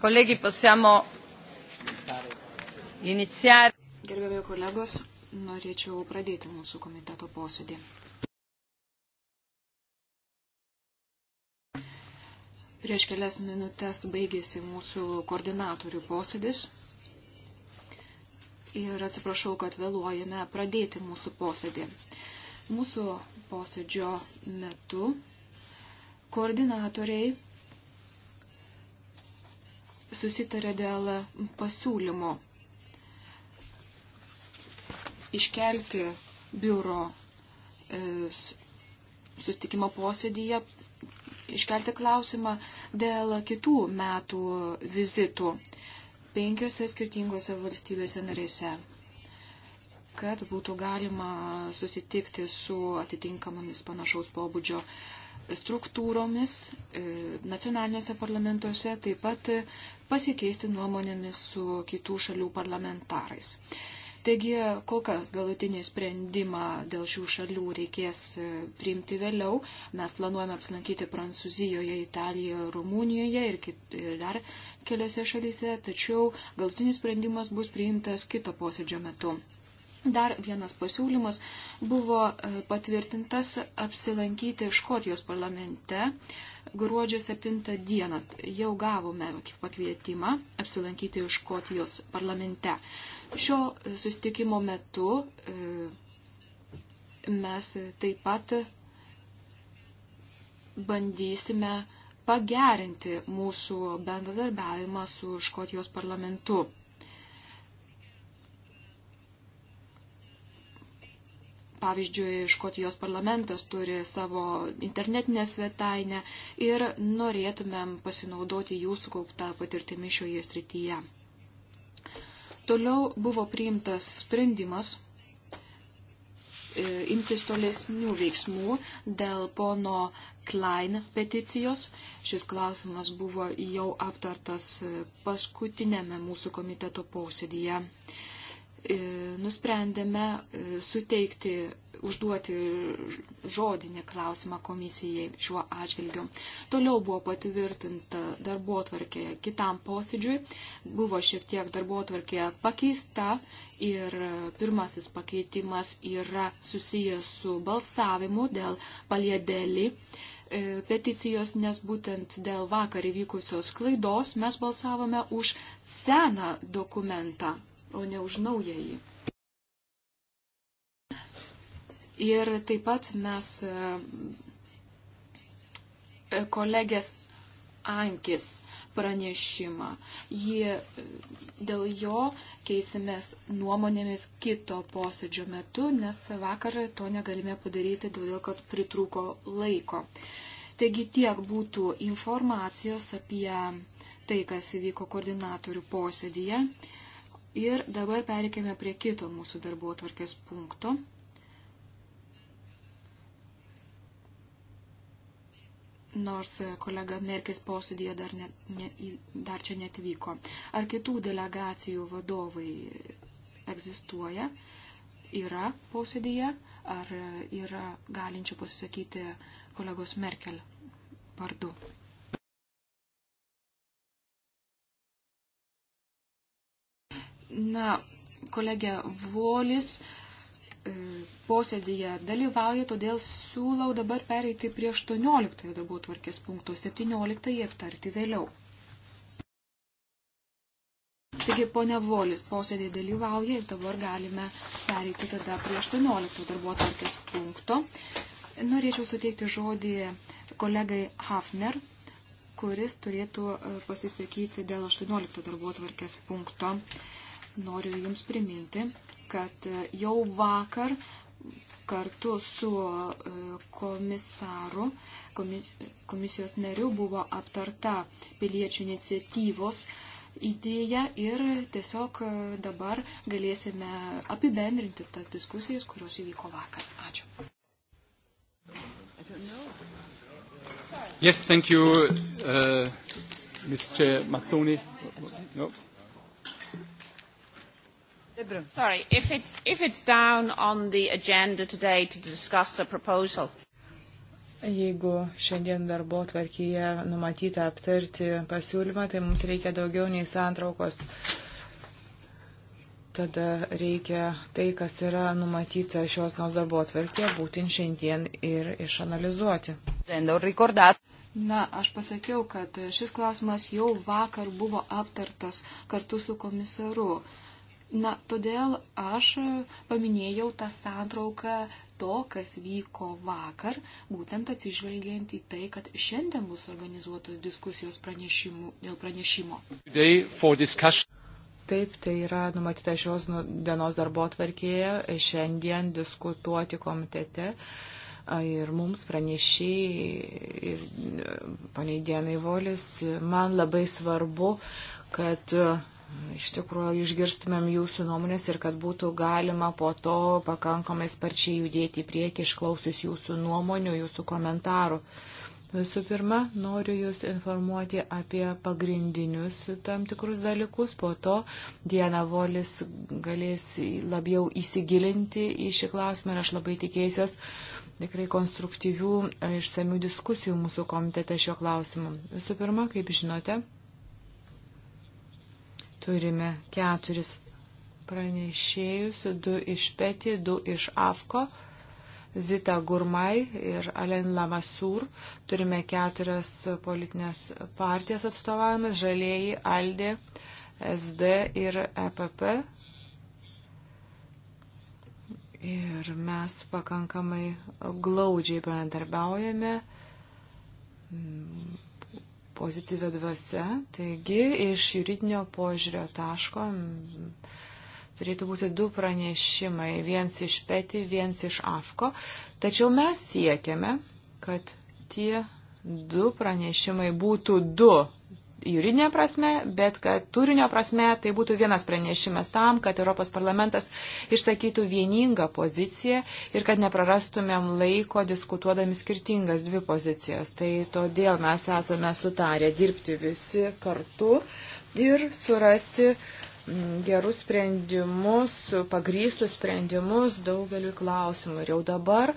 Kolegi, pasiamo iniciar. Gerbėmio kolegos, norėčiau pradėti mūsų komiteto posėdį. Prieš kelias minutės baigėsi mūsų koordinatorių posėdis. Ir atsiprašau, kad vėluojame pradėti mūsų posėdį. Mūsų posėdžio metu koordinatoriai susitarė dėl pasiūlymo iškelti biuro e, sustikimo posėdyje, iškelti klausimą dėl kitų metų vizitų penkiose skirtingose valstybėse narėse, kad būtų galima susitikti su atitinkamomis panašaus pobūdžio struktūromis e, nacionaliniuose parlamentuose, taip pat pasikeisti nuomonėmis su kitų šalių parlamentarais. Taigi kol kas galutinį sprendimą dėl šių šalių reikės e, priimti vėliau. Mes planuojame apsilankyti Prancūzijoje, Italijoje, Rumunijoje ir, kit, ir dar keliose šalyse, tačiau galutinis sprendimas bus priimtas kito posėdžio metu. Dar vienas pasiūlymas buvo e, patvirtintas apsilankyti Škotijos parlamente gruodžio 7 dieną. Jau gavome pakvietimą apsilankyti Škotijos parlamente. Šio sustikimo metu e, mes taip pat bandysime pagerinti mūsų bendradarbiavimą su Škotijos parlamentu. Pavyzdžiui, Škotijos parlamentas turi savo internetinę svetainę ir norėtumėm pasinaudoti jūsų kauptą patirtimi šioje srityje. Toliau buvo priimtas sprendimas e, imtis tolesnių veiksmų dėl pono Klein peticijos. Šis klausimas buvo jau aptartas e, paskutinėme mūsų komiteto posėdėje. E, nusprendėme e, suteikti, užduoti žodinį klausimą komisijai šiuo atžvilgiu. Toliau buvo patvirtinta darbo atvarkė kitam posėdžiui, buvo šiek tiek darbo atvarkė pakeista ir pirmasis pakeitimas yra susijęs su balsavimu dėl paliedėlį e, peticijos, nes būtent dėl vakar įvykusios klaidos mes balsavome už seną dokumentą o ne už naująjį. Ir taip pat mes e, kolegės Ankis pranešimą. Jie e, dėl jo keisimės nuomonėmis kito posėdžio metu, nes vakar to negalime padaryti, todėl kad pritrūko laiko. Taigi tiek būtų informacijos apie tai, kas įvyko koordinatorių posėdėje. Ir dabar perikėme prie kito mūsų darbo atvarkės punkto. Nors kolega Merkis posėdėje dar, ne, ne, dar čia netvyko. Ar kitų delegacijų vadovai egzistuoja, yra posėdėje, ar yra galinčių pasisakyti kolegos Merkel vardu? Na, kolegė Volis e, posėdėje dalyvauja, todėl siūlau dabar pereiti prie 18 darbo tvarkės punkto, 17 aptarti vėliau. Taigi, ponia Volis posėdėje dalyvauja ir dabar galime pereiti tada prie 18 darbo tvarkės punkto. Norėčiau suteikti žodį kolegai Hafner, kuris turėtų e, pasisakyti dėl 18 darbo tvarkės punkto. Uh, Noriu Jums priminti, kad e, jau vakar kartu su e, komisaru, komisijos nariu buvo aptarta piliečių iniciatyvos idėja ir tiesiog e, dabar galėsime apibendrinti tas diskusijas, kurios įvyko vakar. Ačiū. Yes, thank you, uh, Mr. Mazzoni. No? Ebru. Sorry, if it's, if it's down on the agenda today to discuss a proposal. Jeigu šiandien darbo tvarkyje numatyta aptarti pasiūlymą, tai mums reikia daugiau nei santraukos. Tada reikia tai, kas yra numatyta šios nors darbo tvarkė, būtent šiandien ir išanalizuoti. Na, aš pasakiau, kad šis klausimas jau vakar buvo aptartas kartu su komisaru. Uh, Na, todėl aš paminėjau tą santrauką to, kas vyko vakar, būtent atsižvelgiant į tai, kad šiandien bus organizuotos diskusijos dėl pranešimo. Taip, tai yra numatyta šios nu, dienos darbo atvarkėje šiandien diskutuoti komitete. Ir mums pranešiai, ir e, paniai Dienai Volis, man labai svarbu, kad e, iš tikrųjų išgirstumėm jūsų nuomonės ir kad būtų galima po to pakankamai sparčiai judėti į priekį išklausius jūsų nuomonių, jūsų komentarų. Visų pirma, noriu Jūs informuoti apie pagrindinius tam tikrus dalykus, po to Diena Volis galės labiau įsigilinti į šį klausimą ir aš labai tikėsiuos tikrai konstruktyvių išsamių diskusijų mūsų komitete šio klausimu. Visų pirma, kaip žinote, Turime keturis pranešėjus, du iš Peti, du iš Afko, Zita Gurmai ir Alen Lamasur. Turime keturias politinės partijas atstovavimas - Žalieji, Aldė, SD ir EPP. Ir mes pakankamai glaudžiai bendarbiaujame pozityvę dvasę. Taigi iš juridinio požiūrio taško turėtų būti du pranešimai, viens iš Peti, viens iš Afko. Tačiau mes siekiame, kad tie du pranešimai būtų du juridinė prasme, bet kad turinio prasme tai būtų vienas pranešimas tam, kad Europos parlamentas išsakytų vieningą poziciją ir kad neprarastumėm laiko diskutuodami skirtingas dvi pozicijas. Tai todėl mes esame sutarę dirbti visi kartu ir surasti mm, gerus sprendimus, pagrystus sprendimus daugeliu klausimų. Ir jau dabar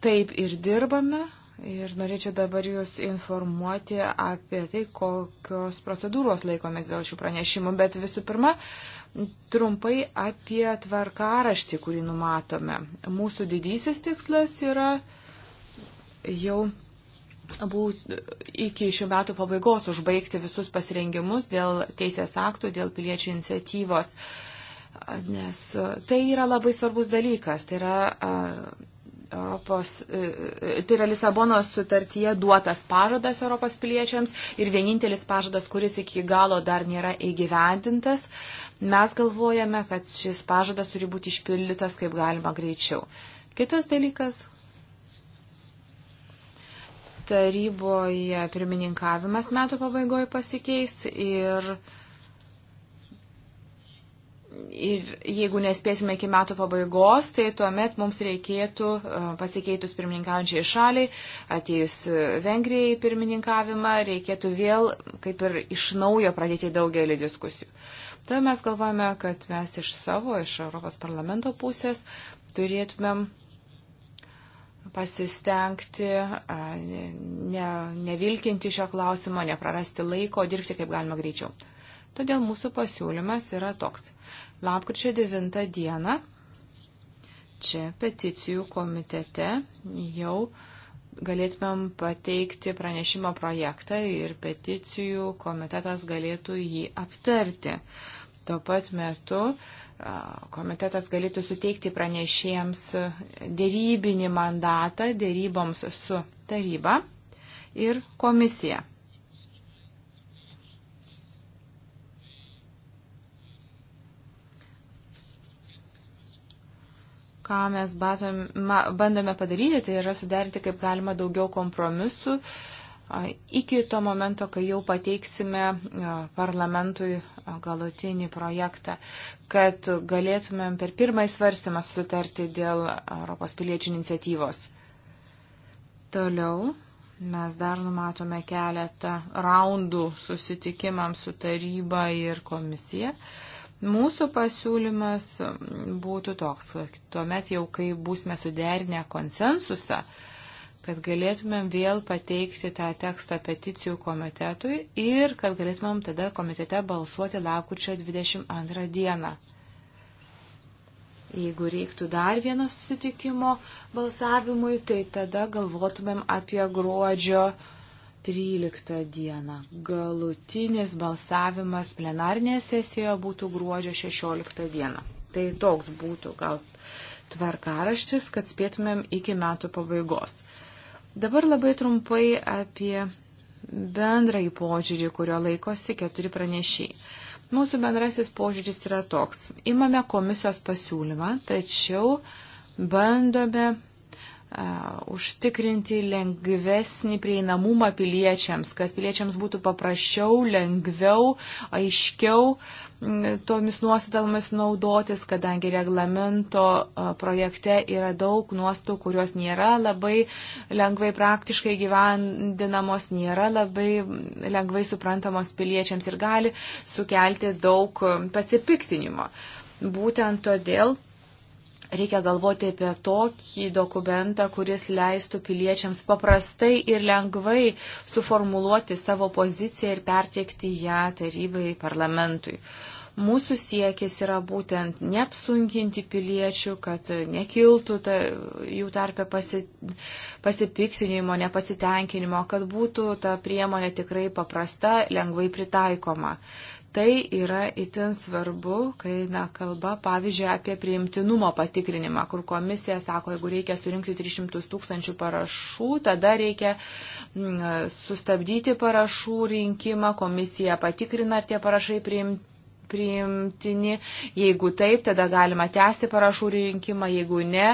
taip ir dirbame Ir norėčiau dabar Jūs informuoti apie tai, kokios procedūros laikomės dėl šių pranešimų. Bet visų pirma, trumpai apie tvarkaraštį, kurį numatome. Mūsų didysis tikslas yra jau būt, iki šių metų pabaigos užbaigti visus pasirengimus dėl teisės aktų, dėl piliečių iniciatyvos. Nes tai yra labai svarbus dalykas. Tai yra Europos, e, e, tai yra Lisabonos sutartyje duotas pažadas Europos piliečiams ir vienintelis pažadas, kuris iki galo dar nėra įgyvendintas. Mes galvojame, kad šis pažadas turi būti išpildytas kaip galima greičiau. Kitas dalykas. Taryboje pirmininkavimas metų pabaigoje pasikeis ir uh, Ir jeigu nespėsime iki metų pabaigos, tai tuomet mums reikėtų e, pasikeitus pirmininkaujančiai šaliai, atėjus Vengrijai pirmininkavimą, reikėtų vėl kaip ir iš naujo pradėti daugelį diskusijų. Tai mes galvojame, kad mes iš savo, iš Europos parlamento pusės turėtumėm pasistengti, ne, nevilkinti šio klausimo, neprarasti laiko, dirbti kaip galima greičiau. Todėl mūsų pasiūlymas yra toks. Lapkričio 9 dieną čia peticijų komitete jau galėtumėm pateikti pranešimo projektą ir peticijų komitetas galėtų jį aptarti. Tuo pat metu komitetas galėtų suteikti pranešėjams dėrybinį mandatą dėryboms su taryba ir komisija. ką mes batom, ma, bandome padaryti, tai yra suderinti kaip galima daugiau kompromisų iki to momento, kai jau pateiksime parlamentui galutinį projektą, kad galėtumėm per pirmąjį svarstymą sutarti dėl Europos piliečių iniciatyvos. Toliau mes dar numatome keletą raundų susitikimams su taryba ir komisija. Uh, Mūsų pasiūlymas būtų toks, tuomet jau kai būsime suderinę konsensusą, kad galėtumėm vėl pateikti tą tekstą peticijų komitetui ir kad galėtumėm tada komitete balsuoti lapkričio 22 dieną. Jeigu reiktų dar vieno susitikimo balsavimui, tai tada galvotumėm apie gruodžio 13 dieną. Galutinis balsavimas plenarinėje sesijoje būtų gruodžio 16 dieną. Tai toks būtų gal tvarkaraštis, kad spėtumėm iki metų pabaigos. Dabar labai trumpai apie bendrąjį požiūrį, kurio laikosi keturi pranešiai. Mūsų bendrasis požiūris yra toks. Imame komisijos pasiūlymą, tačiau bandome užtikrinti lengvesnį prieinamumą piliečiams, kad piliečiams būtų paprasčiau, lengviau, aiškiau tomis nuostatomis naudotis, kadangi reglamento projekte yra daug nuostatų, kurios nėra labai lengvai praktiškai gyvendinamos, nėra labai lengvai suprantamos piliečiams ir gali sukelti daug pasipiktinimo. Būtent todėl reikia galvoti apie tokį dokumentą, kuris leistų piliečiams paprastai ir lengvai suformuluoti savo poziciją ir pertiekti ją tarybai parlamentui. Mūsų siekis yra būtent neapsunkinti piliečių, kad nekiltų ta, jų tarpė pasi, pasipiksinimo, nepasitenkinimo, kad būtų ta priemonė tikrai paprasta, lengvai pritaikoma. Tai yra itin svarbu, kai na, kalba, pavyzdžiui, apie priimtinumo patikrinimą, kur komisija sako, jeigu reikia surinkti 300 tūkstančių parašų, tada reikia m, mm, sustabdyti parašų rinkimą, komisija patikrina, ar tie parašai priimti priimtini. Jeigu taip, tada galima tęsti parašų rinkimą, jeigu ne,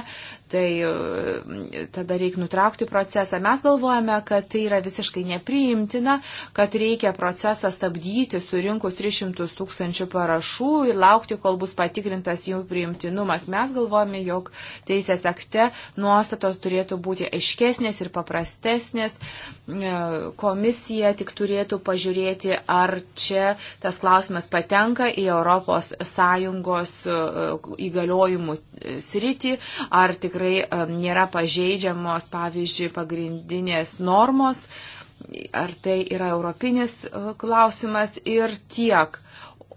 tai e, tada reikia nutraukti procesą. Mes galvojame, kad tai yra visiškai nepriimtina, kad reikia procesą stabdyti, surinkus 300 tūkstančių parašų ir laukti, kol bus patikrintas jų priimtinumas. Mes galvojame, jog teisės akte nuostatos turėtų būti aiškesnės ir paprastesnės. E, komisija tik turėtų pažiūrėti, ar čia tas klausimas patenka į ES e, įgaliojimų sritį, ar tikrai tikrai nėra pažeidžiamos, pavyzdžiui, pagrindinės normos, ar tai yra europinis e, klausimas ir tiek.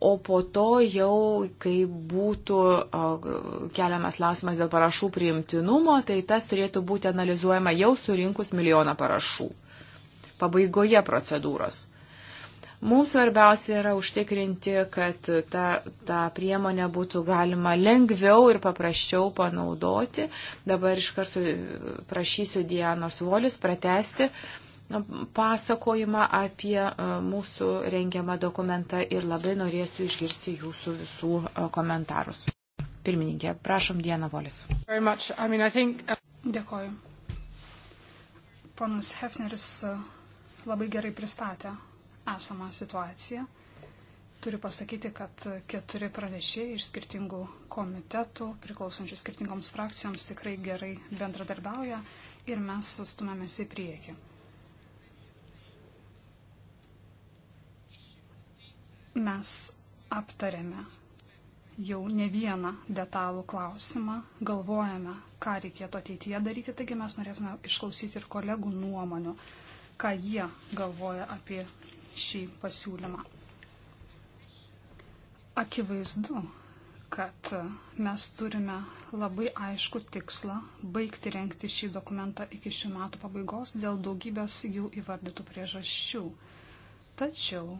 O po to jau, kai būtų e, keliamas klausimas dėl parašų priimtinumo, tai tas turėtų būti analizuojama jau surinkus milijoną parašų pabaigoje procedūros. Mums svarbiausia yra užtikrinti, kad ta, ta priemonė būtų galima lengviau ir paprasčiau panaudoti. Dabar iš karto prašysiu Dianos Volis pratesti nu, pasakojimą apie e, mūsų rengiamą dokumentą ir labai norėsiu išgirsti jūsų visų e, komentarus. Pirmininkė, prašom Diana Volis. I mean, think... Uh, Dėkoju. Ponas Hefneris e, labai gerai pristatė esamą situaciją. Turiu pasakyti, kad keturi pranešėjai iš skirtingų komitetų, priklausančių skirtingoms frakcijoms, tikrai gerai bendradarbiauja ir mes stumėmės į priekį. Mes aptarėme jau ne vieną detalų klausimą, galvojame, ką reikėtų ateityje daryti, taigi mes norėtume išklausyti ir kolegų nuomonių, ką jie galvoja apie šį pasiūlymą. Akivaizdu, kad mes turime labai aišku tikslą baigti renkti šį dokumentą iki šių metų pabaigos dėl daugybės jų įvardytų priežasčių. Tačiau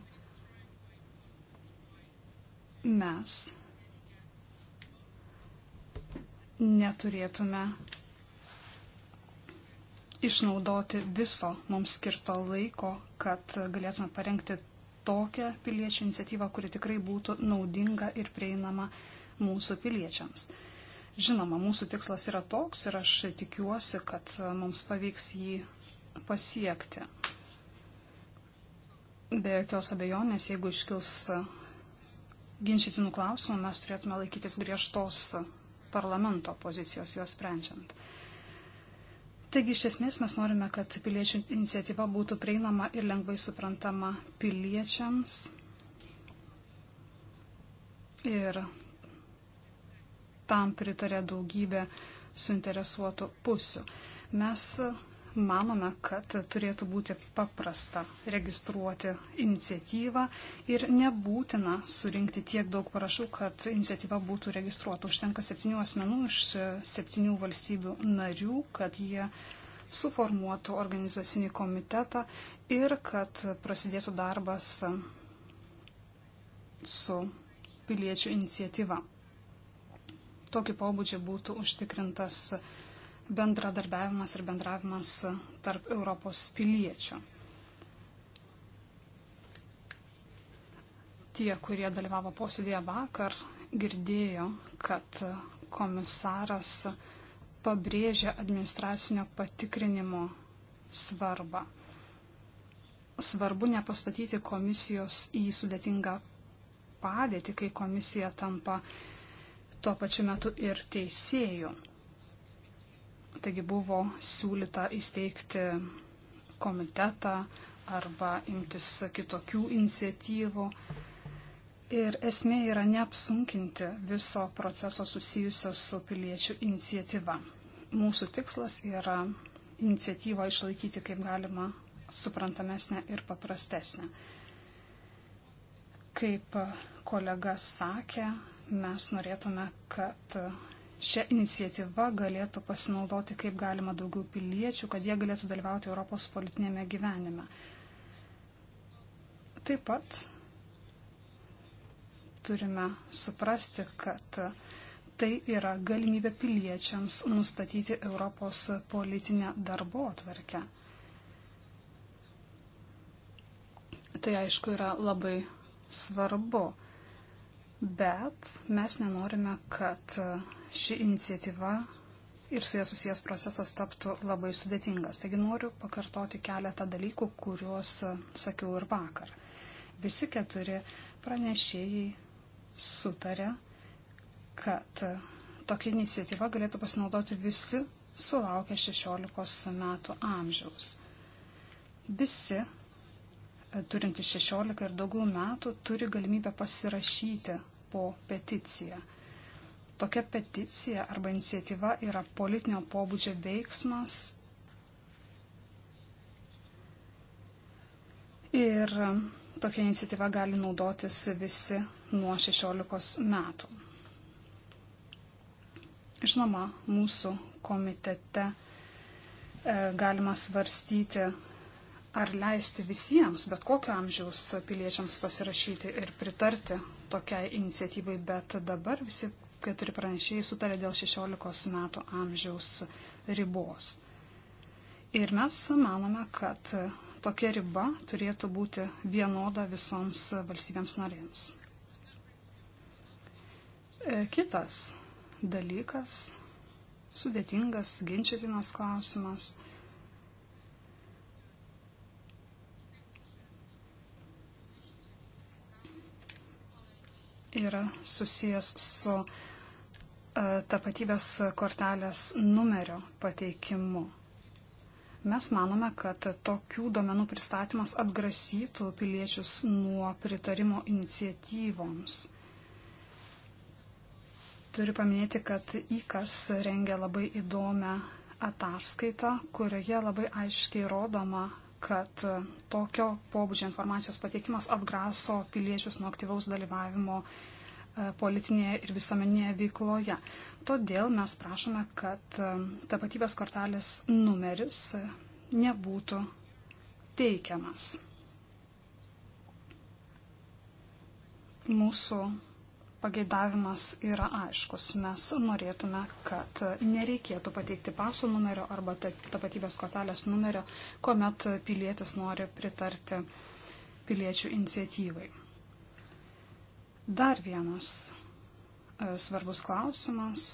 mes neturėtume išnaudoti viso mums skirto laiko, kad galėtume parengti tokią piliečių iniciatyvą, kuri tikrai būtų naudinga ir prieinama mūsų piliečiams. Žinoma, mūsų tikslas yra toks ir aš tikiuosi, kad mums pavyks jį pasiekti. Be jokios abejonės, jeigu iškils ginčytinų klausimų, mes turėtume laikytis griežtos parlamento pozicijos juos sprendžiant. Taigi iš esmės mes norime, kad piliečių iniciatyva būtų prieinama ir lengvai suprantama piliečiams. Ir tam pritarė daugybė suinteresuotų pusių. Mes manome, kad turėtų būti paprasta registruoti iniciatyvą ir nebūtina surinkti tiek daug parašų, kad iniciatyva būtų registruota. Užtenka septynių asmenų iš septynių valstybių narių, kad jie suformuotų organizacinį komitetą ir kad prasidėtų darbas su piliečių iniciatyva. Tokį pobūdžio būtų užtikrintas bendradarbiavimas ir bendravimas tarp Europos piliečių. Tie, kurie dalyvavo posėdėje vakar, girdėjo, kad komisaras pabrėžia administracinio patikrinimo svarbą. Svarbu nepastatyti komisijos į sudėtingą padėtį, kai komisija tampa tuo pačiu metu ir teisėjų. Taigi buvo siūlyta įsteigti komitetą arba imtis kitokių iniciatyvų. Ir esmė yra neapsunkinti viso proceso susijusio su piliečių iniciatyva. Mūsų tikslas yra iniciatyvą išlaikyti kaip galima suprantamesnę ir paprastesnę. Kaip kolega sakė, mes norėtume, kad šią iniciatyvą galėtų pasinaudoti kaip galima daugiau piliečių, kad jie galėtų dalyvauti Europos politinėme gyvenime. Taip pat turime suprasti, kad tai yra galimybė piliečiams nustatyti Europos politinę darbo atvarkę. Tai aišku yra labai svarbu bet mes nenorime, kad ši iniciatyva ir su jie susijęs procesas taptų labai sudėtingas. Taigi noriu pakartoti keletą dalykų, kuriuos sakiau ir vakar. Visi keturi pranešėjai sutarė, kad tokia iniciatyva galėtų pasinaudoti visi sulaukę 16 metų amžiaus. Visi e, turintys 16 ir daugiau metų turi galimybę pasirašyti po peticiją. Tokia peticija arba iniciatyva yra politinio pobūdžio veiksmas ir tokia iniciatyva gali naudotis visi nuo 16 metų. Žinoma, mūsų komitete e, galima svarstyti, ar leisti visiems, bet kokio amžiaus piliečiams pasirašyti ir pritarti tokiai iniciatyvai, bet dabar visi keturi pranešėjai sutarė dėl 16 metų amžiaus ribos. Ir mes manome, kad tokia riba turėtų būti vienoda visoms valstybėms narėms. E, kitas dalykas, sudėtingas, ginčytinas klausimas yra susijęs su e, tapatybės kortelės numerio pateikimu. Mes manome, kad tokių duomenų pristatymas atgrasytų piliečius nuo pritarimo iniciatyvoms. Turiu paminėti, kad įkas rengia labai įdomią ataskaitą, kurioje labai aiškiai rodoma, kad e, tokio pobūdžio informacijos pateikimas atgraso piliečius nuo aktyvaus dalyvavimo e, politinėje ir visuomeninėje veikloje. Todėl mes prašome, kad e, tapatybės kortelės numeris nebūtų teikiamas. Mūsų pageidavimas yra aiškus. Mes norėtume, kad nereikėtų pateikti paso numerio arba tapatybės kortelės numerio, kuomet pilietis nori pritarti piliečių iniciatyvai. Dar vienas e, svarbus klausimas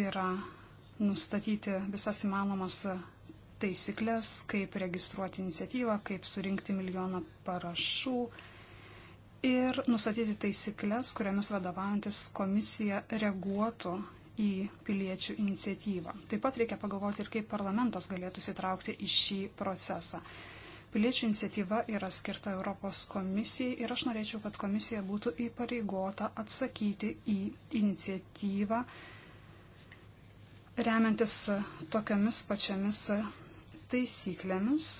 yra nustatyti visas įmanomas taisyklės, kaip registruoti iniciatyvą, kaip surinkti milijoną parašų ir nustatyti taisyklės, kuriamis vadovaujantis komisija reaguotų į piliečių iniciatyvą. Taip pat reikia pagalvoti ir kaip parlamentas galėtų sitraukti į šį procesą. Piliečių iniciatyva yra skirta Europos komisijai ir aš norėčiau, kad komisija būtų įpareigota atsakyti į iniciatyvą, remiantis tokiamis pačiamis taisyklėmis,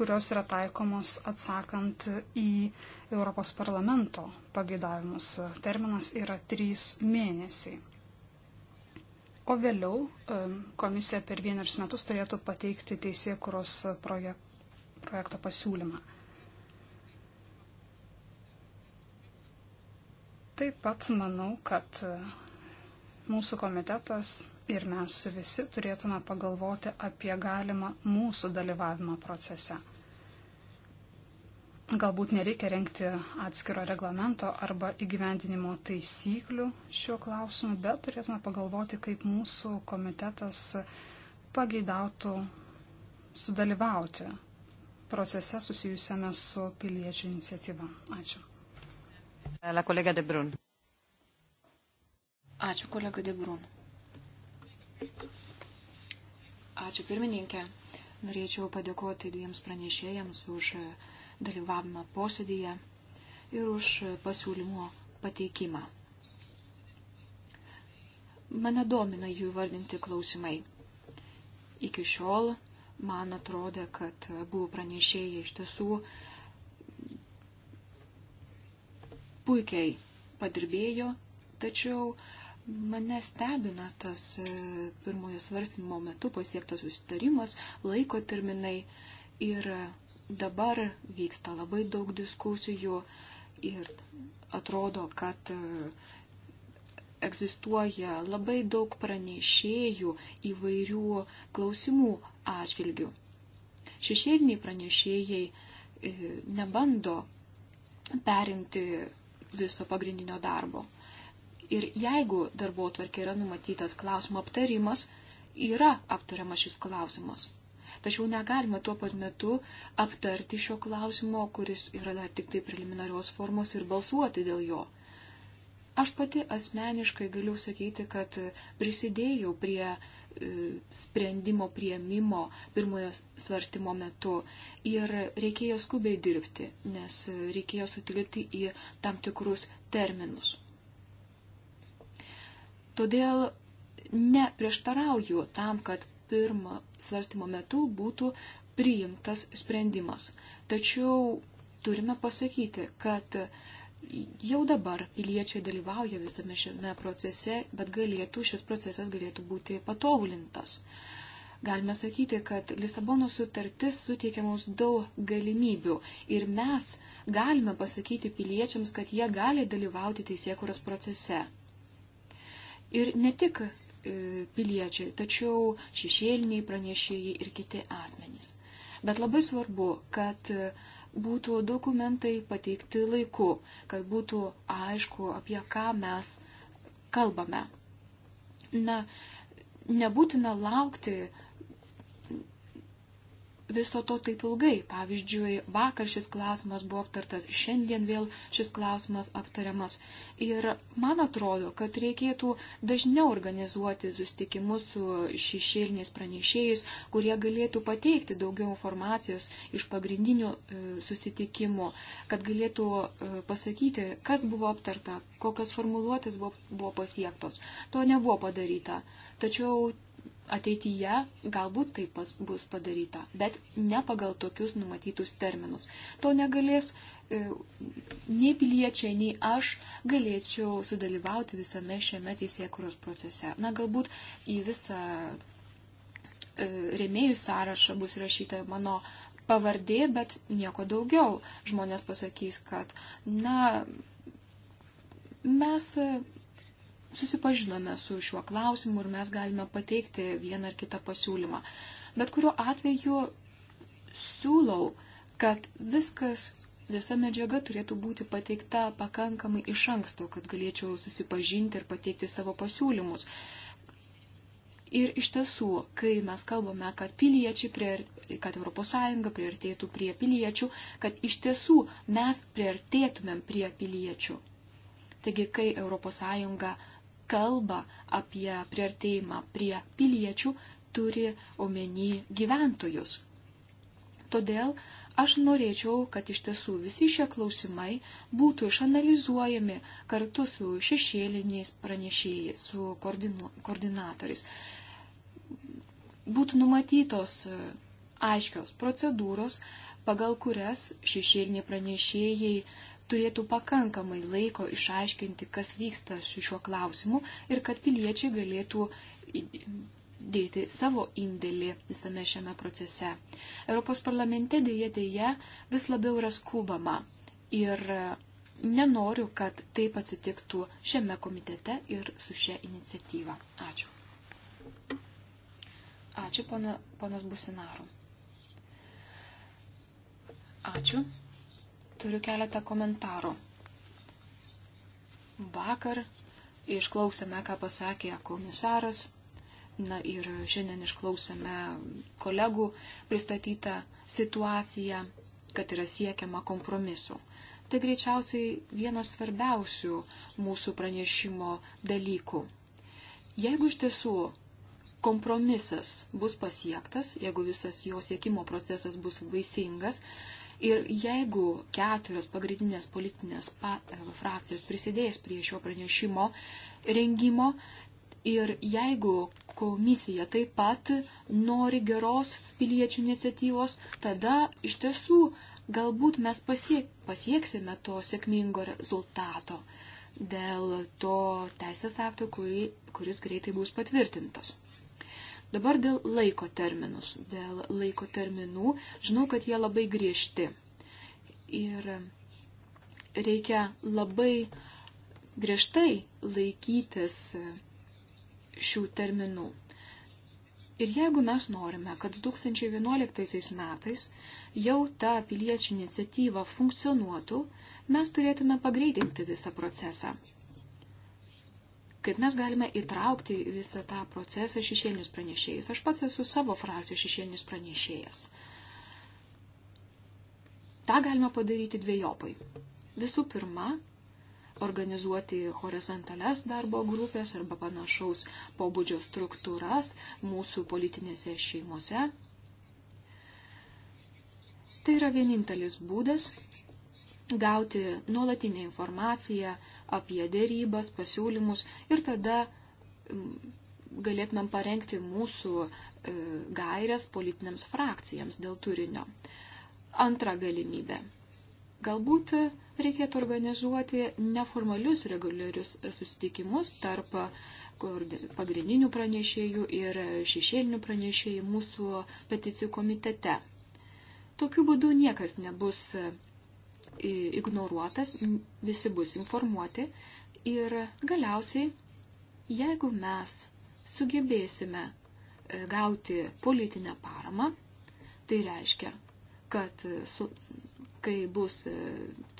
kurios yra taikomos atsakant į Europos parlamento pageidavimus. Terminas yra trys mėnesiai. O vėliau e, komisija per vienerius metus turėtų pateikti teisėkuros projekto pasiūlymą. Taip pat manau, kad mūsų komitetas ir mes visi turėtume pagalvoti apie galimą mūsų dalyvavimą procese. Galbūt nereikia renkti atskiro reglamento arba įgyvendinimo taisyklių šiuo klausimu, bet turėtume pagalvoti, kaip mūsų komitetas pageidautų sudalyvauti procese susijusiame su piliečių iniciatyva. Ačiū. La kolega De Brun. Ačiū, kolega Debrun. Ačiū, pirmininkė. Norėčiau padėkoti dviems pranešėjams už dalyvavimą posėdėje ir už pasiūlymo pateikimą. Mane domina jų vardinti klausimai. Iki šiol man atrodė, kad buvo pranešėjai iš tiesų puikiai padirbėjo, tačiau Mane stebina tas e, pirmojo svarstymo metu pasiektas susitarimas, laiko terminai ir dabar vyksta labai daug diskusijų ir atrodo, kad e, egzistuoja labai daug pranešėjų įvairių klausimų atžvilgių. Šešėliniai pranešėjai e, nebando perimti viso pagrindinio darbo. Ir jeigu darbo tvarkė yra numatytas klausimo aptarimas, yra aptariamas šis klausimas. Tačiau negalime tuo pat metu aptarti šio klausimo, kuris yra dar tik tai preliminarios formos ir balsuoti dėl jo. Aš pati asmeniškai galiu sakyti, kad prisidėjau prie e, sprendimo prieimimo pirmojo svarstymo metu ir reikėjo skubiai dirbti, nes reikėjo sutilpti į tam tikrus terminus. Todėl neprieštarauju tam, kad pirmo svarstymo metu būtų priimtas sprendimas. Tačiau turime pasakyti, kad jau dabar piliečiai dalyvauja visame šiame procese, bet galėtų, šis procesas galėtų būti patobulintas. Galime sakyti, kad Lisabono sutartis suteikia mums daug galimybių ir mes galime pasakyti piliečiams, kad jie gali dalyvauti teisėkuros procese. Ir ne tik e, piliečiai, tačiau šešėliniai pranešėjai ir kiti asmenys. Bet labai svarbu, kad e, būtų dokumentai pateikti laiku, kad būtų aišku, apie ką mes kalbame. Na, nebūtina laukti viso to taip ilgai. Pavyzdžiui, vakar šis klausimas buvo aptartas, šiandien vėl šis klausimas aptariamas. Ir man atrodo, kad reikėtų dažniau organizuoti sustikimus su šešėliniais pranešėjais, kurie galėtų pateikti daugiau informacijos iš pagrindinių e, susitikimų, kad galėtų e, pasakyti, kas buvo aptarta, kokios formuluotės buvo, buvo pasiektos. To nebuvo padaryta. Tačiau Ateityje galbūt taip pas, bus padaryta, bet ne pagal tokius numatytus terminus. To negalės e, nei piliečiai, nei aš galėčiau sudalyvauti visame šiame teisėkuros procese. Na, galbūt į visą e, remėjų sąrašą bus rašyta mano pavardė, bet nieko daugiau. Žmonės pasakys, kad, na, mes susipažinome su šiuo klausimu ir mes galime pateikti vieną ar kitą pasiūlymą. Bet kuriuo atveju siūlau, kad viskas, visa medžiaga turėtų būti pateikta pakankamai iš anksto, kad galėčiau susipažinti ir pateikti savo pasiūlymus. Ir iš tiesų, kai mes kalbame, kad piliečiai, prie, kad ES priartėtų prie piliečių, kad iš tiesų mes priartėtumėm prie piliečių. Taigi, kai ES kalba apie priartėjimą prie piliečių, turi omeny gyventojus. Todėl aš norėčiau, kad iš tiesų visi šie klausimai būtų išanalizuojami kartu su šešėliniais pranešėjais, su koordinu, koordinatoriais. Būtų numatytos e, aiškios procedūros, pagal kurias šešėliniai pranešėjai turėtų pakankamai laiko išaiškinti, kas vyksta su šiuo klausimu ir kad piliečiai galėtų dėti savo indėlį visame šiame procese. Europos parlamente dėje dėje vis labiau yra skubama ir e, nenoriu, kad taip atsitiktų šiame komitete ir su šia iniciatyva. Ačiū. Ačiū, pana, ponas Businaru. Ačiū turiu keletą komentarų. Vakar išklausėme, ką pasakė komisaras. Na ir šiandien išklausėme kolegų pristatytą situaciją, kad yra siekiama kompromisu. Tai greičiausiai vienas svarbiausių mūsų pranešimo dalykų. Jeigu iš tiesų kompromisas bus pasiektas, jeigu visas jo siekimo procesas bus vaisingas, Ir jeigu keturios pagrindinės politinės pa, e, frakcijos prisidės prie šio pranešimo rengimo ir jeigu komisija taip pat nori geros piliečių iniciatyvos, tada iš tiesų galbūt mes pasiek, pasieksime to sėkmingo rezultato dėl to teisės akto, kuri, kuris greitai bus patvirtintas. Dabar dėl laiko terminus, dėl laiko terminų, žinau, kad jie labai griežti. Ir reikia labai griežtai laikytis šių terminų. Ir jeigu mes norime, kad 2011 metais jau ta piliečių iniciatyva funkcionuotų, mes turėtume pagreitinti visą procesą kaip mes galime įtraukti visą tą procesą šešėlinius pranešėjus. Aš pats esu savo frakcijos šešėlinis pranešėjas. Ta galima padaryti dviejopai. Visų pirma, organizuoti horizontales darbo grupės arba panašaus pobūdžio struktūras mūsų politinėse šeimose. Tai yra vienintelis būdas gauti nuolatinę informaciją apie dėrybas, pasiūlymus ir tada mm, galėtumėm parengti mūsų e, gairias politinėms frakcijams dėl turinio. Antra galimybė. Galbūt reikėtų organizuoti neformalius reguliarius susitikimus tarp pagrindinių pranešėjų ir šešėlinių pranešėjų mūsų peticijų komitete. Tokiu būdu niekas nebus ignoruotas, visi bus informuoti ir galiausiai, jeigu mes sugebėsime e, gauti politinę paramą, tai reiškia, kad e, su, kai bus e,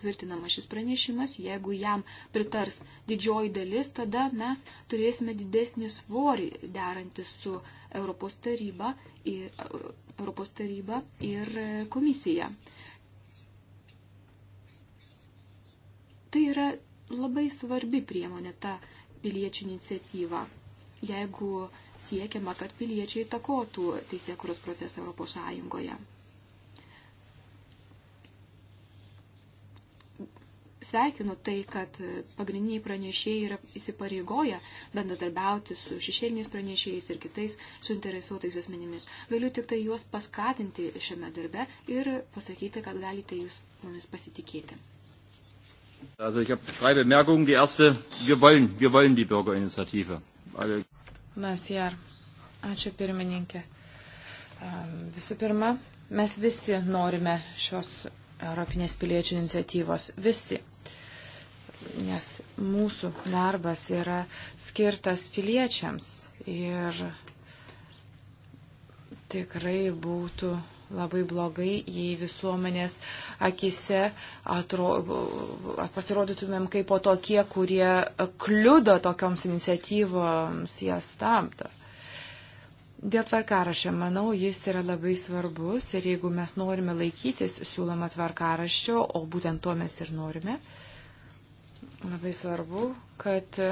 tvirtinamas šis pranešimas, jeigu jam pritars didžioji dalis, tada mes turėsime didesnį svorį derantį su Europos taryba, Europos taryba ir komisija. Tai yra labai svarbi priemonė ta piliečių iniciatyva. Jeigu siekiama, kad piliečiai takotų teisėkuros procesą Europos Sąjungoje. Sveikinu tai, kad pagrindiniai pranešėjai yra įsipareigoję bendradarbiauti su šešėliniais pranešėjais ir kitais suinteresuotais asmenimis. Galiu tik tai juos paskatinti šiame darbe ir pasakyti, kad galite jūs mumis pasitikėti. Also ich habe drei Bemerkungen. Die erste, wir wollen, wir wollen die Bürgerinitiative. Alle. Mes jar. Ačiū pirmininkė. Visų pirma, mes visi norime šios Europinės piliečių iniciatyvos. Visi. Nes mūsų darbas yra skirtas piliečiams ir tikrai būtų labai blogai, jei visuomenės akise atro, pasirodytumėm kaip po tokie, kurie kliudo tokioms iniciatyvoms, jas stabdo. Dėl tvarkaraščio, manau, jis yra labai svarbus ir jeigu mes norime laikytis siūloma tvarkaraščio, o būtent to mes ir norime, labai svarbu, kad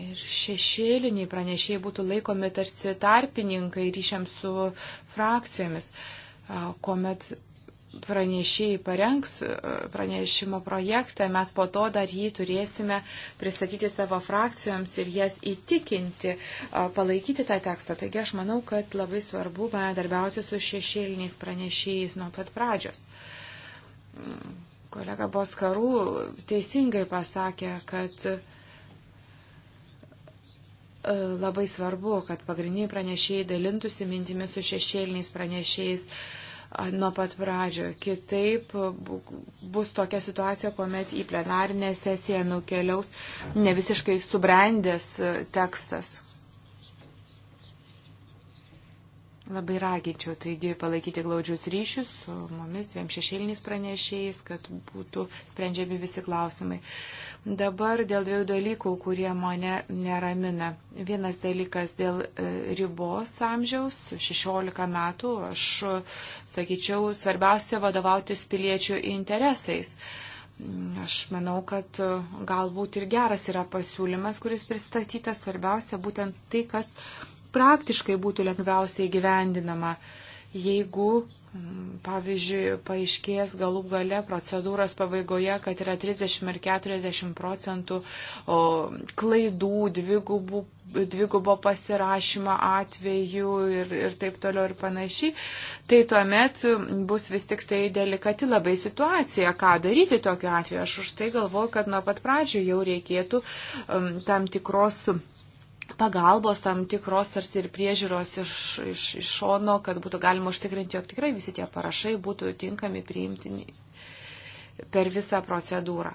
ir šešėliniai pranešėjai būtų laikomi tarsi tarpininkai ryšiam su frakcijomis, kuomet pranešėjai parengs pranešimo projektą, mes po to dar jį turėsime pristatyti savo frakcijoms ir jas įtikinti, palaikyti tą tekstą. Taigi aš manau, kad labai svarbu bendarbiauti su šešėliniais pranešėjais nuo pat pradžios mm, kolega Boskarų teisingai pasakė, kad E, labai svarbu, kad pagrindiniai pranešėjai dalintųsi mintimis su šešėliniais pranešėjais e, nuo pat pradžio. Kitaip bus tokia situacija, kuomet į plenarinę sesiją nukeliaus ne visiškai subrendęs e, tekstas. Labai raginčiau, taigi palaikyti glaudžius ryšius su mumis dviem šešėliniais pranešėjais, kad būtų sprendžiami visi klausimai. Uh, Dabar dėl dviejų dalykų, kurie mane neramina. Vienas dalykas dėl e, ribos amžiaus, 16 metų, aš sakyčiau, svarbiausia vadovautis piliečių interesais. Aš manau, kad e, galbūt ir geras yra pasiūlymas, kuris pristatytas, svarbiausia būtent tai, kas praktiškai būtų lengviausiai gyvendinama. Uh, jeigu, mm, pavyzdžiui, paaiškės galų gale procedūros pabaigoje, kad yra 30 ar 40 procentų klaidų, dvigubų dvigubo pasirašymo atveju ir, ir taip toliau ir panašiai, tai tuomet bus vis tik tai delikati labai situacija, ką daryti tokiu atveju. Aš už tai galvoju, kad nuo pat pradžio jau reikėtų um, tam tikros um, pagalbos tam tikros tarsi ir priežiūros iš, iš, iš šono, kad būtų galima užtikrinti, jog tikrai visi tie parašai būtų tinkami priimtini per visą procedūrą.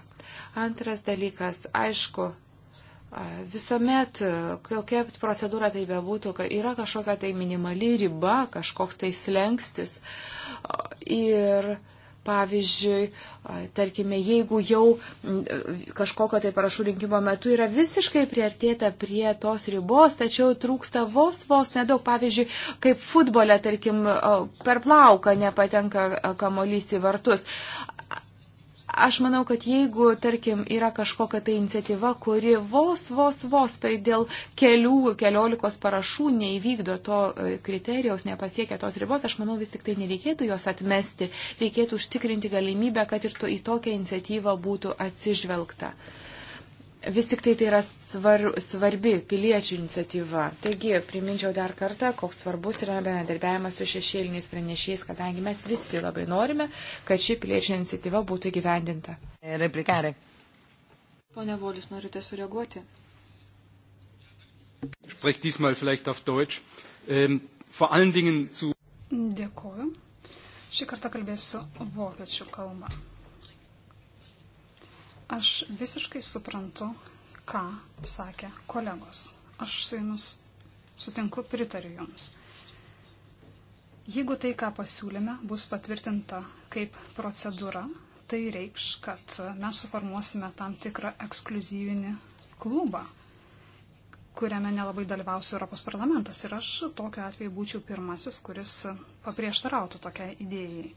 Antras dalykas, aišku, visuomet, kokia procedūra tai bebūtų, yra kažkokia tai minimali riba, kažkoks tai slengstis. Ir Pavyzdžiui, tarkime, jeigu jau kažkokio tai parašų rinkimo metu yra visiškai priartėta prie tos ribos, tačiau trūksta vos vos nedaug. Pavyzdžiui, kaip futbole, tarkim, per plauką nepatenka kamolys į vartus. Aš manau, kad jeigu, tarkim, yra kažkokia tai iniciatyva, kuri vos, vos, vos tai dėl kelių, keliolikos parašų neįvykdo to e, kriterijaus, nepasiekia tos ribos, aš manau, vis tik tai nereikėtų jos atmesti, reikėtų užtikrinti galimybę, kad ir to, į tokią iniciatyvą būtų atsižvelgta. Uh, vis tik tai tai yra svar, svarbi piliečių iniciatyva. Taigi, priminčiau dar kartą, koks svarbus yra bendradarbiavimas su šešėliniais pranešiais, kadangi mes visi labai norime, kad ši piliečių iniciatyva būtų gyvendinta. E, Replikarė. Pone Volis, norite sureaguoti? Sprech diesmal vielleicht auf Deutsch. Ähm, vor allen Dingen zu. Dėkuoju. Šį kartą kalbėsiu vokiečių kalbą. Aš visiškai suprantu, ką sakė kolegos. Aš su jumis sutinku, pritariu jums. Jeigu tai, ką pasiūlėme, bus patvirtinta kaip procedūra, tai reikš, kad mes suformuosime tam tikrą ekskluzyvinį klubą, kuriame nelabai dalyvaus Europos parlamentas. Ir aš tokiu atveju būčiau pirmasis, kuris paprieštarautų tokiai idėjai.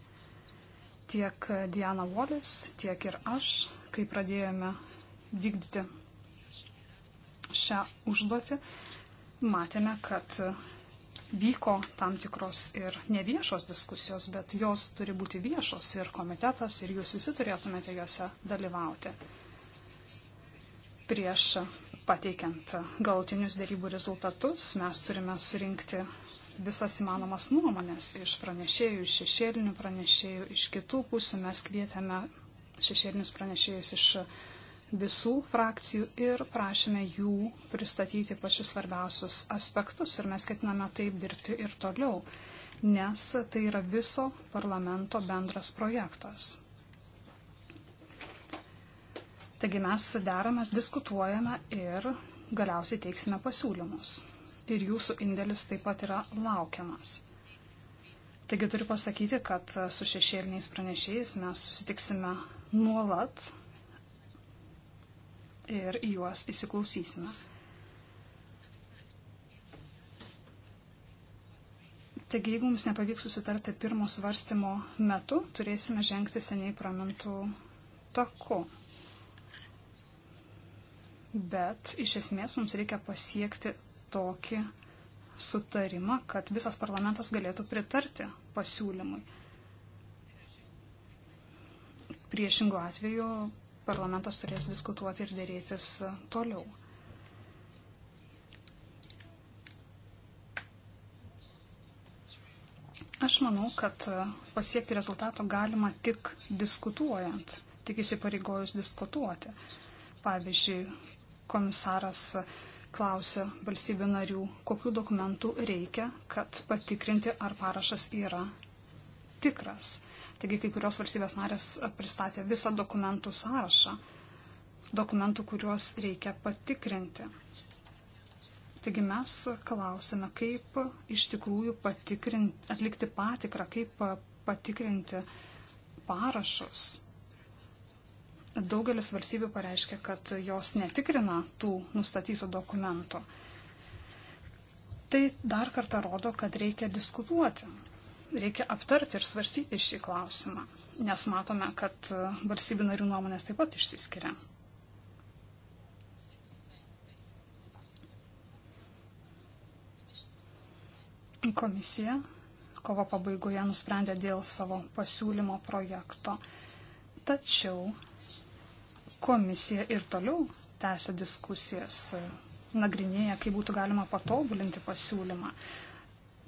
Tiek Diana Wallis, tiek ir aš kai pradėjome vykdyti šią užduotį, matėme, kad vyko tam tikros ir neviešos diskusijos, bet jos turi būti viešos ir komitetas, ir jūs visi turėtumėte juose dalyvauti. Prieš pateikiant galutinius dėrybų rezultatus, mes turime surinkti visas įmanomas nuomonės iš pranešėjų, iš šešėlinių pranešėjų, iš kitų pusių mes kvietėme šešėlinius pranešėjus iš visų frakcijų ir prašėme jų pristatyti pačius svarbiausius aspektus ir mes ketiname taip dirbti ir toliau, nes tai yra viso parlamento bendras projektas. Taigi mes deramės, diskutuojame ir galiausiai teiksime pasiūlymus. Ir jūsų indėlis taip pat yra laukiamas. Taigi turiu pasakyti, kad su šešėliniais pranešėjais mes susitiksime nuolat ir į juos įsiklausysime. Taigi, jeigu mums nepavyks susitarti pirmo svarstymo metu, turėsime žengti seniai pramintų taku. Bet iš esmės mums reikia pasiekti tokį sutarimą, kad visas parlamentas galėtų pritarti pasiūlymui. Priešingų atveju parlamentas turės diskutuoti ir dėrėtis e, toliau. Aš manau, kad e, pasiekti rezultato galima tik diskutuojant, tik įsipareigojus diskutuoti. Pavyzdžiui, komisaras klausė valstybių narių, kokiu dokumentu reikia, kad patikrinti, ar parašas yra tikras. Taigi kai kurios valstybės narės pristatė visą dokumentų sąrašą, dokumentų, kuriuos reikia patikrinti. Taigi mes klausime, kaip iš tikrųjų atlikti patikrą, kaip patikrinti parašus. Daugelis valstybių pareiškia, kad jos netikrina tų nustatytų dokumentų. Tai dar kartą rodo, kad reikia diskutuoti reikia aptarti ir svarstyti šį klausimą, nes matome, kad e, valstybių narių nuomonės taip pat išsiskiria. Komisija kovo pabaigoje nusprendė dėl savo pasiūlymo projekto, tačiau komisija ir toliau tęsia diskusijas, nagrinėja, kaip būtų galima patobulinti pasiūlymą.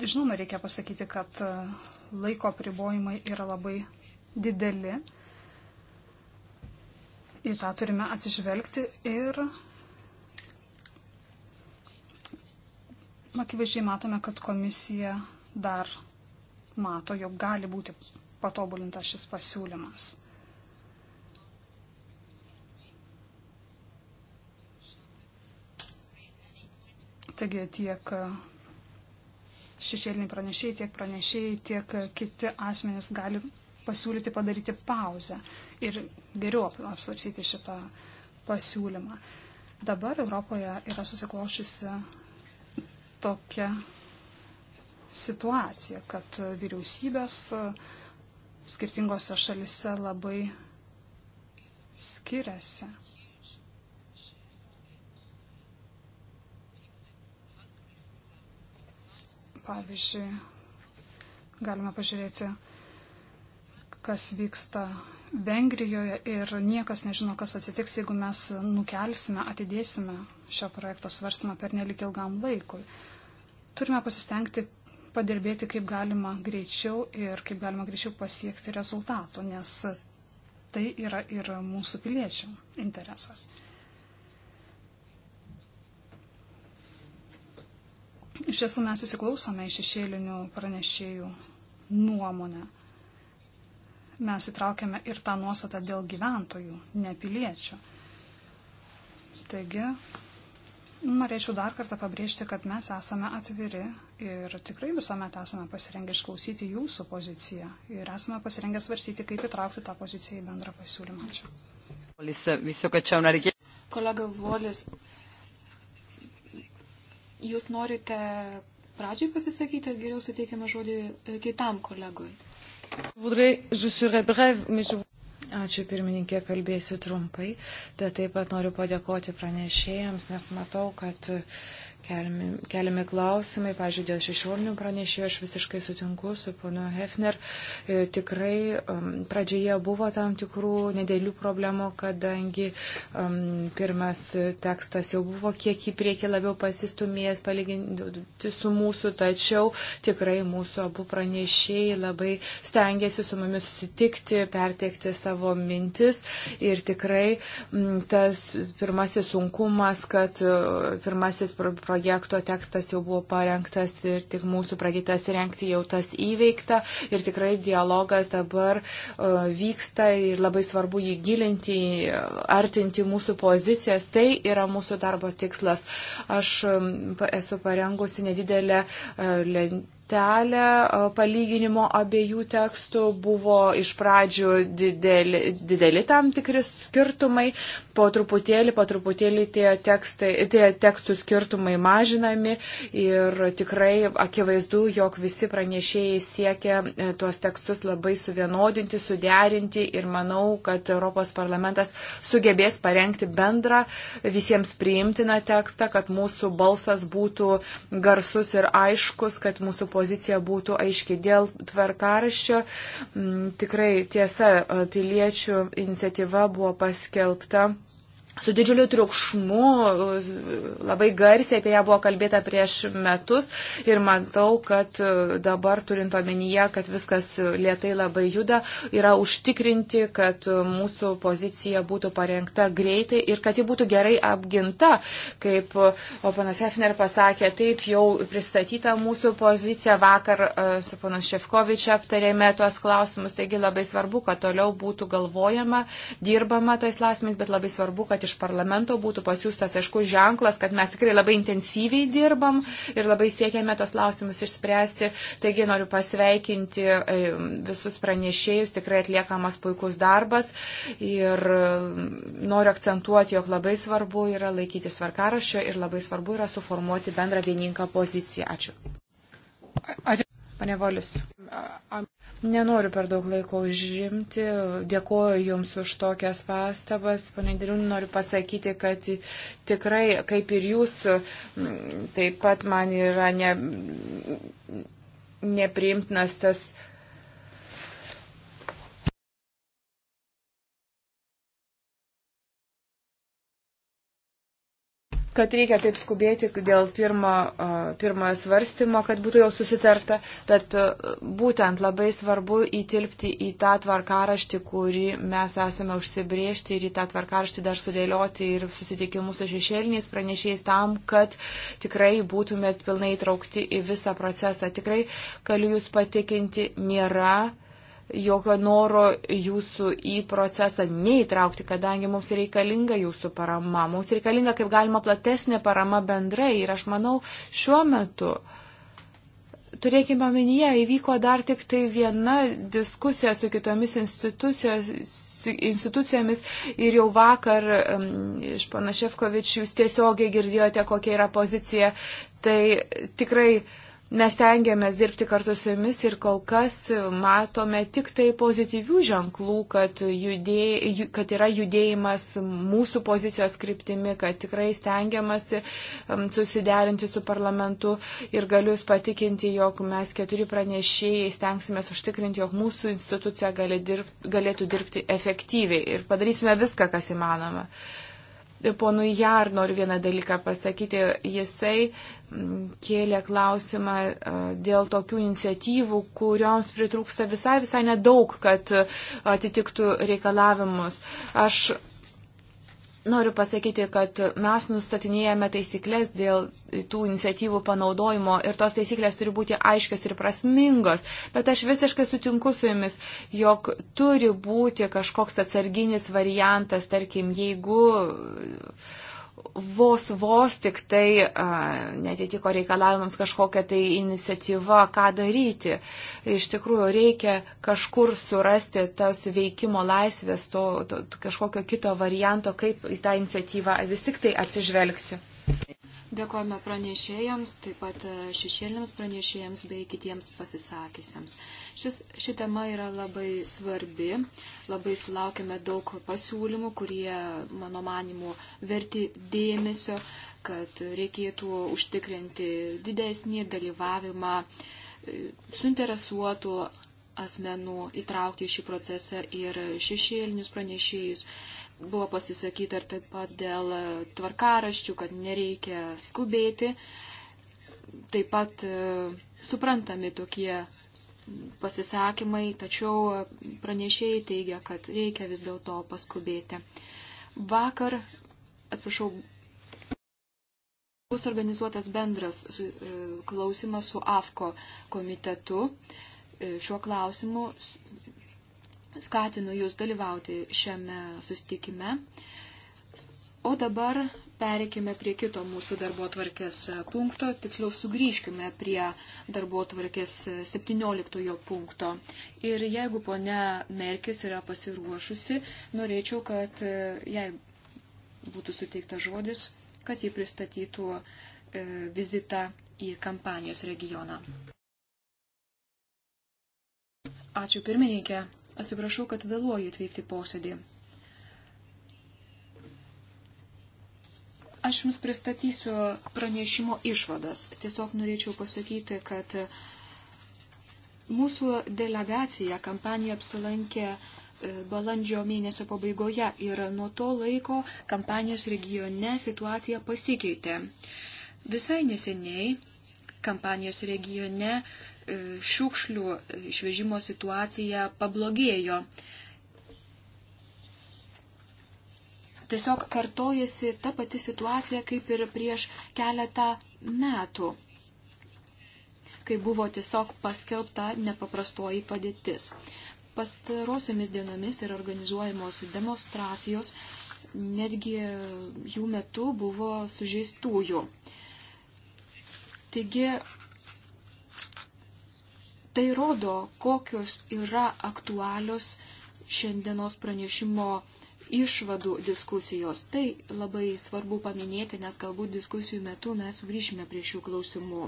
Žinoma, reikia pasakyti, kad e, laiko pribojimai yra labai dideli. Į tą turime atsižvelgti ir akivaizdžiai matome, kad komisija dar mato, jog gali būti patobulintas šis pasiūlymas. Taigi tiek šešėliniai pranešėjai, tiek pranešėjai, tiek kiti asmenys gali pasiūlyti padaryti pauzę ir geriau apsvarsyti šitą pasiūlymą. Dabar Europoje yra susiklošusi tokia situacija, kad vyriausybės skirtingose šalise labai skiriasi. Pavyzdžiui, galime pažiūrėti, kas vyksta Vengrijoje ir niekas nežino, kas atsitiks, jeigu mes nukelsime, atidėsime šio projekto svarstymą per nelik ilgam laikui. Turime pasistengti padirbėti kaip galima greičiau ir kaip galima greičiau pasiekti rezultatų, nes tai yra ir mūsų piliečių interesas. Iš tiesų mes įsiklausome į šešėlinių pranešėjų nuomonę. Mes įtraukėme ir tą nuostatą dėl gyventojų, ne piliečių. Taigi, norėčiau dar kartą pabrėžti, kad mes esame atviri ir tikrai visuomet esame pasirengę išklausyti jūsų poziciją ir esame pasirengę svarstyti, kaip įtraukti tą poziciją į bendrą pasiūlymą. Ačiū. Kolega Volis, Jūs norite pradžiai pasisakyti, ar geriau suteikime žodį e, kitam kolegui? Ačiū pirmininkė, kalbėsiu trumpai, bet taip pat noriu padėkoti pranešėjams, nes matau, kad keliami, keliami klausimai, pažiūrėjau, dėl šešiornių pranešėjų aš visiškai sutinku su ponu Hefner. E, tikrai um, pradžioje buvo tam tikrų nedėlių problemų, kadangi um, pirmas tekstas jau buvo kiek į priekį labiau pasistumėjęs palyginti su mūsų, tačiau tikrai mūsų abu pranešėjai labai stengiasi su mumis susitikti, perteikti savo mintis ir tikrai m, mm, tas pirmasis sunkumas, kad e, pirmasis problemas projekto tekstas jau buvo parengtas ir tik mūsų pradėtas renkti jau tas įveikta ir tikrai dialogas dabar e, vyksta ir labai svarbu jį gilinti, artinti mūsų pozicijas. Tai yra mūsų darbo tikslas. Aš esu parengusi nedidelę e, lentą lentelę e, palyginimo abiejų tekstų buvo iš pradžių dideli, dideli tam tikri skirtumai, po truputėlį, po truputėlį tie, tekstai, tie tekstų skirtumai mažinami ir tikrai akivaizdu, jog visi pranešėjai siekia e, tuos tekstus labai suvienodinti, suderinti ir manau, kad Europos parlamentas sugebės parengti bendrą visiems priimtiną tekstą, kad mūsų balsas būtų garsus ir aiškus, kad mūsų pozicija pozicija būtų aiški. Dėl tvarkaraščio m, mm, tikrai tiesa piliečių iniciatyva buvo paskelbta su didžiuliu triukšmu, labai garsiai apie ją buvo kalbėta prieš metus ir matau, kad e, dabar turint omenyje, kad viskas lietai labai juda, yra užtikrinti, kad mūsų pozicija būtų parengta greitai ir kad ji būtų gerai apginta, kaip e, panas Hefner pasakė, taip jau pristatyta mūsų pozicija, vakar e, su panas Šefkovičia aptarėme tuos klausimus, taigi labai svarbu, kad toliau būtų galvojama, dirbama tais klausimais, bet labai svarbu, kad kad iš parlamento būtų pasiūstas aiškus ženklas, kad mes tikrai labai intensyviai dirbam ir labai siekiame tos klausimus išspręsti. Taigi noriu pasveikinti e, visus pranešėjus, tikrai atliekamas puikus darbas ir e, noriu akcentuoti, jog labai svarbu yra laikytis varkarašio ir labai svarbu yra suformuoti bendrą vieninką poziciją. Ačiū. Pane Volis. Nenoriu per daug laiko užrimti. Dėkuoju Jums už tokias pastabas. Pane Diriūnai, noriu pasakyti, kad tikrai, kaip ir Jūs, taip pat man yra ne, nepriimtinas tas kad reikia taip skubėti dėl pirmo, pirmojo svarstymo, kad būtų jau susitarta, bet būtent labai svarbu įtilpti į tą tvarkaraštį, kurį mes esame užsibriežti ir į tą tvarkaraštį dar sudėlioti ir susitikimus su šešėliniais pranešėjais tam, kad tikrai būtumėt pilnai įtraukti į visą procesą. Tikrai, galiu Jūs patikinti, nėra jokio noro jūsų į procesą neįtraukti, kadangi mums reikalinga jūsų parama, mums reikalinga kaip galima platesnė parama bendrai ir aš manau šiuo metu. Turėkime omenyje, įvyko dar tik tai viena diskusija su kitomis institucijomis institucijomis ir jau vakar um, iš panaševkovič jūs tiesiogiai girdėjote, kokia yra pozicija. Tai tikrai uh, Mes tengiamės dirbti kartu su jumis ir kol kas matome tik tai pozityvių ženklų, kad, judėj, kad yra judėjimas mūsų pozicijos kryptimi, kad tikrai stengiamasi susiderinti su parlamentu ir galiu jūs patikinti, jog mes keturi pranešėjai stengsimės užtikrinti, jog mūsų institucija galėtų dirbti efektyviai ir padarysime viską, kas įmanoma ponui Jar noriu vieną dalyką pasakyti. Jisai mm, kėlė klausimą dėl tokių iniciatyvų, kurioms pritrūksta visai, visai nedaug, kad atitiktų reikalavimus. Aš Noriu pasakyti, kad mes nustatinėjame taisyklės dėl tų iniciatyvų panaudojimo ir tos taisyklės turi būti aiškios ir prasmingos. Bet aš visiškai sutinku su jumis, jog turi būti kažkoks atsarginis variantas, tarkim, jeigu vos vos tik tai netitiko reikalavimams kažkokia tai iniciatyva, ką daryti. Iš tikrųjų, reikia kažkur surasti tas veikimo laisvės, to, to, to kažkokio kito varianto, kaip į tą iniciatyvą vis tik tai atsižvelgti. Dėkojame pranešėjams, taip pat e, šešėlėms pranešėjams bei kitiems pasisakysiems. Šis, ši tema yra labai svarbi, labai sulaukime daug pasiūlymų, kurie, mano manimu, verti dėmesio, kad reikėtų užtikrinti didesnį dalyvavimą e, suinteresuotų asmenų įtraukti į šį procesą ir šešėlinius pranešėjus. Buvo pasisakyta ir taip pat dėl tvarkaraščių, kad nereikia skubėti. Taip pat e, suprantami tokie pasisakymai, tačiau pranešėjai teigia, kad reikia vis dėlto paskubėti. Vakar, atsiprašau, bus organizuotas bendras e, klausimas su AFKO komitetu e, šiuo klausimu skatinu jūs dalyvauti šiame sustikime. O dabar pereikime prie kito mūsų darbo tvarkės punkto, tiksliau sugrįžkime prie darbo tvarkės 17 punkto. Ir jeigu ponia Merkis yra pasiruošusi, norėčiau, kad e, jai būtų suteiktas žodis, kad ji pristatytų e, vizitą į kampanijos regioną. Ačiū pirmininkė. Atsiprašau, kad vėluoju atvykti posėdį. Aš Jums pristatysiu pranešimo išvadas. Tiesiog norėčiau pasakyti, kad mūsų delegacija kampanija apsilankė e, balandžio mėnesio pabaigoje ir nuo to laiko kampanijos regione situacija pasikeitė. Visai neseniai kampanijos regione šiukšlių išvežimo situacija pablogėjo. Tiesiog kartojasi ta pati situacija kaip ir prieš keletą metų, kai buvo tiesiog paskelbta nepaprastoji padėtis. Pastarosiamis dienomis yra organizuojamos demonstracijos, netgi jų metu buvo sužeistųjų. Taigi Tai rodo, kokios yra aktualios šiandienos pranešimo išvadų diskusijos. Tai labai svarbu paminėti, nes galbūt diskusijų metu mes grįžime prie šių klausimų.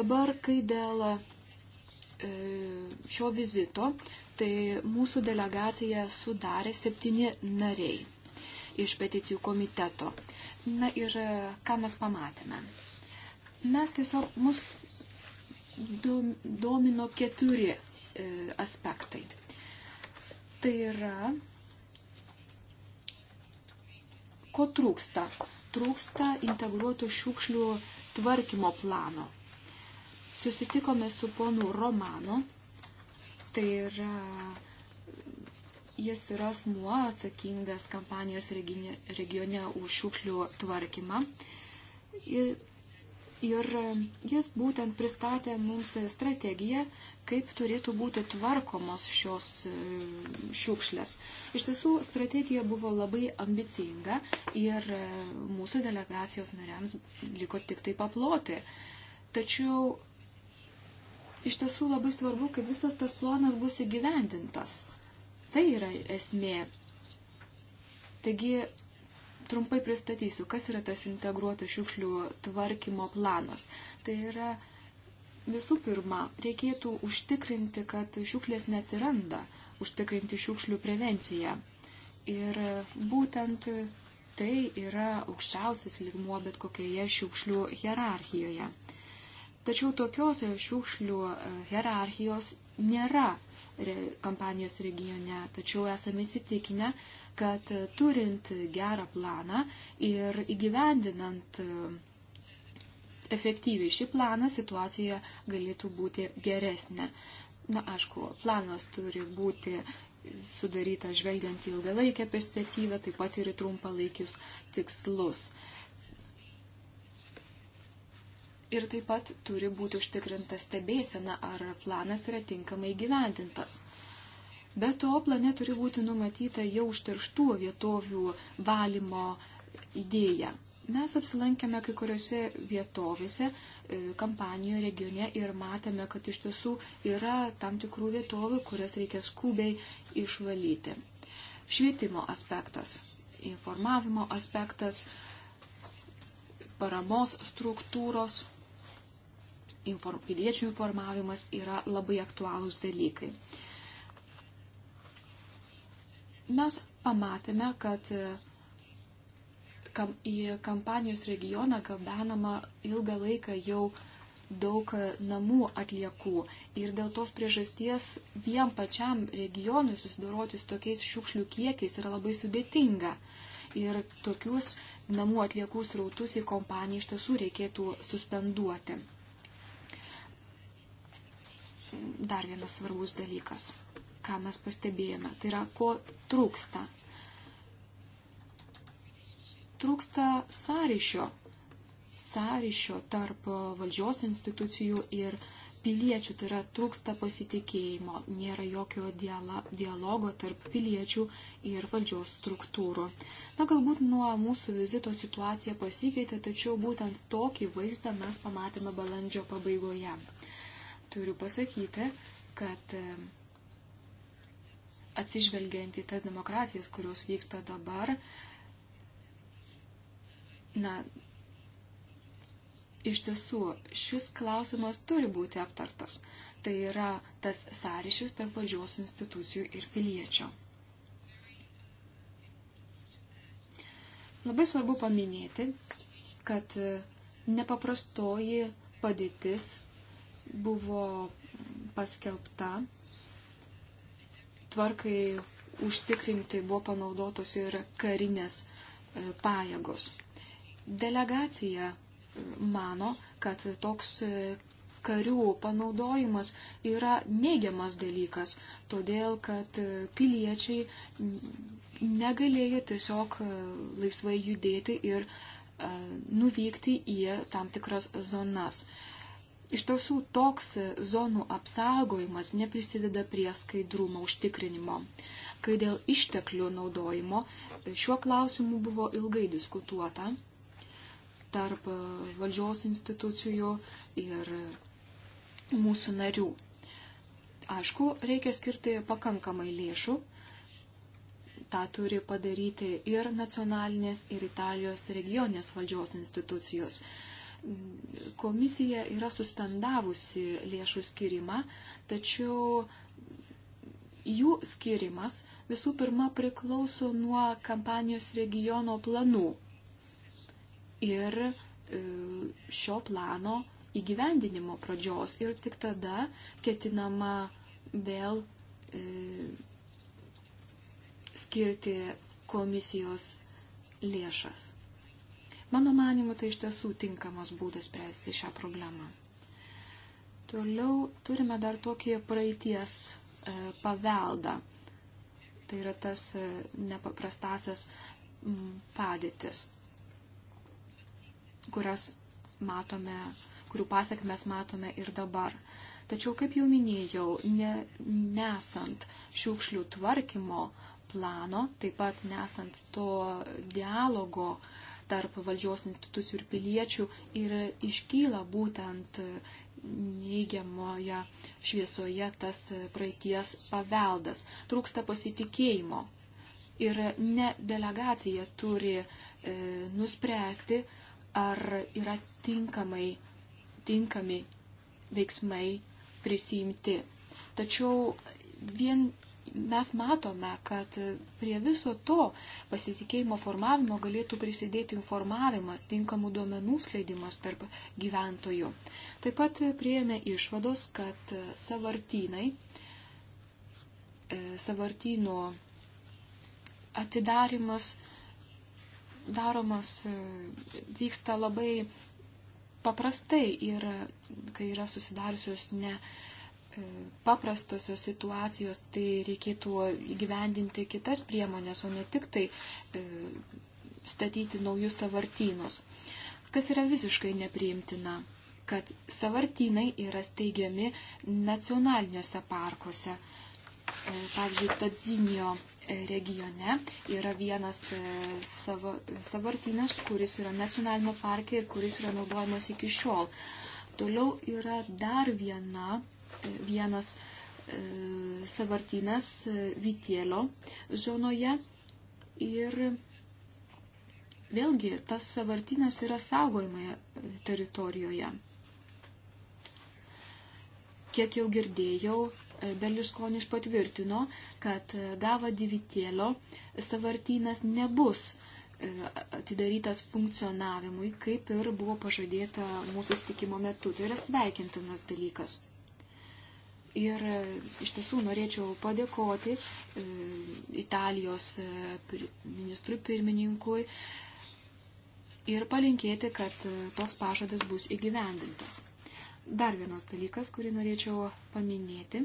Dabar, kai dėl e, šio vizito, tai mūsų delegacija sudarė septyni nariai iš peticijų komiteto. Na ir e, ką mes pamatėme? Mes tiesiog, mus domino keturi e, aspektai. Tai yra, ko trūksta? Trūksta integruotų šiukšlių tvarkymo plano. Susitikome su ponu Romano, tai yra, jis yra asmuo atsakingas kampanijos regione už šiukšlių tvarkymą. Ir Ir jis būtent pristatė mums strategiją, kaip turėtų būti tvarkomos šios e, šiukšlės. Iš tiesų, strategija buvo labai ambicinga ir e, mūsų delegacijos nariams liko tik tai paploti. Tačiau iš tiesų labai svarbu, kad visas tas planas bus įgyvendintas. Tai yra esmė. Taigi Trumpai pristatysiu, kas yra tas integruotas šiukšlių tvarkymo planas. Tai yra visų pirma, reikėtų užtikrinti, kad šiukšlės neatsiranda, užtikrinti šiukšlių prevenciją. Ir būtent tai yra aukščiausias lygmuo bet kokioje šiukšlių hierarchijoje. Tačiau tokios šiukšlių hierarchijos nėra kampanijos regione, tačiau esame įsitikinę, kad e, turint gerą planą ir įgyvendinant e, efektyviai šį planą, situacija galėtų būti geresnė. Na, aišku, planas turi būti sudarytas žvelgiant į ilgalaikę perspektyvą, taip pat ir į trumpalaikius tikslus. Uh, Ir taip pat turi būti užtikrinta stebėsena, ar planas yra tinkamai gyvendintas. Be to, plane turi būti numatyta jau užterštų vietovių valymo idėja. Mes apsilankėme kai kuriuose vietovėse, e, kampanijoje regione ir matėme, kad iš tiesų yra tam tikrų vietovių, kurias reikia skubiai išvalyti. Švietimo aspektas, informavimo aspektas, paramos struktūros inform, piliečių informavimas yra labai aktualūs dalykai. Mes pamatėme, kad e, kam, į kampanijos regioną gabenama ilgą laiką jau daug e, namų atliekų. Ir dėl tos priežasties vien pačiam regionui susidoroti su tokiais šiukšlių kiekiais yra labai sudėtinga. Ir tokius namų atliekų srautus į kompaniją iš tiesų reikėtų suspenduoti dar vienas svarbus dalykas, ką mes pastebėjome. Tai yra, ko trūksta. Trūksta sąryšio. Sąryšio tarp valdžios institucijų ir piliečių. Tai yra, trūksta pasitikėjimo. Nėra jokio dialogo tarp piliečių ir valdžios struktūrų. Na, galbūt nuo mūsų vizito situacija pasikeitė, tačiau būtent tokį vaizdą mes pamatėme balandžio pabaigoje turiu pasakyti, kad atsižvelgiant į tas demokratijas, kurios vyksta dabar, na, iš tiesų šis klausimas turi būti aptartas. Tai yra tas sąryšis tarp valdžios institucijų ir piliečio. Labai svarbu paminėti, kad e, nepaprastoji padėtis buvo paskelbta, tvarkai užtikrinti buvo panaudotos ir karinės e, pajėgos. Delegacija e, mano, kad toks e, karių panaudojimas yra neigiamas dalykas, todėl kad piliečiai negalėjo tiesiog laisvai judėti ir nuvykti į tam tikras zonas. Iš tiesų, toks zonų apsaugojimas neprisideda prie skaidrumo užtikrinimo. Kai dėl išteklių naudojimo šiuo klausimu buvo ilgai diskutuota tarp valdžios institucijų ir mūsų narių. Aišku, reikia skirti pakankamai lėšų. Ta turi padaryti ir nacionalinės, ir Italijos regioninės valdžios institucijos. Komisija yra suspendavusi lėšų skirimą, tačiau jų skirimas visų pirma priklauso nuo kampanijos regiono planų ir e, šio plano įgyvendinimo pradžios. Ir tik tada ketinama vėl e, skirti komisijos lėšas. Mano manimu, tai iš tiesų tinkamas būdas spręsti šią problemą. Toliau turime dar tokį praeities e, paveldą. Tai yra tas e, nepaprastasias m, padėtis, kurias matome, kurių pasiekmes matome ir dabar. Tačiau, kaip jau minėjau, ne, nesant šiukšlių tvarkymo plano, taip pat nesant to dialogo, e, tarp valdžios institucijų ir piliečių ir iškyla būtent neigiamoje šviesoje tas praeities paveldas. Trūksta pasitikėjimo. Ir ne delegacija turi e, nuspręsti, ar yra tinkamai, tinkami veiksmai prisimti. Tačiau vien mes matome, kad prie viso to pasitikėjimo formavimo galėtų prisidėti informavimas, tinkamų duomenų skleidimas tarp gyventojų. Taip pat prieėmė išvados, kad savartynai, e, savartyno atidarimas daromas e, vyksta labai paprastai ir kai yra susidariusios ne paprastos situacijos, tai reikėtų gyvendinti kitas priemonės, o ne tik tai e, statyti naujus savartynus. Kas yra visiškai nepriimtina, kad savartynai yra steigiami nacionaliniuose parkuose. E, pavyzdžiui, Tadzinio regione yra vienas e, savo, savartynas, kuris yra nacionalinio parke ir kuris yra naudojamas iki šiol. Toliau yra dar viena, vienas e, savartynas e, Vitėlio zonoje ir vėlgi tas savartynas yra saugojamoje teritorijoje. Kiek jau girdėjau, e, Berliskonis patvirtino, kad e, gava divitėlio savartynas nebus e, atidarytas funkcionavimui, kaip ir buvo pažadėta mūsų stikimo metu. Tai yra sveikintinas dalykas. Ir e, iš tiesų norėčiau padėkoti e, Italijos e, ministrui pirmininkui ir palinkėti, kad toks pažadas bus įgyvendintas. Dar vienas dalykas, kurį norėčiau paminėti,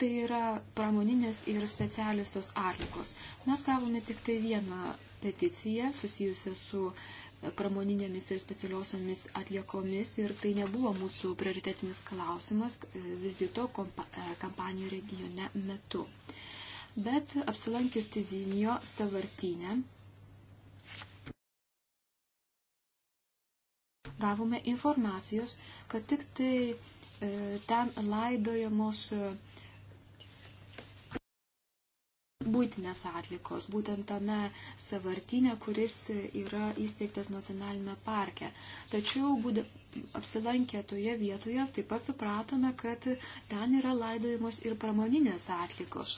tai yra pramoninės ir specialiosios atlikos. Mes gavome tik tai vieną peticiją susijusią su pramoninėmis ir specialiosiomis atliekomis ir tai nebuvo mūsų prioritetinis klausimas e, vizito e, kampanijų regione metu. Bet apsilankius Tizinio savartinę gavome informacijos, kad tik tai e, ten laidojamos būtinės atlikos, būtent tame savartinė, kuris yra įsteigtas nacionalinėme parke. Tačiau būdė, apsilankę toje vietoje taip pat supratome, kad ten yra laidojamos ir pramoninės atlikos,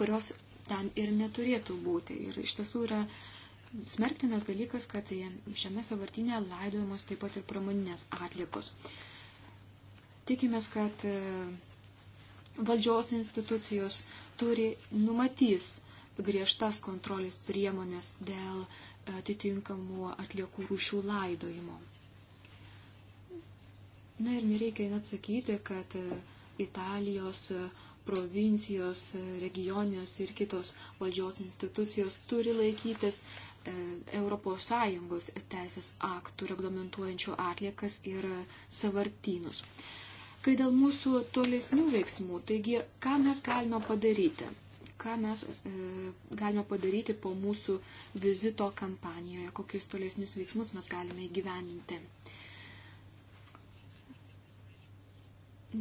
kurios ten ir neturėtų būti. Ir iš tiesų yra smerktinas dalykas, kad šiame savartinė laidojamos taip pat ir pramoninės atlikos. Tikimės, kad valdžios institucijos turi numatys griežtas kontrolės priemonės dėl atitinkamų atliekų rūšių laidojimo. Na ir nereikia net sakyti, kad e, Italijos e, provincijos, e, regionės ir kitos valdžios institucijos turi laikytis ES teisės aktų reglamentuojančių atliekas ir savartynus kai dėl mūsų tolesnių veiksmų, taigi ką mes galime padaryti, ką mes e, galime padaryti po mūsų vizito kampanijoje, kokius tolesnius veiksmus mes galime įgyveninti.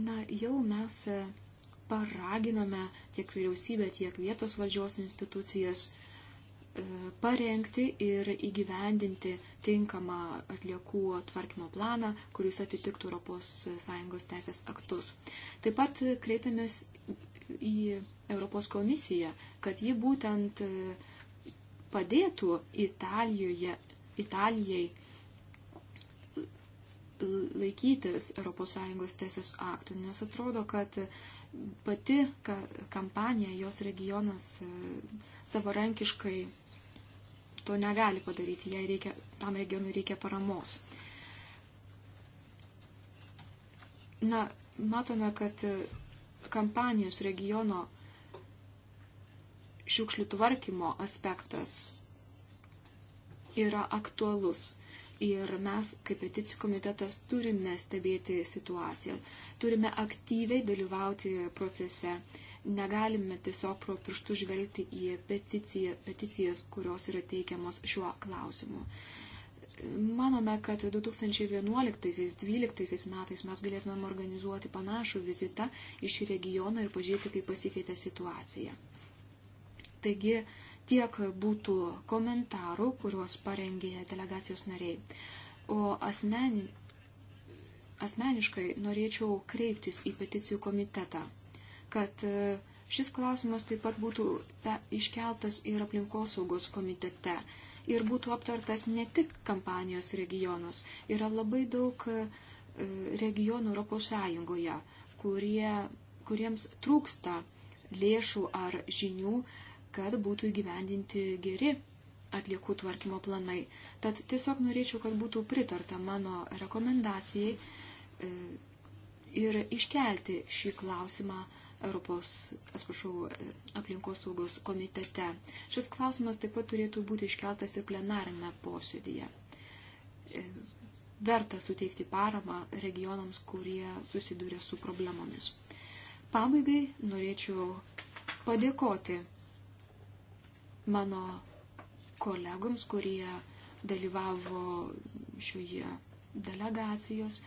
Na, jau mes e, paraginome tiek vyriausybę, tiek vietos valdžios institucijas parengti ir įgyvendinti tinkamą atliekų tvarkymo planą, kuris atitiktų ES teisės aktus. Taip pat kreipiamės į Europos komisiją, kad ji būtent e, padėtų Italijoje, Italijai laikytis ES teisės aktų, nes atrodo, kad pati kampanija, jos regionas e, savarankiškai to negali padaryti, jai reikia, tam regionui reikia paramos. Na, matome, kad e, kampanijos regiono šiukšlių tvarkymo aspektas yra aktualus ir mes, kaip peticijų komitetas, turime stebėti situaciją, turime aktyviai dalyvauti procese. Negalime tiesiog pro pirštų žvelgti į peticiją, peticijas, kurios yra teikiamos šiuo klausimu. Manome, kad 2011-2012 metais mes galėtumėm organizuoti panašų vizitą į šį regioną ir pažiūrėti, kaip pasikeitė situacija. Taigi tiek būtų komentarų, kuriuos parengė delegacijos nariai. O asmeni, asmeniškai norėčiau kreiptis į peticijų komitetą, kad e, šis klausimas taip pat būtų e, iškeltas ir aplinkosaugos komitete ir būtų aptartas ne tik kampanijos regionas. Yra labai daug e, regionų Europos Sąjungoje, kurie, kuriems trūksta lėšų ar žinių kad būtų įgyvendinti geri atliekų tvarkymo planai. Tad tiesiog norėčiau, kad būtų pritarta mano rekomendacijai e, ir iškelti šį klausimą Europos, atsiprašau, e, aplinkos saugos komitete. Šis klausimas taip pat turėtų būti iškeltas ir plenarinėme posėdėje. E, verta suteikti paramą regionams, kurie susiduria su problemomis. Pabaigai norėčiau padėkoti mano kolegoms, kurie dalyvavo šioje delegacijos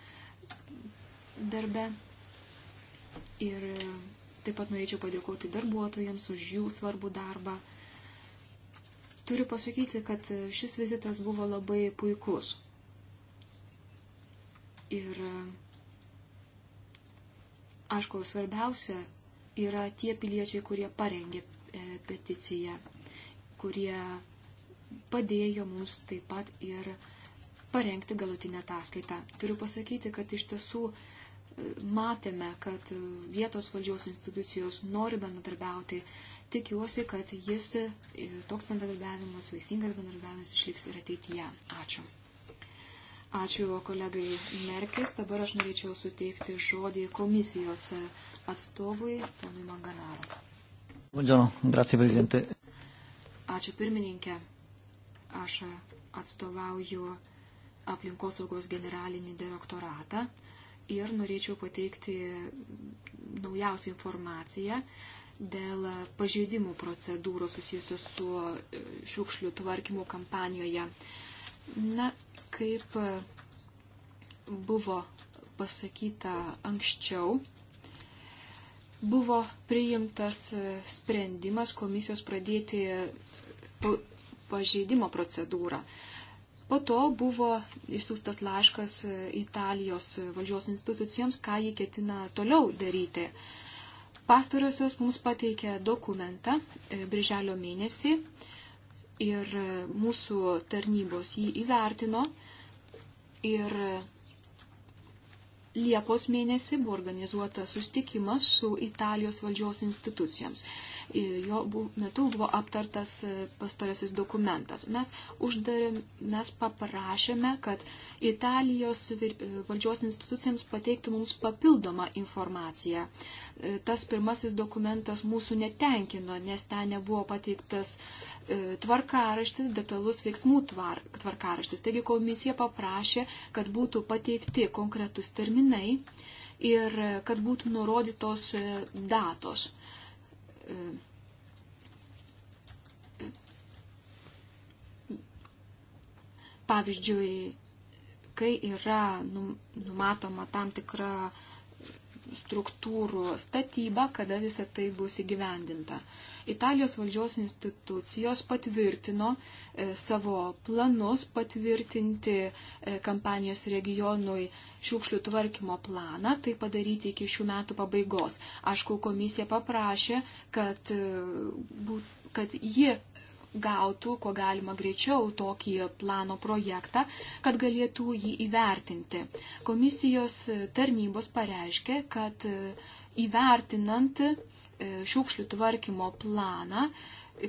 darbe. Ir taip pat norėčiau padėkoti darbuotojams už jų svarbų darbą. Turiu pasakyti, kad šis vizitas buvo labai puikus. Ir aišku, svarbiausia yra tie piliečiai, kurie parengė e, peticiją kurie padėjo mums taip pat ir parengti galutinę ataskaitą. Turiu pasakyti, kad iš tiesų e, matėme, kad e, vietos valdžios institucijos nori bendradarbiauti. Tikiuosi, kad jis, e, toks bendradarbiavimas, vaisingas bendradarbiavimas išliks ir ateityje. Ačiū. Ačiū kolegai Merkis. Dabar aš norėčiau suteikti žodį komisijos atstovui, ponui Manganaro. Buongiorno, grazie Presidente. Ačiū pirmininkė. Aš atstovauju aplinkosaugos generalinį direktoratą ir norėčiau pateikti naujausią informaciją dėl pažeidimų procedūros susijusios su e, šiukšlių tvarkymu kampanijoje. Na, kaip e, buvo pasakyta anksčiau, buvo priimtas e, sprendimas komisijos pradėti pažeidimo procedūrą. Po to buvo išsiųstas laiškas Italijos valdžios institucijoms, ką jį ketina toliau daryti. Pastoriosios mums pateikė dokumentą e, birželio mėnesį ir e, mūsų tarnybos jį įvertino ir e, Liepos mėnesį buvo organizuotas sustikimas su Italijos valdžios institucijoms jo metu buvo aptartas e, pastarasis dokumentas. Mes, uždarėm, mes paprašėme, kad Italijos e, valdžios institucijams pateiktų mums papildomą informaciją. E, tas pirmasis dokumentas mūsų netenkino, nes ten nebuvo pateiktas tvarkaraštis, detalus veiksmų tvar, tvarkaraštis. Taigi komisija paprašė, kad būtų pateikti konkretus terminai ir kad būtų nurodytos datos. Pavyzdžiui, kai yra numatoma tam tikra struktūrų statyba, kada visa tai bus įgyvendinta. Uh, Italijos valdžios institucijos patvirtino e, savo planus patvirtinti e, kampanijos regionui šiukšlių tvarkymo planą, tai padaryti iki šių metų pabaigos. Aišku, komisija paprašė, kad, e, kad ji gautų, kuo galima greičiau, tokį plano projektą, kad galėtų jį įvertinti. Komisijos tarnybos pareiškė, kad įvertinant E, šiukšlių tvarkymo planą,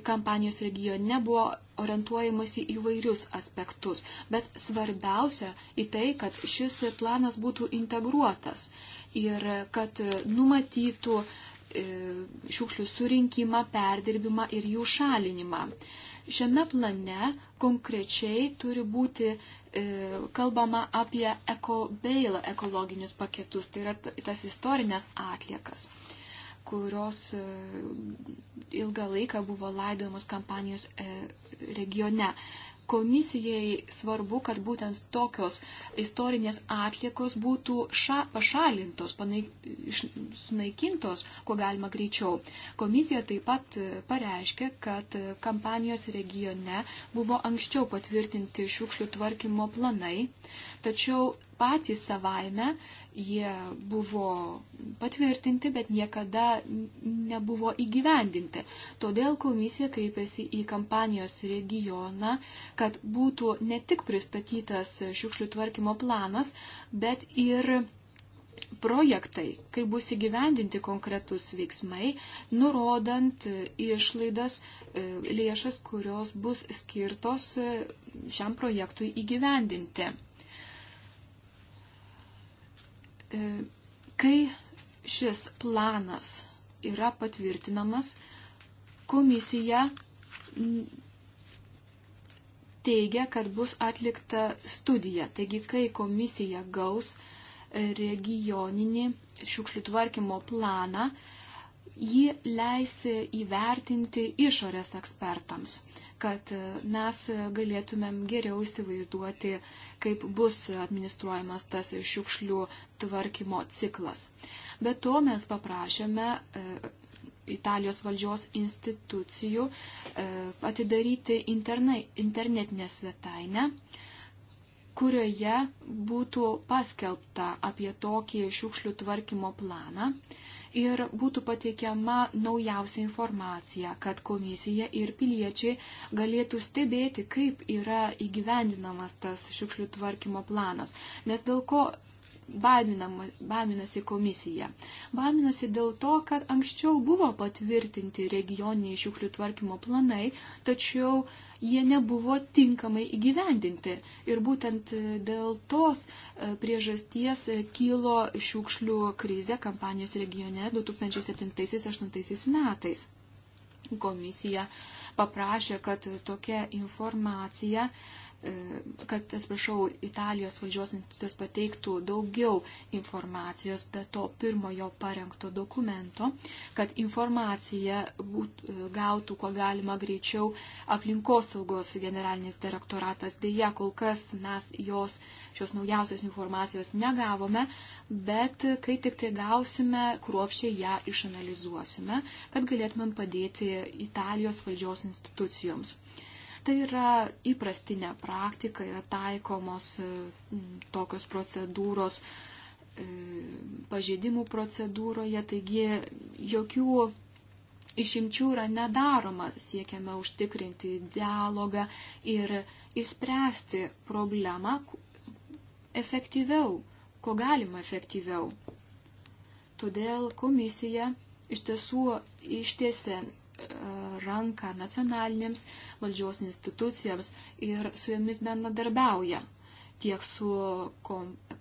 kampanijos regione buvo orientuojamasi į vairius aspektus, bet svarbiausia į tai, kad šis planas būtų integruotas ir kad numatytų e, šiukšlių surinkimą, perdirbimą ir jų šalinimą. Šiame plane konkrečiai turi būti e, kalbama apie ekobeilą ekologinius paketus, tai yra tas istorinės atliekas. E, kurios e, ilgą laiką buvo laidojamos kampanijos e, regione. Komisijai svarbu, kad būtent tokios istorinės atliekos būtų ša, pašalintos, panaik, sunaikintos, kuo galima greičiau. Komisija taip pat e, pareiškė, kad kampanijos regione buvo anksčiau patvirtinti šiukšlių tvarkymo planai, tačiau patys savaime Jie buvo patvirtinti, bet niekada nebuvo įgyvendinti. Todėl komisija kreipėsi į kampanijos regioną, kad būtų ne tik pristatytas šiukšlių tvarkymo planas, bet ir projektai, kai bus įgyvendinti konkretus veiksmai, nurodant išlaidas e, lėšas, kurios bus skirtos e, šiam projektui įgyvendinti. E, kai šis planas yra patvirtinamas, komisija teigia, kad bus atlikta studija. Taigi, kai komisija gaus regioninį šiukšlių tvarkymo planą, jį leis įvertinti išorės ekspertams kad e, mes galėtumėm geriau įsivaizduoti, kaip bus administruojamas tas šiukšlių tvarkymo ciklas. Be to mes paprašėme e, Italijos valdžios institucijų e, atidaryti internetinę svetainę kurioje būtų paskelbta apie tokį šiukšlių tvarkymo planą ir būtų pateikiama naujausia informacija, kad komisija ir piliečiai galėtų stebėti, kaip yra įgyvendinamas tas šiukšlių tvarkymo planas. Nes dėl ko baiminasi komisija. Baiminasi dėl to, kad anksčiau buvo patvirtinti regioniniai šiuklių tvarkymo planai, tačiau jie nebuvo tinkamai įgyvendinti. Ir būtent e, dėl tos e, priežasties e, kilo šiukšlių krize kampanijos regione 2007-2008 metais. Komisija paprašė, kad tokia informacija uh, kad, atsiprašau, Italijos valdžios institutas pateiktų daugiau informacijos be to pirmojo parengto dokumento, kad informacija būt, gautų, ko galima greičiau, aplinkosaugos generalinis direktoratas. Deja, kol kas mes jos, šios naujausios informacijos negavome, bet kai tik tai gausime, kruopšiai ją išanalizuosime, kad galėtumėm padėti Italijos valdžios institucijoms. Tai yra įprastinė praktika, yra taikomos e, tokios procedūros e, pažeidimų procedūroje, taigi jokių išimčių yra nedaroma, siekiame užtikrinti dialogą ir įspręsti problemą efektyviau, ko galima efektyviau. Todėl komisija iš tiesų ištiesė ranką nacionalinėms valdžios institucijoms ir su jomis bendradarbiauja tiek su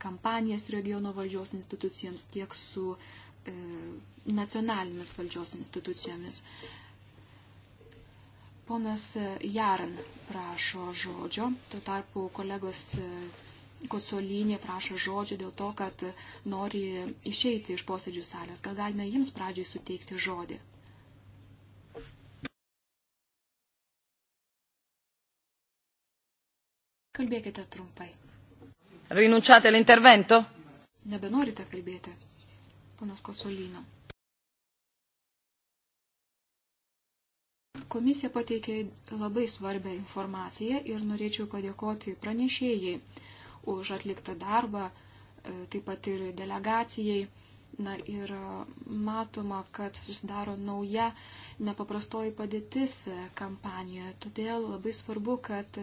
kampanijas regiono valdžios institucijoms, tiek su e, nacionalinėmis valdžios institucijomis. Ponas Jaran prašo žodžio, tuo tarpu kolegos e, Kocolinė prašo žodžio dėl to, kad nori išeiti iš posėdžių salės. Gal galime jums pradžiai suteikti žodį? Kalbėkite trumpai. Rinunciate l'intervento? Nebenorite kalbėti, panas Kocolino. Komisija pateikė labai svarbę informaciją ir norėčiau padėkoti pranešėjai už atliktą darbą, e, taip pat ir delegacijai. Na ir e, matoma, kad susidaro nauja nepaprastoji padėtis e, kampanijoje. Todėl labai svarbu, kad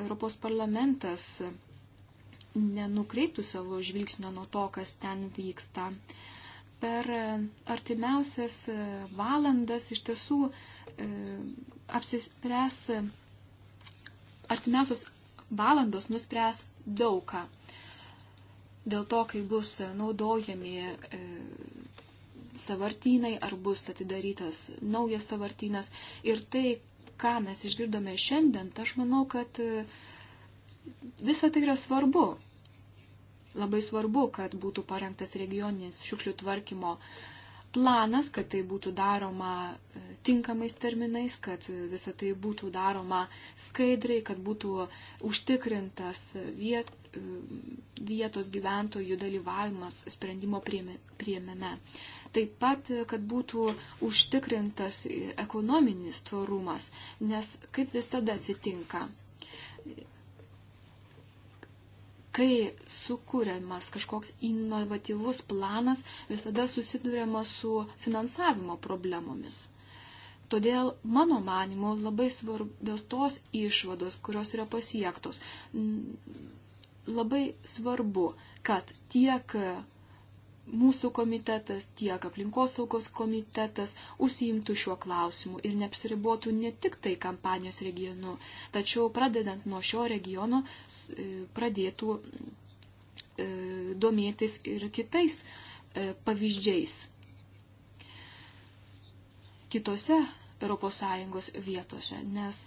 Europos parlamentas nenukreiptų savo žvilgsnio nuo to, kas ten vyksta. Per artimiausias valandas iš tiesų e, apsispręs, artimiausios valandos nuspręs daugą. Dėl to, kai bus naudojami e, savartynai, ar bus atidarytas naujas savartynas ir tai, ką mes išgirdome šiandien, tai aš manau, kad e, visa tai yra svarbu. Labai svarbu, kad būtų parengtas regioninis šiukšlių tvarkymo planas, kad tai būtų daroma e, tinkamais terminais, kad e, visa tai būtų daroma skaidriai, kad būtų užtikrintas viet, vietos gyventojų dalyvavimas sprendimo prieimime. Taip pat, kad būtų užtikrintas ekonominis tvarumas, nes kaip visada atsitinka, kai sukūriamas kažkoks inovatyvus planas, visada susidurėma su finansavimo problemomis. Todėl, mano manimu, labai svarbios tos išvados, kurios yra pasiektos. Labai svarbu, kad tiek mūsų komitetas, tiek aplinkosaugos komitetas užsiimtų šiuo klausimu ir neapsiribotų ne tik tai kampanijos regionu, tačiau pradedant nuo šio regiono e, pradėtų e, domėtis ir kitais e, pavyzdžiais. Kitose ES vietose, nes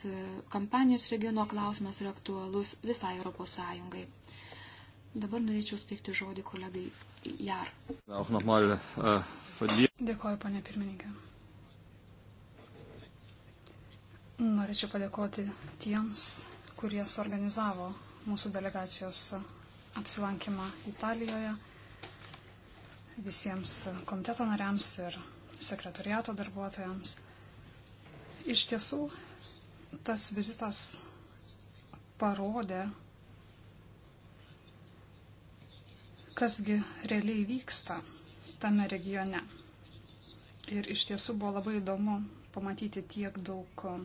kampanijos regiono klausimas yra aktualus visai ES. Dabar norėčiau steikti žodį kolegai Jar. Äh, Dėkoju, ponė pirmininkė. Norėčiau padėkoti tiems, kurie suorganizavo mūsų delegacijos apsilankymą Italijoje, visiems komiteto nariams ir sekretariato darbuotojams. Iš tiesų, tas vizitas parodė, kasgi realiai vyksta tame regione. Ir iš tiesų buvo labai įdomu pamatyti tiek daug um,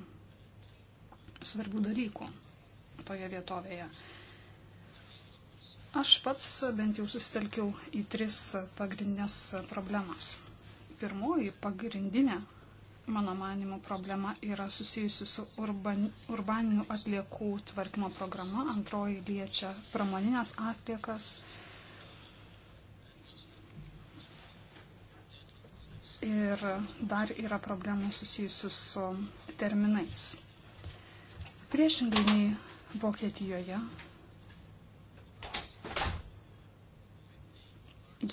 svarbių dalykų toje vietovėje. Aš pats bent jau susitelkiau į tris pagrindinės problemas. Pirmoji pagrindinė, mano manimo, problema yra susijusi su urban, urbaninių atliekų tvarkymo programa. Antroji liečia pramoninės atliekas. ir dar yra problemų susijusių su terminais. Priešingai nei Vokietijoje,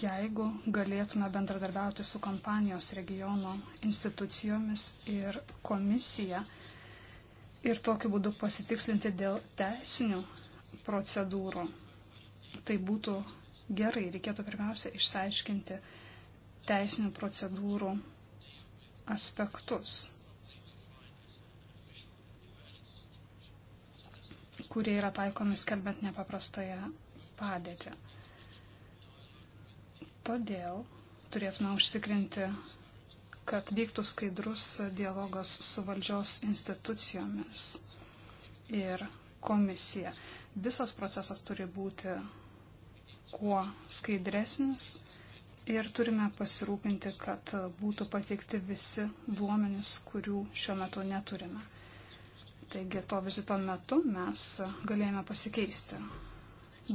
jeigu galėtume bendradarbiauti su kompanijos regiono institucijomis ir komisija ir tokiu būdu pasitikslinti dėl teisinių procedūrų, tai būtų gerai. Reikėtų pirmiausia išsiaiškinti, teisinių procedūrų aspektus, kurie yra taikomi skelbiant nepaprastąją padėtį. Todėl turėtume užtikrinti, kad vyktų skaidrus dialogas su valdžios institucijomis ir komisija. Visas procesas turi būti kuo skaidresnis ir turime pasirūpinti, kad būtų pateikti visi duomenys, kurių šiuo metu neturime. Taigi to vizito metu mes galėjome pasikeisti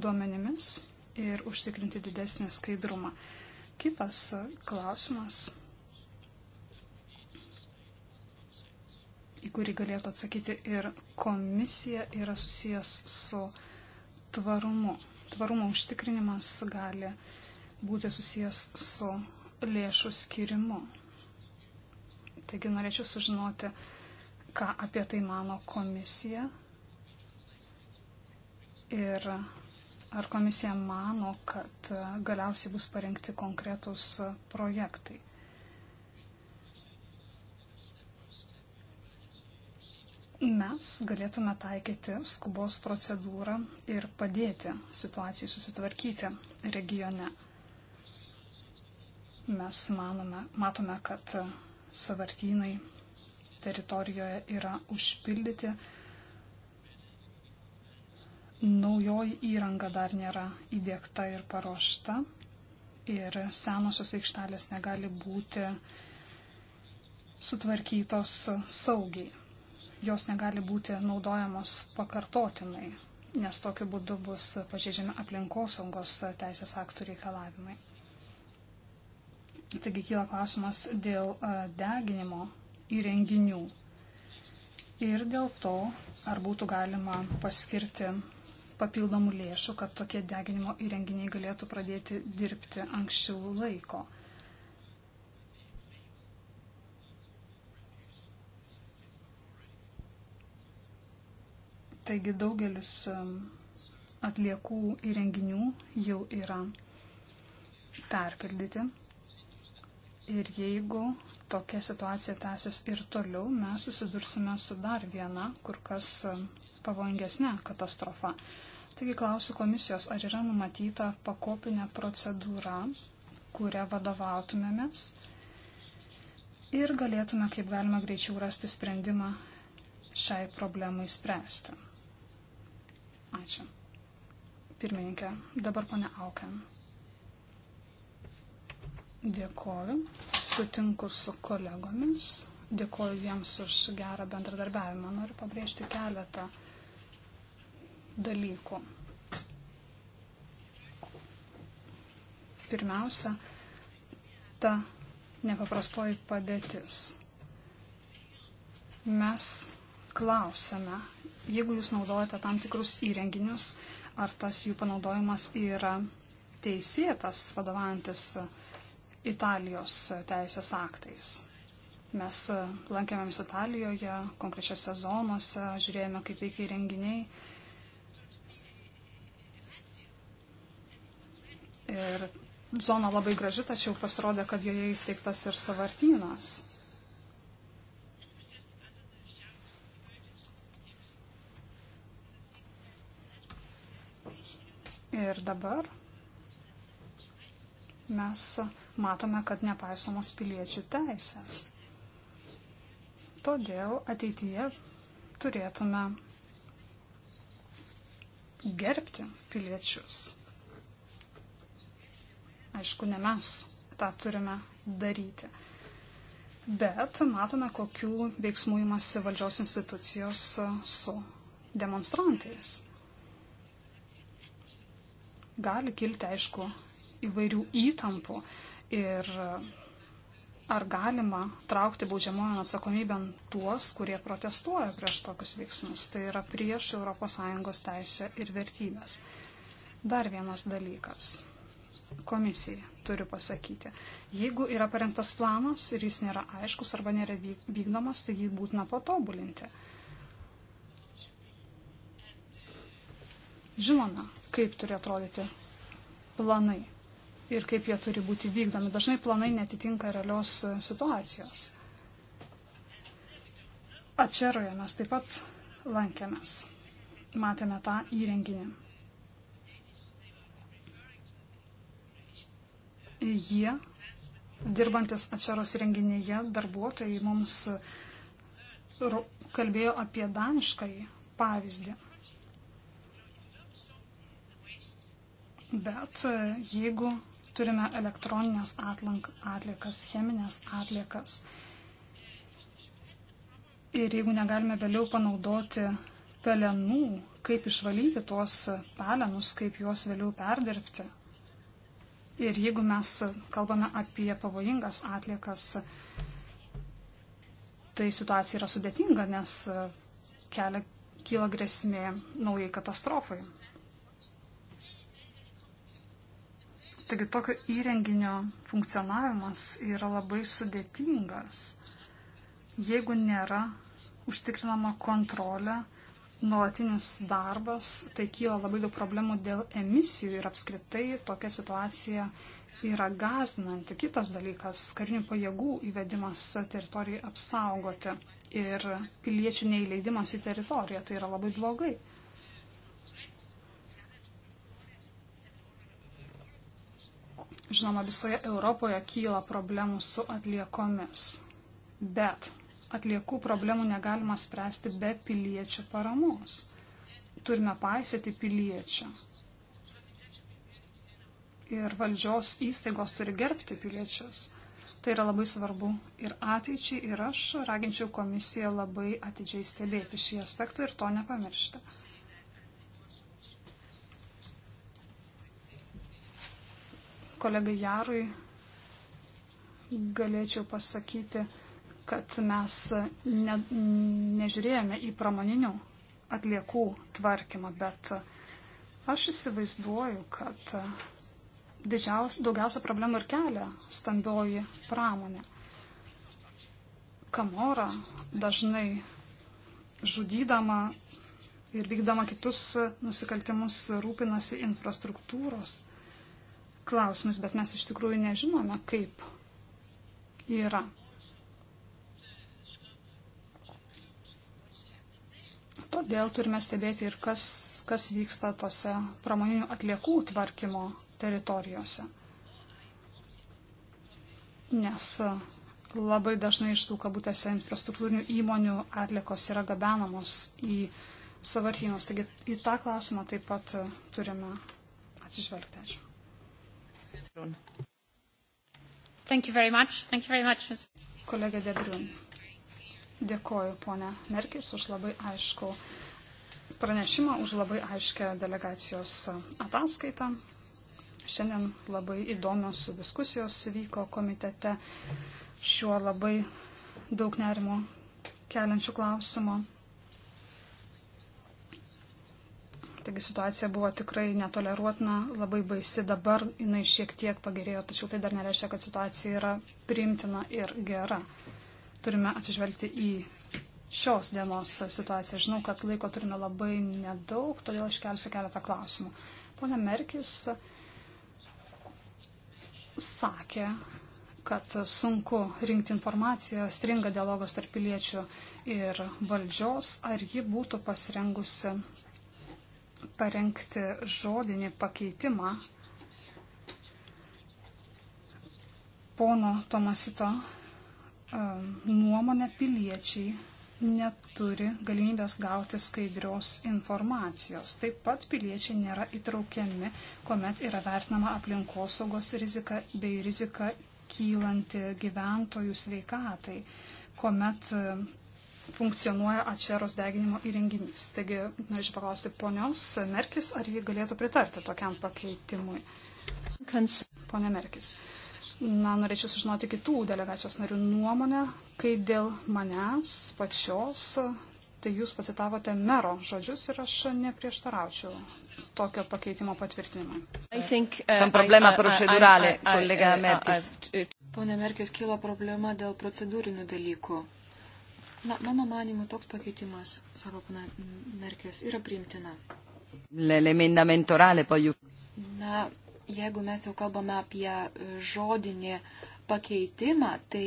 duomenimis ir užtikrinti didesnį skaidrumą. Kitas klausimas, į kurį galėtų atsakyti ir komisija, yra susijęs su tvarumu. Tvarumo užtikrinimas gali uh, būti susijęs su lėšų skirimu. Taigi norėčiau sužinoti, ką apie tai mano komisija ir ar komisija mano, kad galiausiai bus parengti konkretūs projektai. mes galėtume taikyti skubos procedūrą ir padėti situacijai susitvarkyti regione. Mes manome, matome, kad savartynai teritorijoje yra užpildyti. Naujoji įranga dar nėra įdėkta ir paruošta. Ir senosios aikštelės negali būti sutvarkytos saugiai. Jos negali būti naudojamos pakartotinai, nes tokiu būdu bus pažeidžiami aplinkosaugos teisės aktų reikalavimai. Taigi kyla klausimas dėl e, deginimo įrenginių ir dėl to, ar būtų galima paskirti papildomų lėšų, kad tokie deginimo įrenginiai galėtų pradėti dirbti anksčiau laiko. Taigi daugelis e, atliekų įrenginių jau yra perpildyti. Ir jeigu tokia situacija tęsis ir toliau, mes susidursime su dar viena, kur kas um, pavojingesnė katastrofa. Taigi klausiu komisijos, ar yra numatyta pakopinė procedūra, kurią vadovautumėmės ir galėtume kaip galima greičiau rasti sprendimą šiai problemai spręsti. Ačiū. Pirmininkė, dabar pane Aukiam. Dėkoju. Sutinku su kolegomis. Dėkoju jiems už gerą bendradarbiavimą. Noriu pabrėžti keletą dalykų. Pirmiausia, ta nepaprastoji padėtis. Mes klausime, jeigu jūs naudojate tam tikrus įrenginius, ar tas jų panaudojimas yra teisėtas, vadovantis uh, Italijos teisės aktais. Mes e, lankėmėms Italijoje, konkrečiose zonose, žiūrėjome, kaip veikia renginiai. Ir zona labai graži, tačiau pasirodė, kad joje įsteigtas ir savartynas. Ir dabar mes matome, kad nepaisomos piliečių teisės. Todėl ateityje turėtume gerbti piliečius. Aišku, ne mes tą turime daryti. Bet matome, kokių veiksmų imasi valdžios institucijos su demonstrantais. Gali kilti, aišku, įvairių įtampų ir ar galima traukti baudžiamojo atsakomybę tuos, kurie protestuoja prieš tokius veiksmus, tai yra prieš ES teisę ir vertybės. Dar vienas dalykas. Komisija turiu pasakyti. Jeigu yra parengtas planas ir jis nėra aiškus arba nėra vykdomas, tai jį būtina patobulinti. Žinoma, kaip turi atrodyti planai ir kaip jie turi būti vykdomi. Dažnai planai netitinka realios e, situacijos. Ačeroje mes taip pat lankėmės, matėme tą įrenginį. Jie, dirbantis Ačeros įrenginyje, darbuotojai mums e, kalbėjo apie daniškąjį pavyzdį. Bet e, jeigu turime elektroninės atlank, atliekas, cheminės atliekas. Ir jeigu negalime vėliau panaudoti pelenų, kaip išvalyti tuos pelenus, kaip juos vėliau perdirbti. Ir jeigu mes kalbame apie pavojingas atliekas, tai situacija yra sudėtinga, nes kelia, kyla grėsmė naujai katastrofai. Taigi tokio įrenginio funkcionavimas yra labai sudėtingas, jeigu nėra užtikrinama kontrolė, nuolatinis darbas, tai kyla labai daug problemų dėl emisijų ir apskritai tokia situacija yra gazdinanti. Kitas dalykas - karinių pajėgų įvedimas teritorijai apsaugoti ir piliečių neįleidimas į teritoriją. Tai yra labai blogai. Žinoma, visoje Europoje kyla problemų su atliekomis. Bet atliekų problemų negalima spręsti be piliečių paramos. Turime paisyti piliečių. Ir valdžios įstaigos turi gerbti piliečius. Tai yra labai svarbu ir ateičiai, ir aš raginčiau komisiją labai atidžiai stebėti šį aspektą ir to nepamiršti. kolegai Jarui galėčiau pasakyti, kad mes ne, nežiūrėjome į pramoninių atliekų tvarkymą, bet aš įsivaizduoju, kad didžiaus, daugiausia problemų ir kelia stambioji pramonė. Kamora dažnai žudydama ir vykdama kitus nusikaltimus rūpinasi infrastruktūros klausimus, bet mes iš tikrųjų nežinome, kaip yra. Todėl turime stebėti ir kas, kas vyksta tose pramoninių atliekų tvarkymo teritorijose. Nes e, labai dažnai iš tų kabutėse infrastruktūrinių įmonių atliekos yra gabenamos į savartynus. Taigi į tą klausimą taip pat e, turime atsižvelgti. Ačiū. Thank you very much. Thank you very much. Kolega Debrun. Dėkoju, ponia Merkis, už labai aišku pranešimą, už labai aiškę delegacijos ataskaitą. Šiandien labai įdomios diskusijos vyko komitete šiuo labai daug nerimo keliančių klausimų. Taigi situacija buvo tikrai netoleruotina, labai baisi, dabar jinai šiek tiek pagerėjo, tačiau tai dar nereiškia, kad situacija yra priimtina ir gera. Turime atsižvelgti į šios dienos situaciją. Žinau, kad laiko turime labai nedaug, todėl aš kelsiu keletą klausimų. Pone Merkis sakė, kad sunku rinkti informaciją, stringa dialogas tarp piliečių ir valdžios, ar ji būtų pasirengusi parengti žodinį pakeitimą pono Tomasito e, nuomonę piliečiai neturi galimybės gauti skaidrios informacijos. Taip pat piliečiai nėra įtraukiami, kuomet yra vertinama aplinkosaugos rizika bei rizika kylanti gyventojų sveikatai, kuomet funkcionuoja atšeros deginimo įrenginys. Taigi, norėčiau paklausti ponios Merkis, ar ji galėtų pritarti tokiam pakeitimui. Pone Merkis. Na, norėčiau sužinoti kitų delegacijos narių nuomonę, kai dėl manęs pačios, tai jūs pacitavote mero žodžius ir aš neprieštaraučiau tokio pakeitimo patvirtinimui. Tam problema proceduralė, kolega Merkis. Pone Merkis, kilo problema dėl procedūrinių dalykų. Na, mano manimu, toks pakeitimas, sako pana Merkės, yra priimtina. L'emendamento orale poi. Na, jeigu mes jau kalbame apie žodinį pakeitimą, tai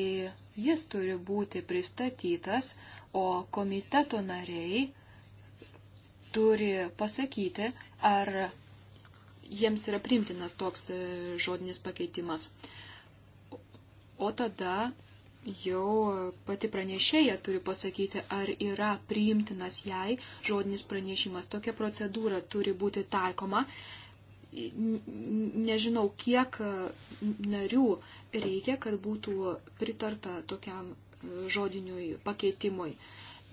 jis turi būti pristatytas, o komiteto nariai turi pasakyti, ar jiems yra primtinas toks žodinis pakeitimas. O tada jau pati pranešėja turi pasakyti, ar yra priimtinas jai žodinis pranešimas. Tokia procedūra turi būti taikoma. Nežinau, kiek narių reikia, kad būtų pritarta tokiam žodiniui pakeitimui.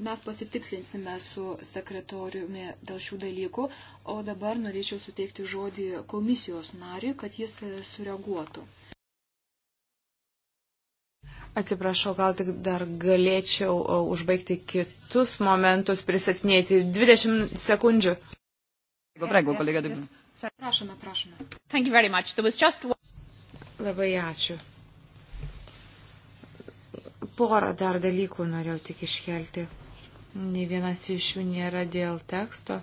Mes pasitikslinsime su sekretoriumi dėl šių dalykų, o dabar norėčiau suteikti žodį komisijos nariui, kad jis sureaguotų. Atsiprašau, gal tik dar galėčiau e, užbaigti kitus momentus, pristatinėti 20 sekundžių. Prego, kolega Dubin. Prašome, prašome. Thank you very much. There was just one... Labai ačiū. Porą dar dalykų norėjau tik iškelti. Ne vienas iš jų nėra dėl teksto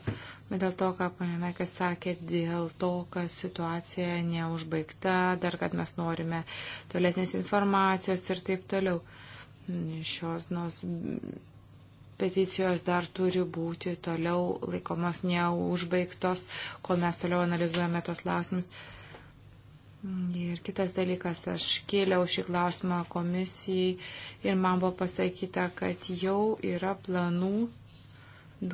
dėl to, ką ponė Merkis sakė, dėl to, kad situacija neužbaigta, dar kad mes norime tolesnės informacijos ir taip toliau. Šios nos peticijos dar turi būti toliau laikomos neužbaigtos, kol mes toliau analizuojame tos klausimus. Ir kitas dalykas, aš kėliau šį klausimą komisijai ir man buvo pasakyta, kad jau yra planų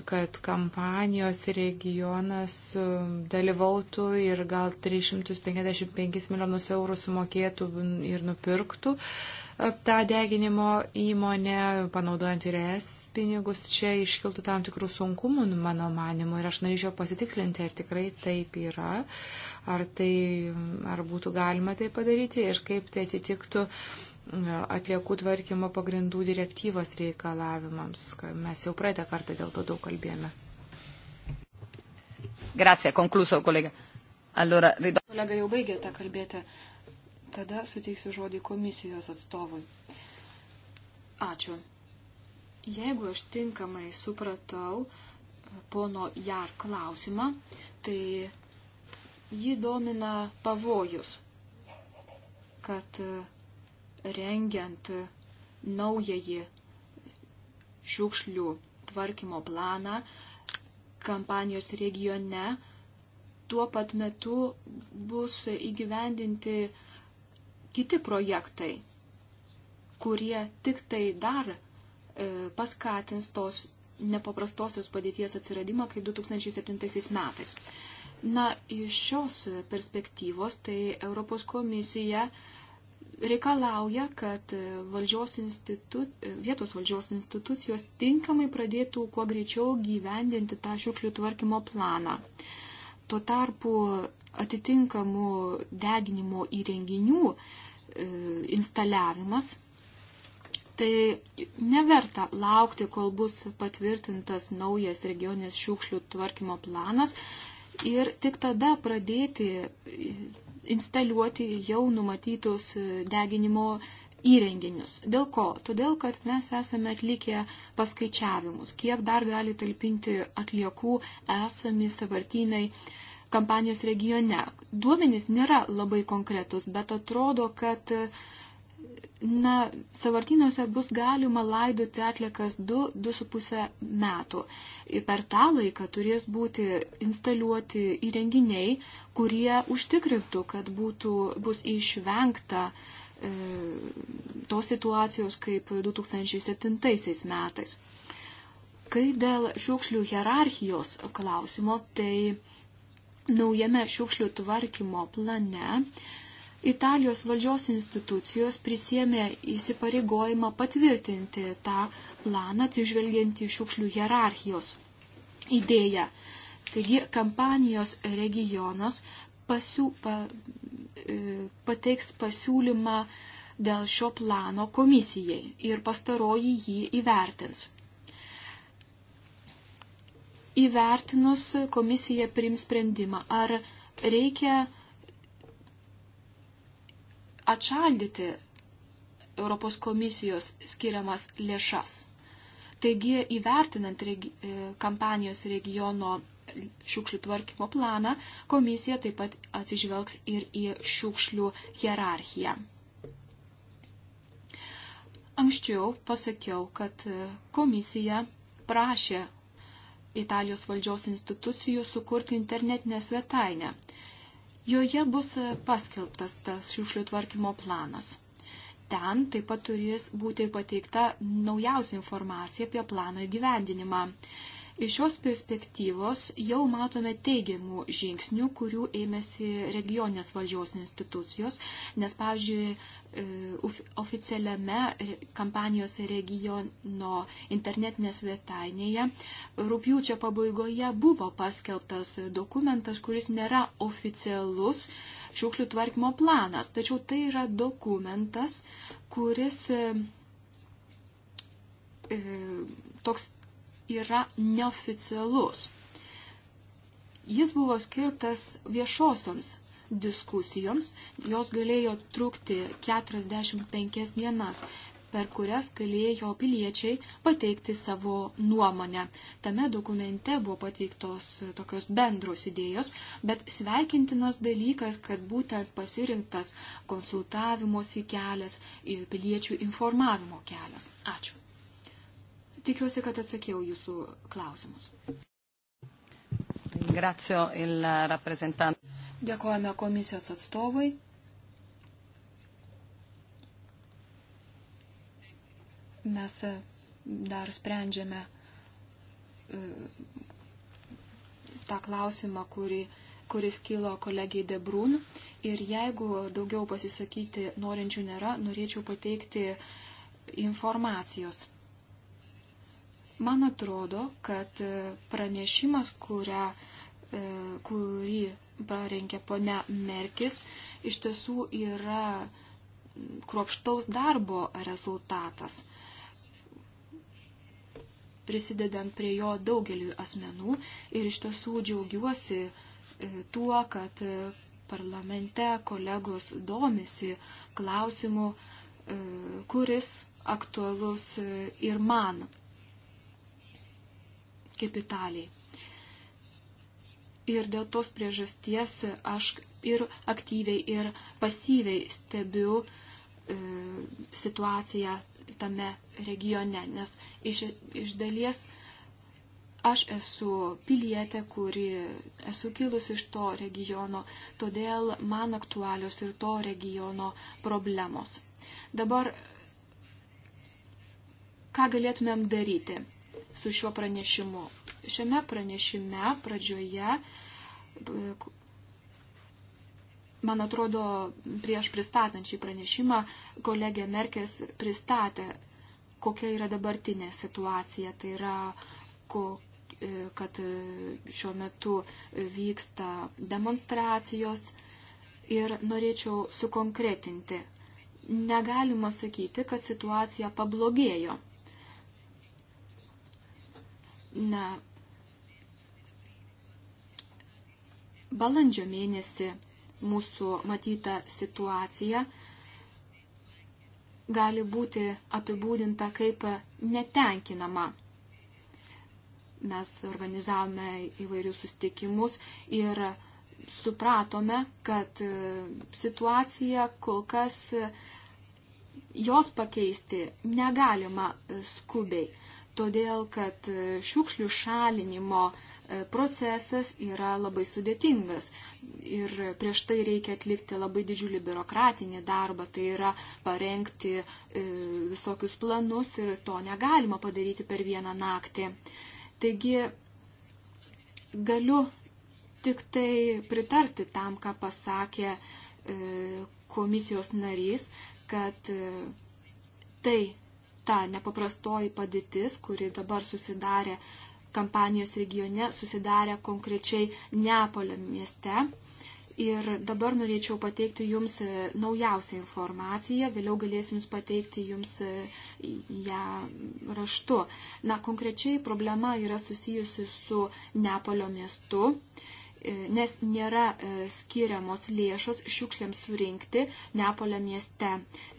kad kampanijos regionas e, dalyvautų ir gal 355 milijonus eurų sumokėtų ir nupirktų e, tą deginimo įmonę, panaudojant ir es pinigus, čia iškiltų tam tikrų sunkumų, mano manimu, ir aš norėčiau pasitikslinti, ar tikrai taip yra, ar, tai, ar būtų galima tai padaryti ir kaip tai atitiktų uh, atliekų tvarkymo pagrindų direktyvos reikalavimams. Mes jau praeitą kartą dėl to daug kalbėjome. Grazie, konkluso kolega. Allora, rido... Kolega jau baigė tą kalbėti. Tada suteiksiu žodį komisijos atstovui. Ačiū. Jeigu aš tinkamai supratau e, pono Jar klausimą, tai jį domina pavojus, kad e, rengiant naująjį šiukšlių tvarkymo planą kampanijos regione, tuo pat metu bus įgyvendinti kiti projektai, kurie tik tai dar e, paskatins tos nepaprastosios padėties atsiradimą kaip 2007 metais. Na, iš šios perspektyvos tai Europos komisija e, reikalauja, kad e, valdžios institu, e, vietos valdžios institucijos tinkamai pradėtų kuo greičiau gyvendinti tą šiukšlių tvarkymo planą. Tuo tarpu atitinkamų deginimo įrenginių e, instaliavimas, tai neverta laukti, kol bus patvirtintas naujas regionės šiukšlių tvarkymo planas ir tik tada pradėti instaliuoti jau numatytus e, deginimo įrenginius. Dėl ko? Todėl, kad mes esame atlikę paskaičiavimus, kiek dar gali talpinti atliekų esami savartinai kampanijos regione. Duomenys nėra labai konkretus, bet atrodo, kad na, savartynuose bus galima laidoti atliekas 2-2,5 metų. Per tą laiką turės būti instaliuoti įrenginiai, kurie užtikrintų, kad būtų, bus išvengta e, tos situacijos kaip 2007 metais. Kai dėl šiukšlių hierarchijos klausimo, tai naujame šiukšlių tvarkymo plane e, Italijos valdžios institucijos prisėmė įsipareigojimą patvirtinti tą planą atsižvelgiant į šiukšlių hierarchijos idėją. Taigi kampanijos regionas pasiū, pa, e, pateiks pasiūlymą dėl šio plano komisijai ir pastaroji jį įvertins. Įvertinus komisija prims sprendimą, ar reikia atšaldyti Europos komisijos skiriamas lėšas. Taigi, įvertinant regi e, kampanijos regiono šiukšlių tvarkymo planą, komisija taip pat atsižvelgs ir į šiukšlių hierarchiją. Anksčiau pasakiau, kad e, komisija prašė Italijos valdžios institucijų sukurti internetinę svetainę. Joje bus e, paskelbtas tas šiukšlių tvarkymo planas. Ten taip pat turės būti pateikta naujausia informacija apie plano įgyvendinimą. Iš šios perspektyvos jau matome teigiamų žingsnių, kurių ėmėsi regioninės valdžios institucijos, nes, pavyzdžiui, e, oficialiame kampanijos regiono internetinės svetainėje rūpjūčio pabaigoje buvo paskelbtas dokumentas, kuris nėra oficialus šiukšlių tvarkymo planas, tačiau tai yra dokumentas, kuris e, e, toks yra neoficialus. Jis buvo skirtas viešosioms diskusijoms, jos galėjo trukti 45 dienas, per kurias galėjo piliečiai pateikti savo nuomonę. Tame dokumente buvo pateiktos tokios bendros idėjos, bet sveikintinas dalykas, kad būtent pasirinktas konsultavimosi kelias ir piliečių informavimo kelias. Ačiū. Tikiuosi, kad atsakiau jūsų klausimus. Gracio il rappresentant. Dėkojame komisijos atstovui. Mes e, dar sprendžiame e, tą klausimą, kurį, kuris kilo kolegijai Debrun. Ir jeigu daugiau pasisakyti norinčių nėra, norėčiau pateikti informacijos. Man atrodo, kad e, pranešimas, kurią, e, kurį parengė ponia Merkis, iš tiesų yra kruopštaus darbo rezultatas. Prisidedant prie jo daugeliu asmenų ir iš tiesų džiaugiuosi e, tuo, kad parlamente kolegos domisi klausimu, kuris aktualus ir man kaip Italijai. Ir dėl tos priežasties aš ir aktyviai, ir pasyviai stebiu e, situaciją tame regione, nes iš, iš dalies aš esu pilietė, kuri esu kilus iš to regiono, todėl man aktualios ir to regiono problemos. Dabar, ką galėtumėm daryti? su šiuo pranešimu. Šiame pranešime pradžioje, man atrodo, prieš pristatant šį pranešimą, kolegė Merkės pristatė, kokia yra dabartinė situacija. Tai yra, ko, kad šiuo metu vyksta demonstracijos ir norėčiau sukonkretinti. Negalima sakyti, kad situacija pablogėjo Na, balandžio mėnesį mūsų matyta situacija gali būti apibūdinta kaip netenkinama. Mes organizavome įvairius sustikimus ir supratome, kad e, situacija kol kas e, jos pakeisti negalima e, skubiai todėl kad e, šiukšlių šalinimo e, procesas yra labai sudėtingas ir prieš tai reikia atlikti labai didžiulį biurokratinį darbą, tai yra parengti e, visokius planus ir to negalima padaryti per vieną naktį. Taigi galiu tik tai pritarti tam, ką pasakė komisijos narys, kad tai ta nepaprastoji padėtis, kuri dabar susidarė kampanijos regione, susidarė konkrečiai Neapolio mieste. Ir dabar norėčiau pateikti Jums e, naujausią informaciją, vėliau galėsiu Jums pateikti Jums e, ją raštu. Na, konkrečiai problema yra susijusi su Neapolio miestu E, nes nėra e, skiriamos lėšos šiukšlėms surinkti Neapolio mieste.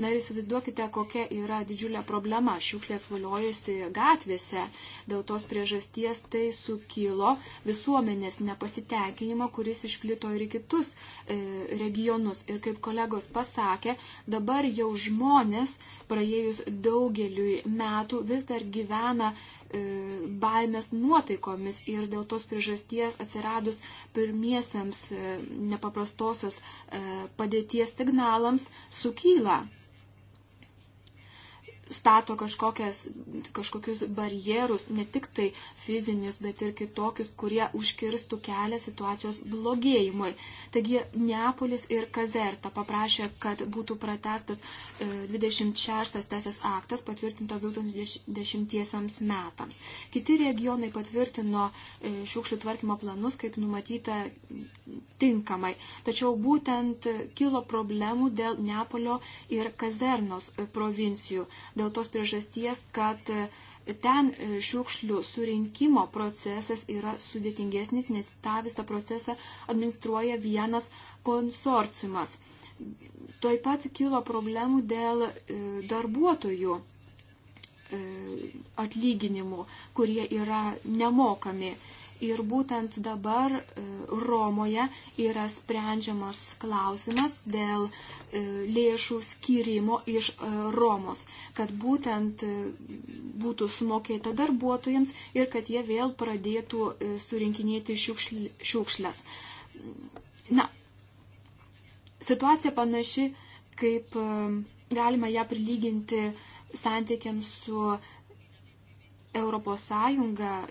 Na ir įsivaizduokite, kokia yra didžiulė problema. Šiukšlės valiojasi gatvėse. Dėl tos priežasties tai sukilo visuomenės nepasitenkinimo, kuris išplito ir į kitus e, regionus. Ir kaip kolegos pasakė, dabar jau žmonės praėjus daugeliui metų vis dar gyvena E, baimės nuotaikomis ir dėl tos priežasties atsiradus pirmiesiams e, nepaprastosios e, padėties signalams sukyla stato kažkokias, kažkokius barjerus, ne tik tai fizinius, bet ir kitokius, kurie užkirstų kelią situacijos blogėjimui. Taigi Neapolis ir Kazerta paprašė, kad būtų pratestas 26 e, teisės aktas patvirtintas 2010 metams. Kiti regionai patvirtino e, šiukšlių tvarkymo planus, kaip numatyta tinkamai. Tačiau būtent kilo problemų dėl Neapolio ir Kazernos provincijų dėl tos priežasties, kad e, ten e, šiukšlių surinkimo procesas yra sudėtingesnis, nes tą visą procesą administruoja vienas konsorciumas. Taip pat kilo problemų dėl e, darbuotojų atlyginimų, kurie yra nemokami. Ir būtent dabar e, Romoje yra sprendžiamas klausimas dėl e, lėšų skirimo iš e, Romos, kad būtent būtų sumokėta darbuotojams ir kad jie vėl pradėtų surinkinėti šiukšlės. Na, situacija panaši, kaip galima ją prilyginti santykiams su ES,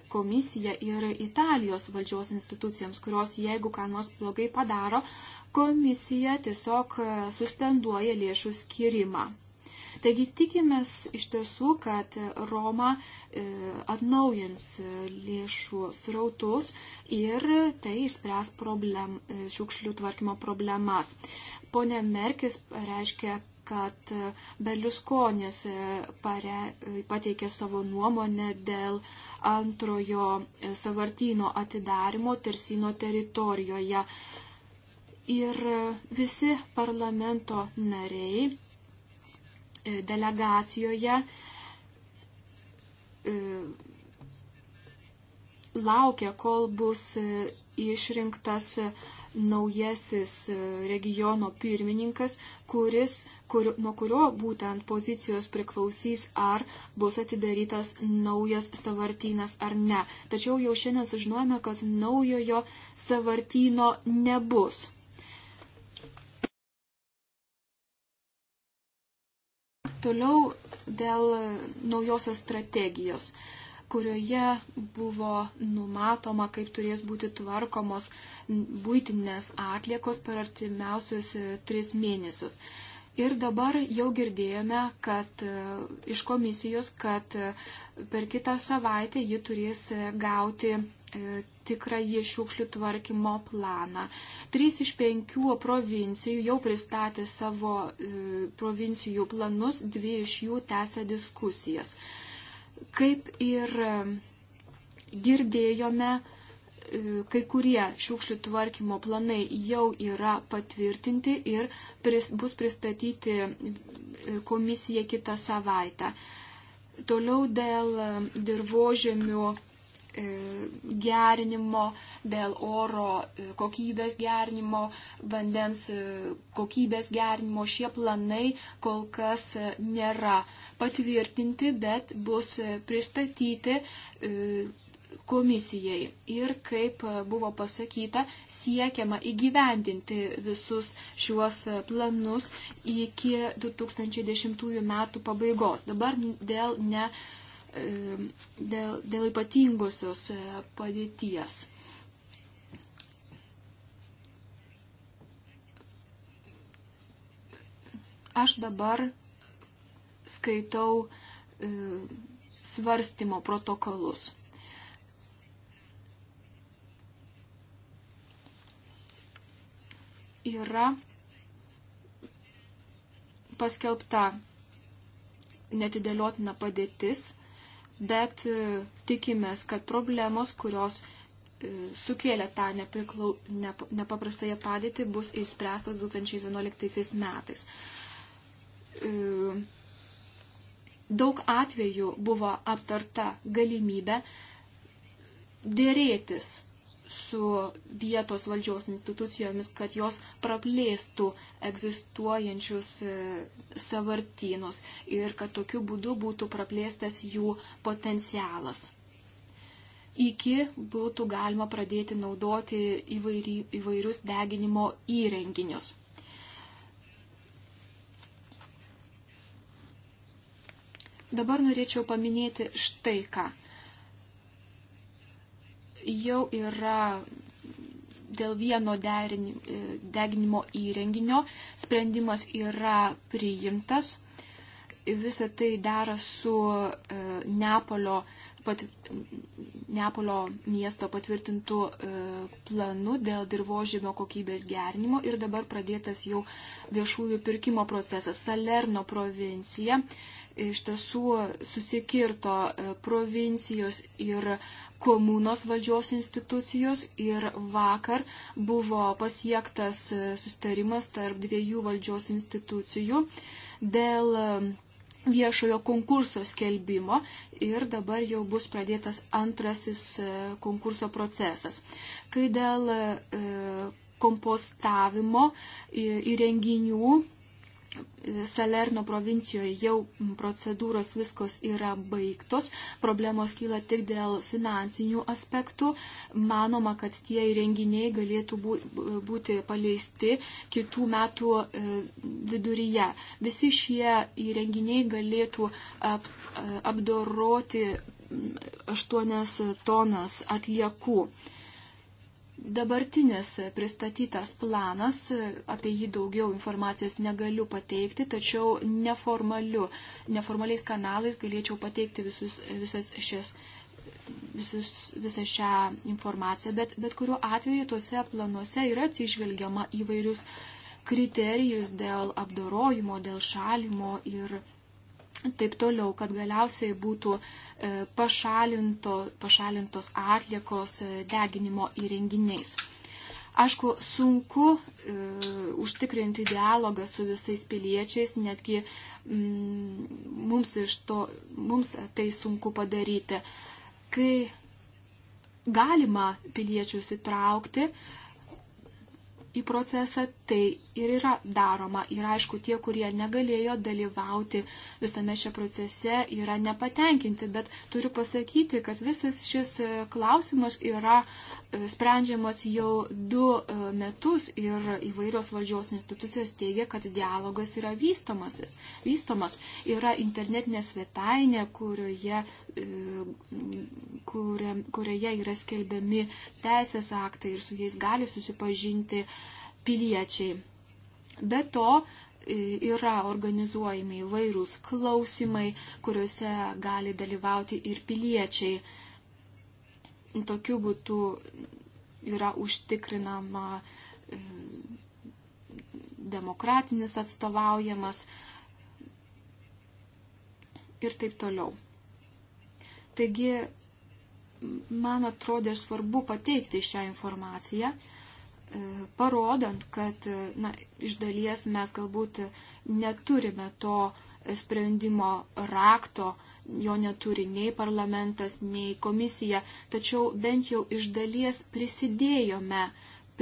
komisija ir Italijos valdžios institucijoms, kurios jeigu ką nors blogai padaro, komisija tiesiog e, suspenduoja lėšų skirimą. Taigi tikimės iš tiesų, kad Roma e, atnaujins lėšų srautus ir tai išspręs problem, e, šiukšlių tvarkymo problemas. Pone Merkis reiškia kad Berlusconis e, pare, e, pateikė savo nuomonę dėl antrojo e, savartino atidarimo Tersino teritorijoje. Ir visi parlamento nariai delegacijoje laukia, kol bus išrinktas naujasis regiono pirmininkas, kuris kur, nuo kurio būtent pozicijos priklausys, ar bus atidarytas naujas savartynas ar ne. Tačiau jau šiandien sužinojame, kad naujojo savartyno nebus. Toliau dėl naujosios strategijos kurioje buvo numatoma, kaip turės būti tvarkomos būtinės atliekos per artimiausius tris mėnesius. Ir dabar jau girdėjome, kad e, iš komisijos, kad e, per kitą savaitę ji turės e, gauti tikrąjį šiukšlių tvarkymo planą. Trys iš penkių provincijų jau pristatė savo provincijų planus, dvi iš jų tęsia diskusijas. Kaip ir girdėjome, E, kai kurie šiukšlių tvarkymo planai jau yra patvirtinti ir pris, bus pristatyti e, komisija kitą savaitę. Toliau dėl e, dirbožėmių gerinimo, dėl oro kokybės gerinimo, vandens kokybės gerinimo. Šie planai kol kas nėra patvirtinti, bet bus pristatyti komisijai. Ir kaip e, buvo pasakyta, siekiama įgyvendinti visus šiuos e, planus iki 2010 metų pabaigos. Dabar dėl, ne, e, dėl, dėl ypatingosios padėties. Aš dabar skaitau svarstymo protokolus. yra paskelbta netidėliotina padėtis, bet e, tikimės, kad problemos, kurios e, sukėlė tą nepriklau, nep, nepaprastąją padėtį, bus išspręstos 2011 metais. E, daug atvejų buvo aptarta galimybė dėrėtis su vietos valdžios institucijomis, kad jos praplėstų egzistuojančius e, savartynus ir kad tokiu būdu būtų praplėstas jų potencialas. Iki būtų galima pradėti naudoti įvairi, įvairius deginimo įrenginius. Dabar norėčiau paminėti štai ką jau yra dėl vieno deginimo įrenginio sprendimas yra priimtas. Visą tai dera su e, Neapolio, pat, Neapolio miesto patvirtintų e, planu dėl dirbožėmio kokybės gerinimo ir dabar pradėtas jau viešųjų pirkimo procesas Salerno provincija iš tiesų susikirto e, provincijos ir komunos valdžios institucijos ir vakar buvo pasiektas e, sustarimas tarp dviejų valdžios institucijų dėl e, viešojo konkurso skelbimo ir dabar jau bus pradėtas antrasis konkurso procesas. Kai dėl kompostavimo įrenginių Salerno provincijoje jau procedūros viskos yra baigtos, problemos kyla tik dėl finansinių aspektų. Manoma, kad tie įrenginiai galėtų būti paleisti kitų metų e, viduryje. Visi šie įrenginiai galėtų e, apdoroti 8 tonas atliekų. Dabartinis pristatytas planas, apie jį daugiau informacijos negaliu pateikti, tačiau neformaliais kanalais galėčiau pateikti visus, visas šias visus, visą šią informaciją, bet, bet kuriuo atveju tuose planuose yra atsižvelgiama įvairius kriterijus dėl apdorojimo, dėl šalimo ir taip toliau, kad galiausiai būtų e, pašalinto, pašalintos atliekos e, deginimo įrenginiais. Aišku, sunku e, užtikrinti dialogą su visais piliečiais, netgi mm, mums, to, mums tai sunku padaryti. Kai galima piliečius įtraukti, e, į procesą, tai ir yra daroma. Ir aišku, tie, kurie negalėjo dalyvauti visame šiame procese, yra nepatenkinti, bet turiu pasakyti, kad visas šis e, klausimas yra e, sprendžiamas jau du e, metus ir įvairios valdžios institucijos teigia, kad dialogas yra vystomasis. vystomas. Yra internetinė svetainė, kurioje, kuria, kurioje yra skelbiami teisės aktai ir su jais gali susipažinti piliečiai. Be to yra organizuojami įvairūs klausimai, kuriuose gali dalyvauti ir piliečiai. Tokiu būtų yra užtikrinama demokratinis atstovaujamas ir taip toliau. Taigi, man atrodė svarbu pateikti šią informaciją, E, parodant, kad e, na, iš dalies mes galbūt neturime to sprendimo rakto, jo neturi nei parlamentas, nei komisija, tačiau bent jau iš dalies prisidėjome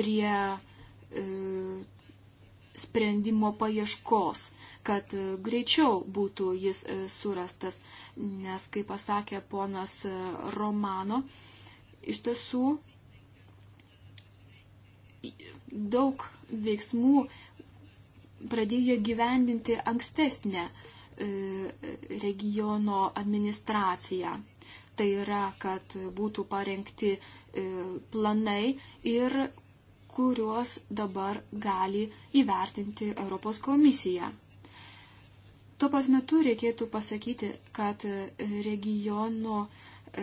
prie e, sprendimo paieškos, kad e, greičiau būtų jis surastas, nes, kaip pasakė ponas Romano, iš tiesų daug veiksmų pradėjo gyvendinti ankstesnė e, regiono administracija. Tai yra, kad būtų parengti e, planai ir kuriuos dabar gali įvertinti Europos komisija. Tuo pat metu reikėtų pasakyti, kad regiono e,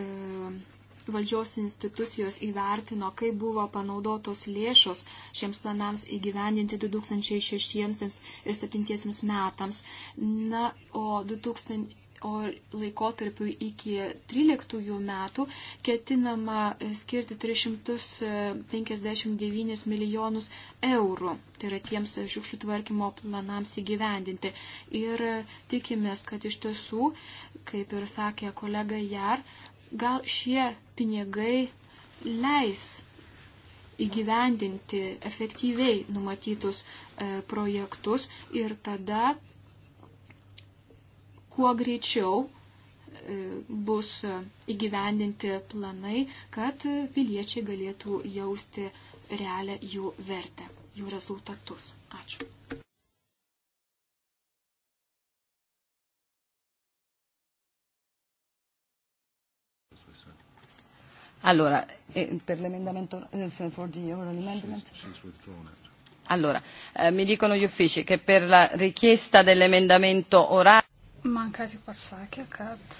valdžios institucijos įvertino, kaip buvo panaudotos lėšos šiems planams įgyvendinti 2006 ir 2007 metams. Na, o 2000 o laikotarpiu iki 13 metų ketinama skirti 359 milijonus eurų. Tai yra tiems šiukšlių tvarkymo planams įgyvendinti. Ir tikimės, kad iš tiesų, kaip ir sakė kolega Jar, Gal šie pinigai leis įgyvendinti efektyviai numatytus e, projektus ir tada kuo greičiau e, bus įgyvendinti planai, kad piliečiai galėtų jausti realią jų vertę, jų rezultatus. Ačiū. Allora, eh, per l'emendamento, eh, for the oral amendment? She's, she's withdrawn it. Allora, eh, mi dicono gli uffici che per la richiesta dell'emendamento orale... Man ką tik pasakė, kad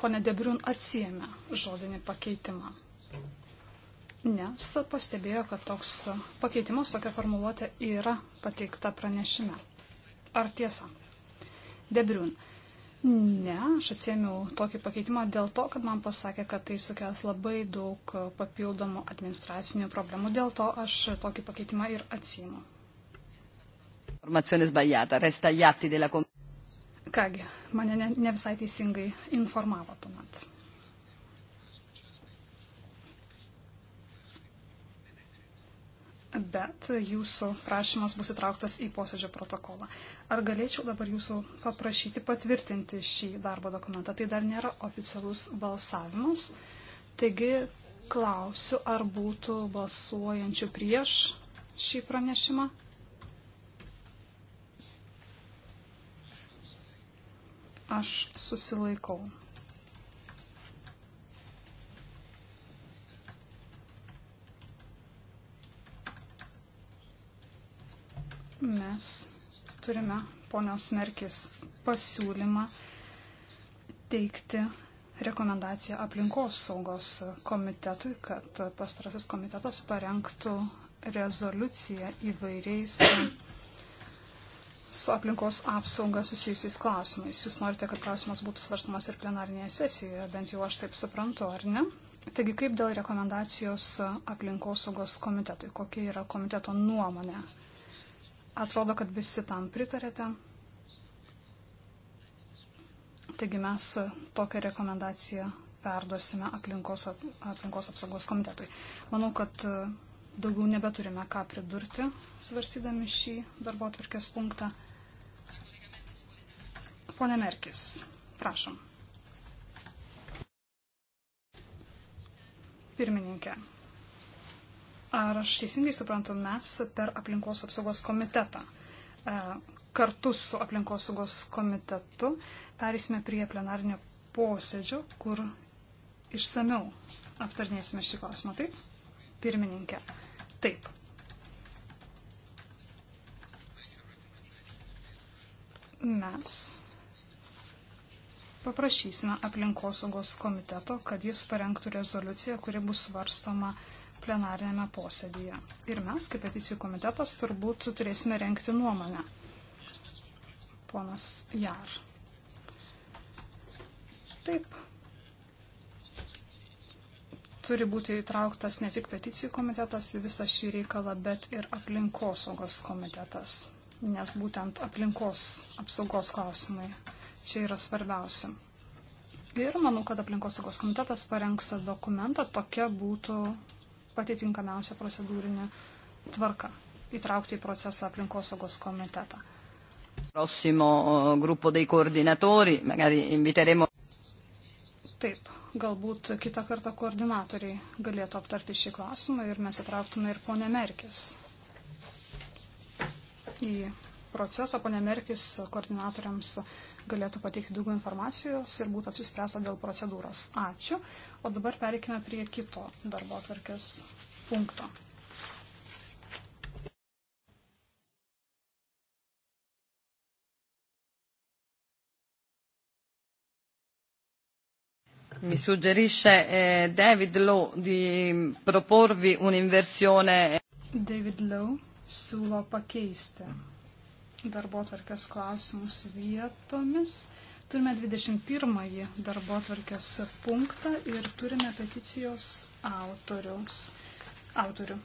ponė Debrun atsijėmė žodinį pakeitimą, nes pastebėjo, kad toks pakeitimas, tokia formuluotė yra pateikta pranešime. Ar tiesa? Debrun. Ne, aš atsėmiau tokį pakeitimą dėl to, kad man pasakė, kad tai sukels labai daug papildomų administracinių problemų. Dėl to aš tokį pakeitimą ir atsimu. Kągi, mane ne, ne visai teisingai informavo tuomet. bet jūsų prašymas bus įtrauktas į posėdžio protokolą. Ar galėčiau dabar jūsų paprašyti patvirtinti šį darbo dokumentą? Tai dar nėra oficialus balsavimas. Taigi klausiu, ar būtų balsuojančių prieš šį pranešimą? Aš susilaikau. mes turime ponios Merkis pasiūlymą teikti rekomendaciją aplinkos saugos komitetui, kad pastarasis komitetas parengtų rezoliuciją įvairiais su aplinkos apsauga susijusiais klausimais. Jūs norite, kad klausimas būtų svarstamas ir plenarinėje sesijoje, bent jau aš taip suprantu, ar ne? Taigi kaip dėl rekomendacijos aplinkosaugos komitetui? Kokia yra komiteto nuomonė? Atrodo, kad visi tam pritarėte. Taigi mes tokią rekomendaciją perduosime aplinkos, aplinkos apsaugos komitetui. Manau, kad e, daugiau nebeturime ką pridurti, svarstydami šį darbo atvirkės punktą. Pone Merkis, prašom. Pirmininkė, Ar aš teisingai suprantu, mes per aplinkos apsaugos komitetą e, kartu su aplinkos saugos komitetu perėsime prie plenarinio posėdžio, kur išsameu aptarnėsime šį klausimą. Taip? Pirmininkė. Taip. Mes paprašysime aplinkosaugos komiteto, kad jis parengtų rezoliuciją, kuri bus svarstoma uh, plenarinėme posėdėje. Ir mes, kaip peticijų komitetas, turbūt turėsime renkti nuomonę. Ponas Jar. Taip. Turi būti įtrauktas ne tik peticijų komitetas į visą šį reikalą, bet ir aplinkosaugos komitetas. Nes būtent aplinkos apsaugos klausimai čia yra svarbiausia. Ir manau, kad aplinkosaugos komitetas parengs dokumentą, tokia būtų pati tinkamiausia procedūrinė tvarka įtraukti į procesą aplinkosaugos komitetą. Prossimo gruppo dei coordinatori, magari inviteremo. Taip, galbūt kitą kartą koordinatoriai galėtų aptarti šį klausimą ir mes įtrauktume ir ponę Merkis į procesą. Ponė Merkis koordinatoriams galėtų pateikti daugiau informacijos ir būtų apsispręsta dėl procedūros. Ačiū. O dabar pereikime prie kito darbo atvarkės punkto. Mi suggerisce eh, David Lowe di proporvi un'inversione. David Lowe siūlo pakeisti darbo atvarkės klausimus vietomis Turime 21 darbo atvarkės punktą ir turime peticijos autoriaus, autorių,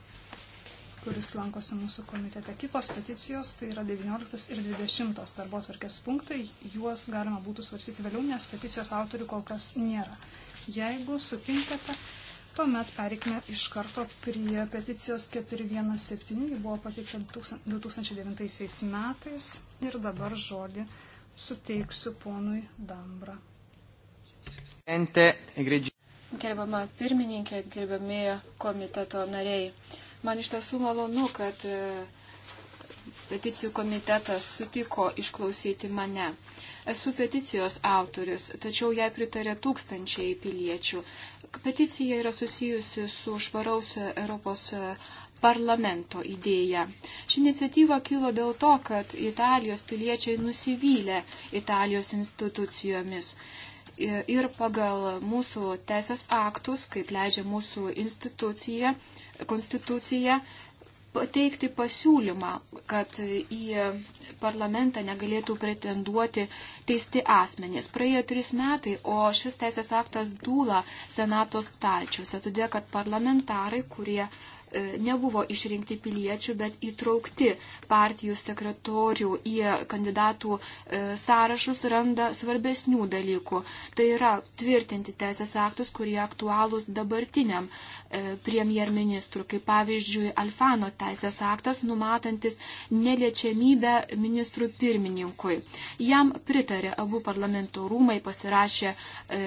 kuris lankosi mūsų komitete. Kitos peticijos, tai yra 19 ir 20 darbo atvarkės punktai, juos galima būtų svarsyti vėliau, nes peticijos autorių kol kas nėra. Jeigu sutinkate, tuomet pereikime iš karto prie peticijos 417, ji buvo pateikta 2009 metais ir dabar žodį suteiksiu ponui Dambra. Gerbama pirmininkė, gerbami komiteto nariai. Man iš tiesų malonu, kad e, peticijų komitetas sutiko išklausyti mane. Esu peticijos autoris, tačiau jai pritarė tūkstančiai piliečių. Peticija yra susijusi su švaraus Europos parlamento idėją. Ši iniciatyva kilo dėl to, kad Italijos piliečiai nusivylė Italijos institucijomis. Ir pagal mūsų teisės aktus, kaip leidžia mūsų institucija, konstitucija, pateikti pasiūlymą, kad į parlamentą negalėtų pretenduoti teisti asmenys. Praėjo tris metai, o šis teisės aktas dūla Senato stalčiuose, todėl kad parlamentarai, kurie E, nebuvo išrinkti piliečių, bet įtraukti partijų sekretorių į kandidatų e, sąrašus randa svarbesnių dalykų. Tai yra tvirtinti teisės aktus, kurie aktualūs dabartiniam e, premjerministrui, kaip pavyzdžiui Alfano teisės aktas, numatantis neliečiamybę ministrui pirmininkui. Jam pritarė abu parlamento rūmai, pasirašė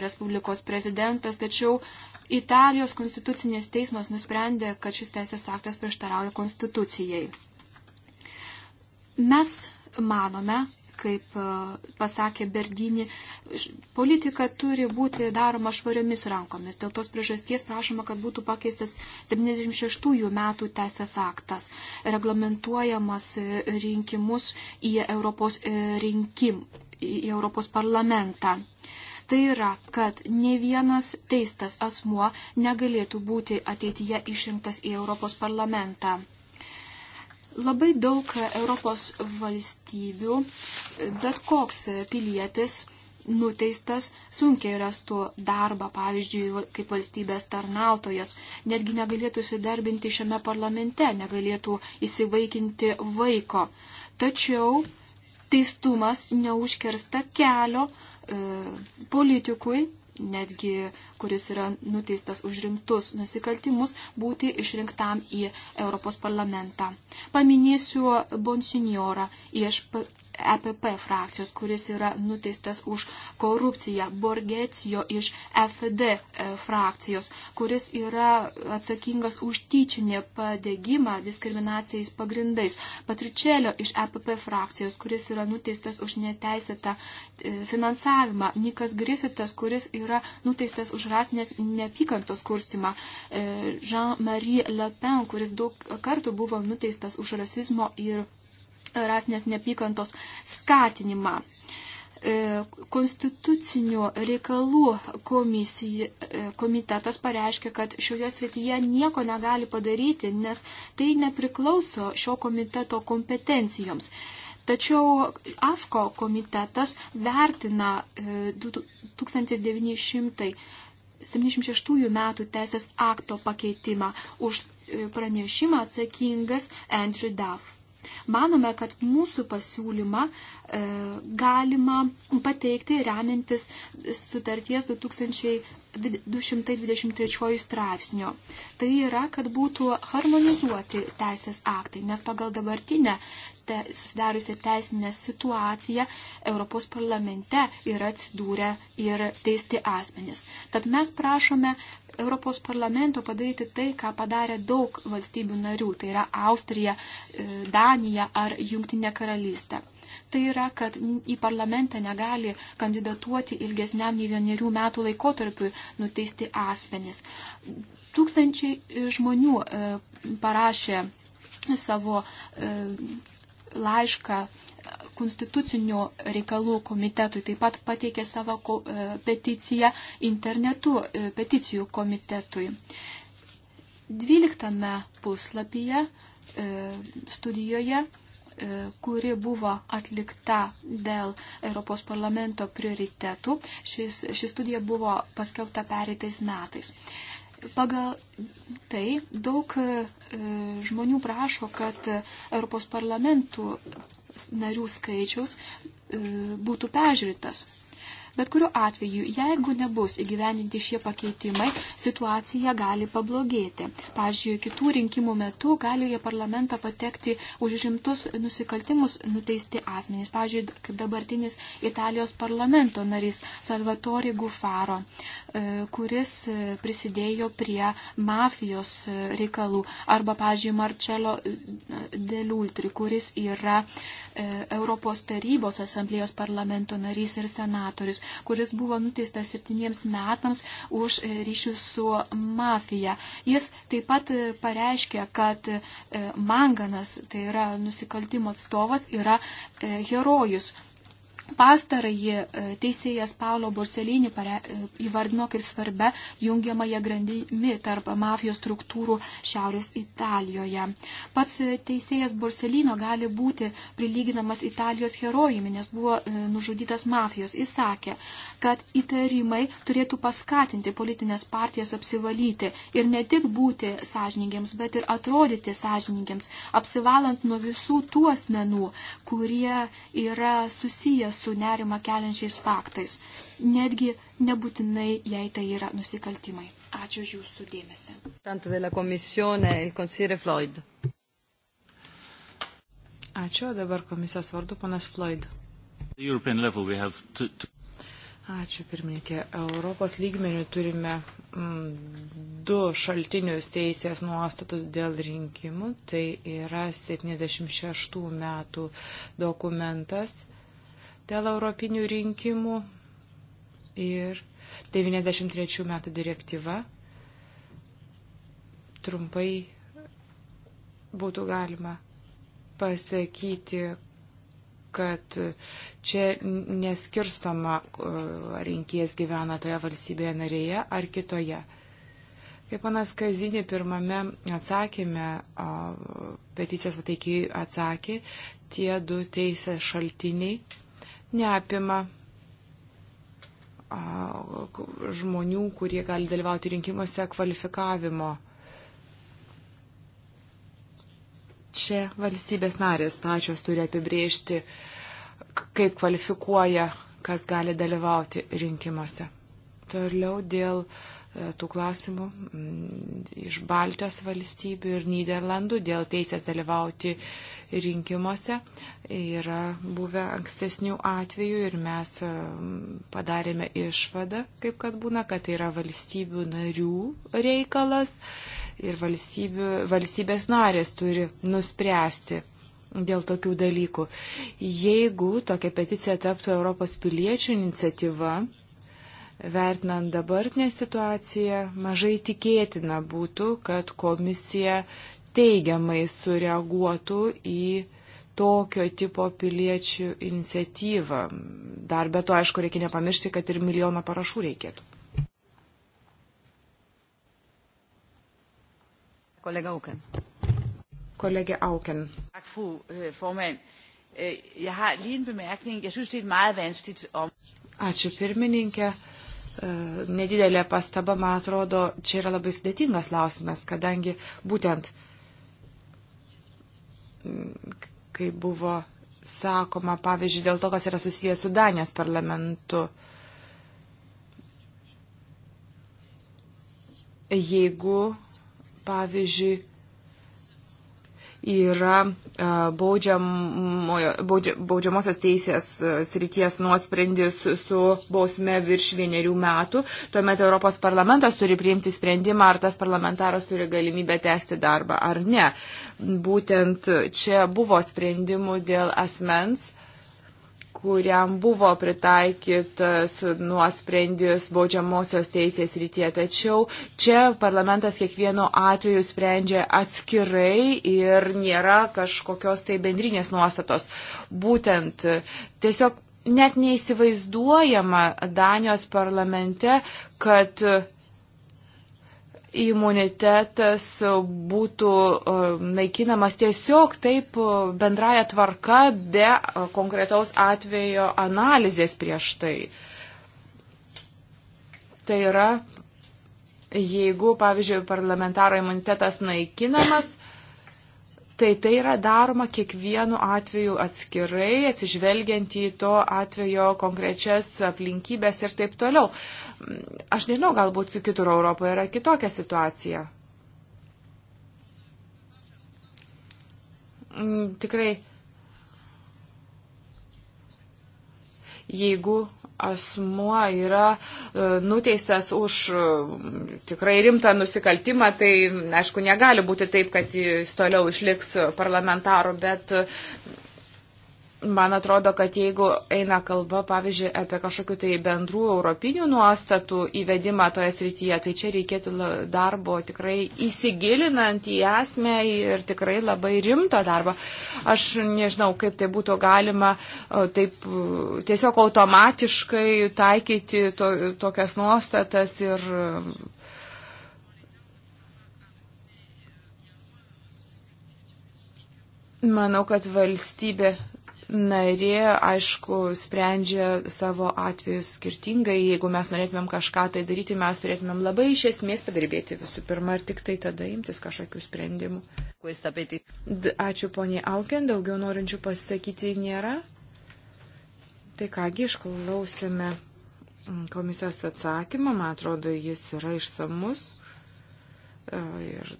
Respublikos prezidentas, tačiau Italijos konstitucinis teismas nusprendė, kad šis teisės aktas prieštarauja konstitucijai. Mes manome, kaip e, pasakė Berdini, politika turi būti daroma švariomis rankomis. Dėl tos priežasties prašoma, kad būtų pakeistas 76 metų teisės aktas, reglamentuojamas e, rinkimus į Europos, e, rinkim, į Europos parlamentą. Tai yra, kad ne vienas teistas asmuo negalėtų būti ateityje išrinktas į Europos parlamentą. Labai daug Europos valstybių, bet koks pilietis nuteistas sunkiai rastų darbą, pavyzdžiui, kaip valstybės tarnautojas, netgi negalėtų įsidarbinti šiame parlamente, negalėtų įsivaikinti vaiko. Tačiau teistumas neužkersta kelio E, politikui, netgi kuris yra nuteistas už rimtus nusikaltimus, būti išrinktam į Europos parlamentą. Paminėsiu Bonsignorą iš EPP frakcijos, kuris yra nuteistas už korupciją, Borgecijo iš FD e, frakcijos, kuris yra atsakingas už tyčinį padėgymą diskriminacijais pagrindais, Patričelio iš EPP frakcijos, kuris yra nuteistas už neteisėtą e, finansavimą, Nikas Griffithas, kuris yra nuteistas už rasinės neapykantos kurstimą, e, Jean-Marie Le Pen, kuris daug kartų buvo nuteistas už rasizmo ir rasinės nepykantos skatinimą. E, konstitucinių reikalų komisija, e, komitetas pareiškia, kad šioje srityje nieko negali padaryti, nes tai nepriklauso šio komiteto kompetencijoms. Tačiau AFKO komitetas vertina 1900 e, 76 metų teisės akto pakeitimą. Už pranešimą atsakingas Andrew Duff. Manome, kad mūsų pasiūlymą e, galima pateikti remiantis sutarties 2223 straipsnio. Tai yra, kad būtų harmonizuoti teisės aktai, nes pagal dabartinę te, susidariusią teisinę situaciją Europos parlamente yra atsidūrę ir teisti asmenys. Tad mes prašome Europos parlamento padaryti tai, ką padarė daug valstybių narių, tai yra Austrija, e, Danija ar Jungtinė karalystė. Tai yra, kad į parlamentą negali kandidatuoti ilgesniam nei vienerių metų laikotarpiui nuteisti asmenys. Tūkstančiai e, žmonių e, parašė savo laišką konstitucinių reikalų komitetui taip pat pateikė savo e, peticiją internetu e, peticijų komitetui. 12 puslapyje e, studijoje kuri buvo atlikta dėl Europos parlamento prioritetų. Šis, ši studija buvo paskelbta pereitais metais. Pagal tai daug žmonių prašo, kad Europos parlamentų narių skaičiaus e, būtų peržiūrėtas. Bet kuriuo atveju, jeigu nebus įgyvendinti šie pakeitimai, situacija gali pablogėti. Pavyzdžiui, kitų rinkimų metu gali į parlamentą patekti už žimtus nusikaltimus nuteisti asmenys. Pavyzdžiui, kaip dabartinis Italijos parlamento narys Salvatore Gufaro, e, kuris e, prisidėjo prie mafijos e, reikalų. Arba, pavyzdžiui, Marcello Deliultri, kuris yra Europos tarybos asamblėjos parlamento narys ir senatorius. Čičius, kuris buvo nuteistas septyniems metams už e, ryšius su mafija. Jis taip pat e, pareiškė, kad e, Manganas, tai yra nusikaltimo atstovas, yra herojus. Pastarąjį e, teisėjas Paulo Borselinį e, įvardino kaip svarbę jungiamąją grandimi tarp mafijos struktūrų Šiaurės Italijoje. Pats e, teisėjas Borselino gali būti prilyginamas Italijos herojimi, nes buvo nužudytas mafijos. Jis sakė, kad įtarimai turėtų paskatinti politinės partijas apsivalyti ir ne tik būti sąžininkiams, bet ir atrodyti sąžininkiams, apsivalant nuo visų tų asmenų, kurie yra susijęs su nerima keliančiais faktais, netgi nebūtinai, jei tai yra nusikaltimai. Ačiū už jūsų dėmesį. Ačiū, dabar komisijos vardu panas Floyd. Ačiū, pirmininkė. Europos lygmenių turime mm, du šaltinius teisės nuostatų dėl rinkimų. Tai yra 76 metų dokumentas dėl europinių rinkimų ir 93 metų direktyva trumpai būtų galima pasakyti, kad čia neskirstoma, ar rinkėjas gyvena toje valstybėje narėje ar kitoje. Kaip panas Kazinė pirmame atsakėme, peticijos pateikiai atsakė, tie du teisės šaltiniai neapima žmonių, kurie gali dalyvauti rinkimuose kvalifikavimo. Čia valstybės narės pačios turi apibriežti, kaip kvalifikuoja, kas gali dalyvauti rinkimuose. Toliau dėl uh, E, tų klausimų mm, iš Baltijos valstybių ir Niderlandų dėl teisės dalyvauti rinkimuose. Yra buvę ankstesnių atvejų ir mes e, padarėme išvadą, kaip kad būna, kad tai yra valstybių narių reikalas ir valstybės narės turi nuspręsti dėl tokių dalykų. Jeigu tokia peticija taptų Europos piliečių iniciatyva, vertinant dabartinę situaciją, mažai tikėtina būtų, kad komisija teigiamai sureaguotų į tokio tipo piliečių iniciatyvą. Dar be to, aišku, reikia nepamiršti, kad ir milijono parašų reikėtų. Kolega Auken. Kolege Auken. Tak, fru øh, formand. Øh, jeg har lige en bemærkning. Jeg synes, det er et meget vanskeligt om. Ačiū pirmininkė. Uh, E, nedidelė pastaba, man atrodo, čia yra labai sudėtingas klausimas, kadangi būtent, kai buvo sakoma, pavyzdžiui, dėl to, kas yra susijęs su Danijos parlamentu, jeigu, pavyzdžiui, yra e, baudžiamojo, baudžia, baudžiamosios teisės e, srities nuosprendis su bausme virš vienerių metų. Tuomet Europos parlamentas turi priimti sprendimą, ar tas parlamentaras turi galimybę tęsti darbą ar ne. Būtent čia buvo sprendimų dėl asmens kuriam buvo pritaikytas nuosprendis baudžiamosios teisės rytie. Tačiau čia parlamentas kiekvienu atveju sprendžia atskirai ir nėra kažkokios tai bendrinės nuostatos. Būtent tiesiog net neįsivaizduojama Danijos parlamente, kad imunitetas būtų e, naikinamas tiesiog taip e, bendraja tvarka be e, konkretaus atvejo analizės prieš tai. Tai yra, jeigu, pavyzdžiui, parlamentaro imunitetas naikinamas, tai tai yra daroma kiekvienu atveju atskirai, atsižvelgiant į to atvejo konkrečias aplinkybės ir taip toliau. Aš nežinau, galbūt kitur Europoje yra kitokia situacija. Mm, tikrai, jeigu asmuo yra e, nuteistas už e, tikrai rimtą nusikaltimą, tai aišku, negali būti taip, kad jis toliau išliks parlamentaru, bet man atrodo, kad jeigu eina kalba, pavyzdžiui, apie kažkokiu tai bendrų europinių nuostatų įvedimą toje srityje, tai čia reikėtų darbo tikrai įsigilinant į esmę ir tikrai labai rimto darbo. Aš nežinau, kaip tai būtų galima taip tiesiog automatiškai taikyti to, tokias nuostatas ir Manau, kad valstybė narė, aišku, sprendžia savo atvejus skirtingai. Jeigu mes norėtumėm kažką tai daryti, mes turėtumėm labai iš esmės padirbėti visų pirma ir tik tai tada imtis kažkokių sprendimų. Ačiū poniai Auken, daugiau norinčių pasisakyti nėra. Tai kągi išklausėme komisijos atsakymą, man atrodo, jis yra išsamus e, ir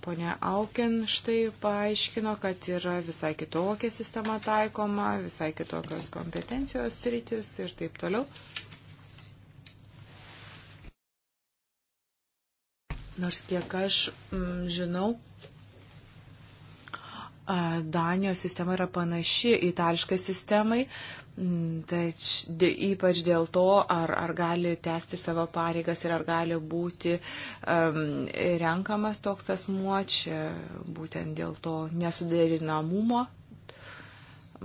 Pone Aukin štai paaiškino, kad yra visai kitokia sistema taikoma, visai kitokios kompetencijos rytis ir taip toliau. Nors kiek aš m, mm, žinau, Danijos sistema yra panaši itališkai sistemai, Tač, ypač dėl to, ar, ar gali tęsti savo pareigas ir ar gali būti um, renkamas toks asmuo, čia būtent dėl to nesuderinamumo,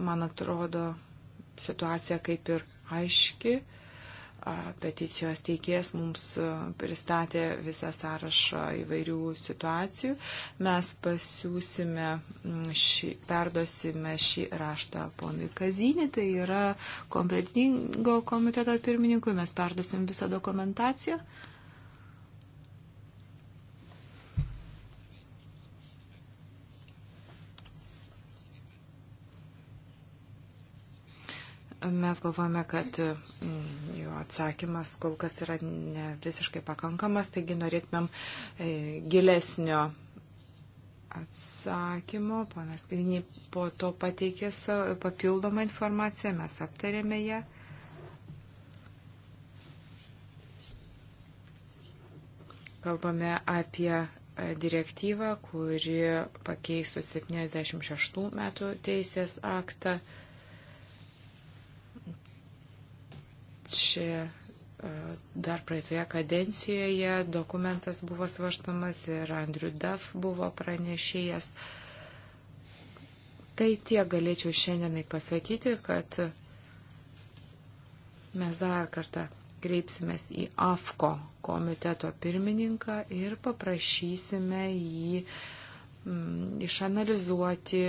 man atrodo, situacija kaip ir aiški peticijos teikėjas mums pristatė visą sąrašą įvairių situacijų. Mes pasiūsime, šį, perdosime šį raštą ponui Kazinį, tai yra kompetingo komiteto pirmininkui, mes perdosim visą dokumentaciją. Uh, Mes galvojame, kad mm, jo atsakymas kol kas yra ne visiškai pakankamas, taigi norėtumėm e, gilesnio atsakymo. Panas Grinį po to pateikė papildomą informaciją, mes aptarėme ją. Kalbame apie e, direktyvą, kuri pakeistų 76 metų teisės aktą. čia e, dar praeitoje kadencijoje dokumentas buvo svarstamas ir Andrew Duff buvo pranešėjas. Tai tiek galėčiau šiandienai pasakyti, kad mes dar kartą kreipsimės į AFKO komiteto pirmininką ir paprašysime jį uh, Mm, išanalizuoti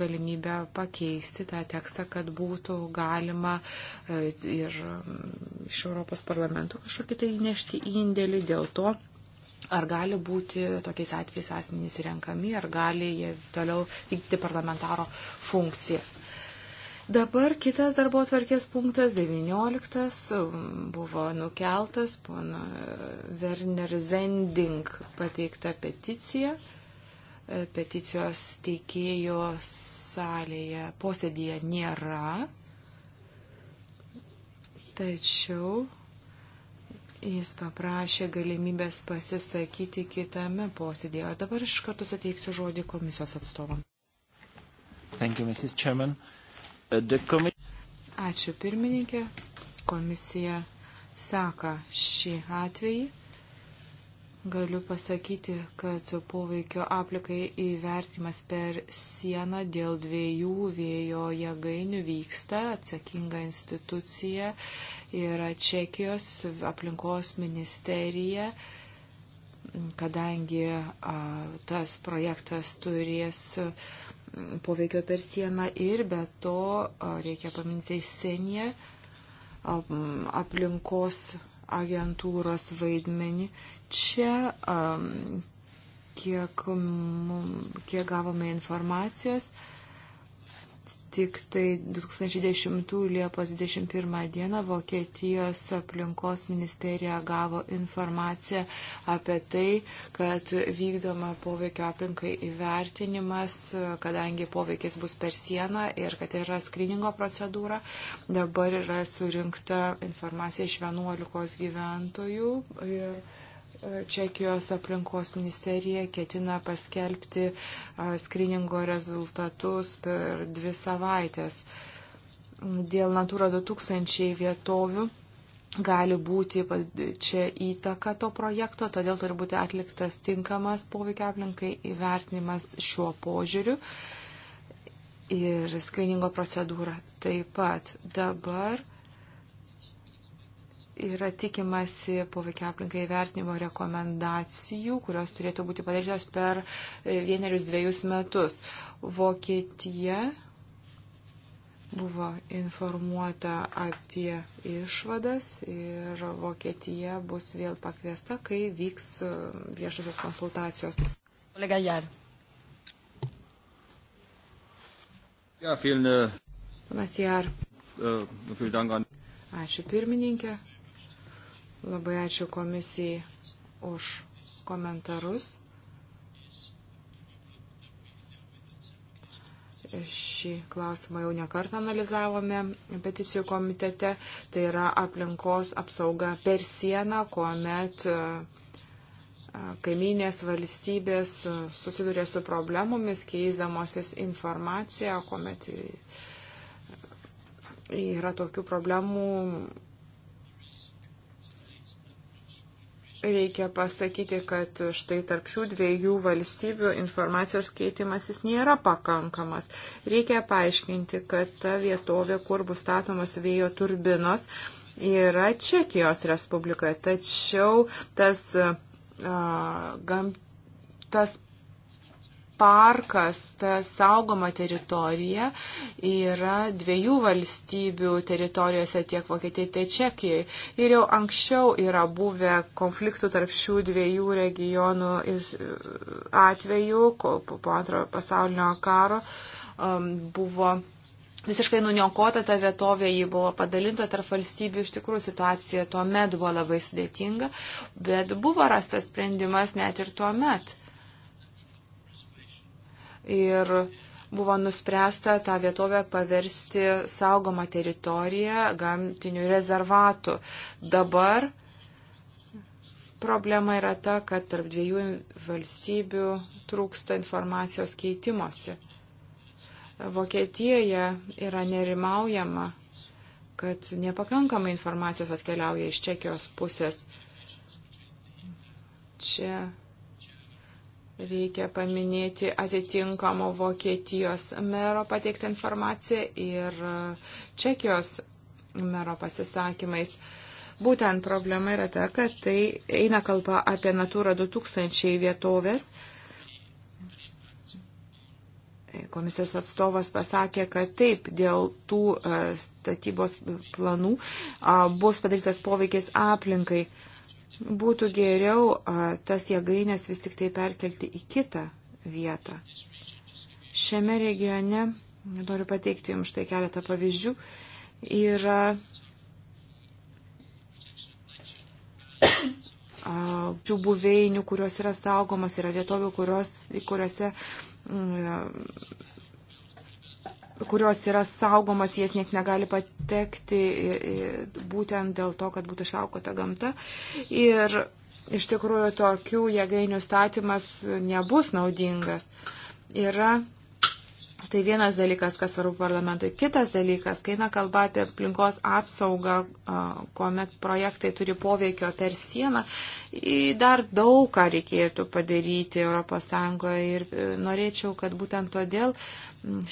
galimybę pakeisti tą tekstą, kad būtų galima e, ir mm, iš Europos parlamento kažkokį tai nešti indėlį dėl to, ar gali būti tokiais atvejais asmenys renkami, ar gali jie toliau vykdyti parlamentaro funkcijas. Dabar kitas darbo atvarkės punktas, 19, mm, buvo nukeltas, pana e, Werner Zending pateikta peticija peticijos teikėjo salėje posėdėje nėra, tačiau jis paprašė galimybės pasisakyti kitame posėdėje. O dabar iš karto suteiksiu žodį komisijos atstovam. Thank you, Mrs. Chairman. Uh, the commi... Ačiū pirmininkė. Komisija seka šį atvejį Galiu pasakyti, kad poveikio aplikai įvertimas per sieną dėl dviejų vėjo jėgainių vyksta atsakinga institucija ir Čekijos aplinkos ministerija kadangi a, tas projektas turės poveikio per sieną ir be to a, reikia paminti Senė aplinkos agentūros vaidmenį. Čia, um, kiek, kiek gavome informacijos, uh, tik tai 2010 Liepos 21 dieną Vokietijos aplinkos ministerija gavo informaciją apie tai, kad vykdoma poveikio aplinkai įvertinimas, kadangi poveikis bus per sieną ir kad yra skriningo procedūra. Dabar yra surinkta informacija iš 11 gyventojų. Ir E, Čekijos aplinkos ministerija ketina paskelbti e, skriningo rezultatus per dvi savaitės. Dėl Natura 2000 vietovių gali būti čia įtaka to projekto, todėl turi būti atliktas tinkamas poveikia aplinkai įvertinimas šiuo požiūriu ir skriningo procedūra taip pat. Dabar yra tikimasi poveikia aplinkai vertinimo rekomendacijų, kurios turėtų būti padarytos per e, vienerius dviejus metus. Vokietija buvo informuota apie išvadas ir Vokietija bus vėl pakviesta, kai vyks e, viešosios konsultacijos. Kolega Jar. Ja, vielen, äh, Panas Jar. Äh, vielen Dank an. Ačiū pirmininkė. Labai ačiū komisijai už komentarus. šį klausimą jau nekartą analizavome peticijų komitete, tai yra aplinkos apsauga per sieną, kuomet e, kaiminės valstybės susiduria su problemomis, keisdamosis informaciją, kuomet e, yra tokių problemų Reikia pasakyti, kad štai tarp šių dviejų valstybių informacijos keitimasis nėra pakankamas. Reikia paaiškinti, kad ta vietovė, kur bus statomos vėjo turbinos, yra Čekijos Respublika. Tačiau tas, a, gam, tas parkas, ta saugoma teritorija yra dviejų valstybių teritorijose tiek Vokietijoje, tiek Čekijoje. Ir jau anksčiau yra buvę konfliktų tarp šių dviejų regionų atveju po antrojo pasaulinio karo um, buvo visiškai nuniokota ta vietovė, ji buvo padalinta tarp valstybių, iš tikrųjų situacija tuo met buvo labai sudėtinga, bet buvo rastas sprendimas net ir tuo met ir buvo nuspręsta tą vietovę paversti saugomą teritoriją gamtinių rezervatų. Dabar problema yra ta, kad tarp dviejų valstybių trūksta informacijos keitimosi. Vokietijoje yra nerimaujama, kad nepakankamai informacijos atkeliauja iš Čekijos pusės. Čia Reikia paminėti atitinkamo Vokietijos mero pateiktą informaciją ir uh, Čekijos mero pasisakymais. Būtent problema yra ta, kad tai eina kalba apie Natūra 2000 vietovės. Komisijos atstovas pasakė, kad taip, dėl tų uh, statybos planų uh, bus padarytas poveikis aplinkai būtų geriau tas jėgainės vis tik tai perkelti į kitą vietą. Šiame regione, noriu pateikti Jums štai keletą pavyzdžių, yra šių buveinių, kurios yra saugomas, yra vietovių, kurios, kuriuose mm, kurios yra saugomas, jas net negali patekti būtent dėl to, kad būtų išsaugota gamta. Ir iš tikrųjų tokių jėgainių statymas nebus naudingas. Yra Tai vienas dalykas, kas svarbu parlamentui. Kitas dalykas, kai eina kalba apie aplinkos apsaugą, kuomet projektai turi poveikio per sieną, dar daug ką reikėtų padaryti ES ir e, norėčiau, kad būtent todėl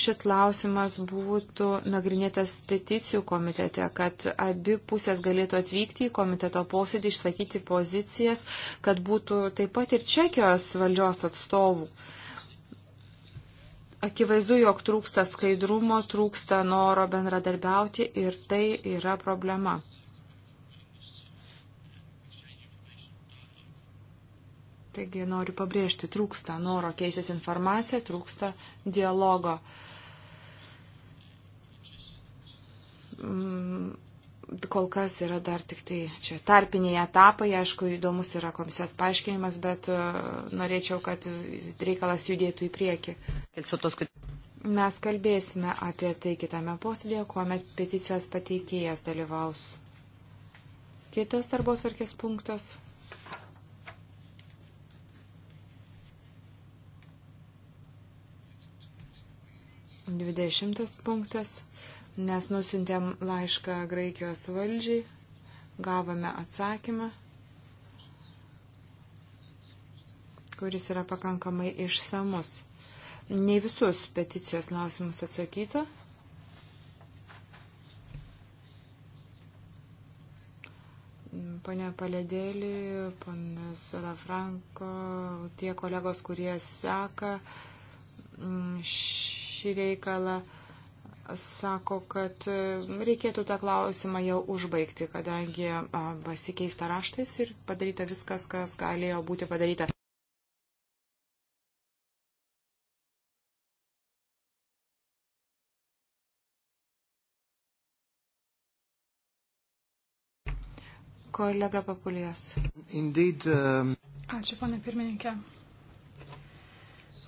šis klausimas būtų nagrinėtas peticijų komitete, kad abi pusės galėtų atvykti į komiteto posėdį, išsakyti pozicijas, kad būtų taip pat ir Čekijos valdžios atstovų. Akivaizdu, jog trūksta skaidrumo, trūksta noro bendradarbiauti ir tai yra problema. Taigi noriu pabrėžti, trūksta noro keistis informacija, trūksta dialogo. Mm, kol kas yra dar tik tai čia tarpiniai etapai, aišku, įdomus yra komisijos paaiškinimas, bet e, norėčiau, kad reikalas judėtų į priekį. Mes kalbėsime apie tai kitame posėdėje, kuomet peticijos pateikėjas dalyvaus. Kitas darbos varkės punktas. Dvidešimtas punktas nes nusintėm laišką Graikijos valdžiai, gavome atsakymą, kuris yra pakankamai išsamus. Ne visus peticijos klausimus atsakyta. Pane Paledėlį, panas Lafranko, tie kolegos, kurie seka mm, šį reikalą, sako, kad e, reikėtų tą klausimą jau užbaigti, kadangi e, pasikeista raštais ir padaryta viskas, kas galėjo būti padaryta. Kolega Papulijas. Indeed, um... Ačiū, ponė pirmininkė.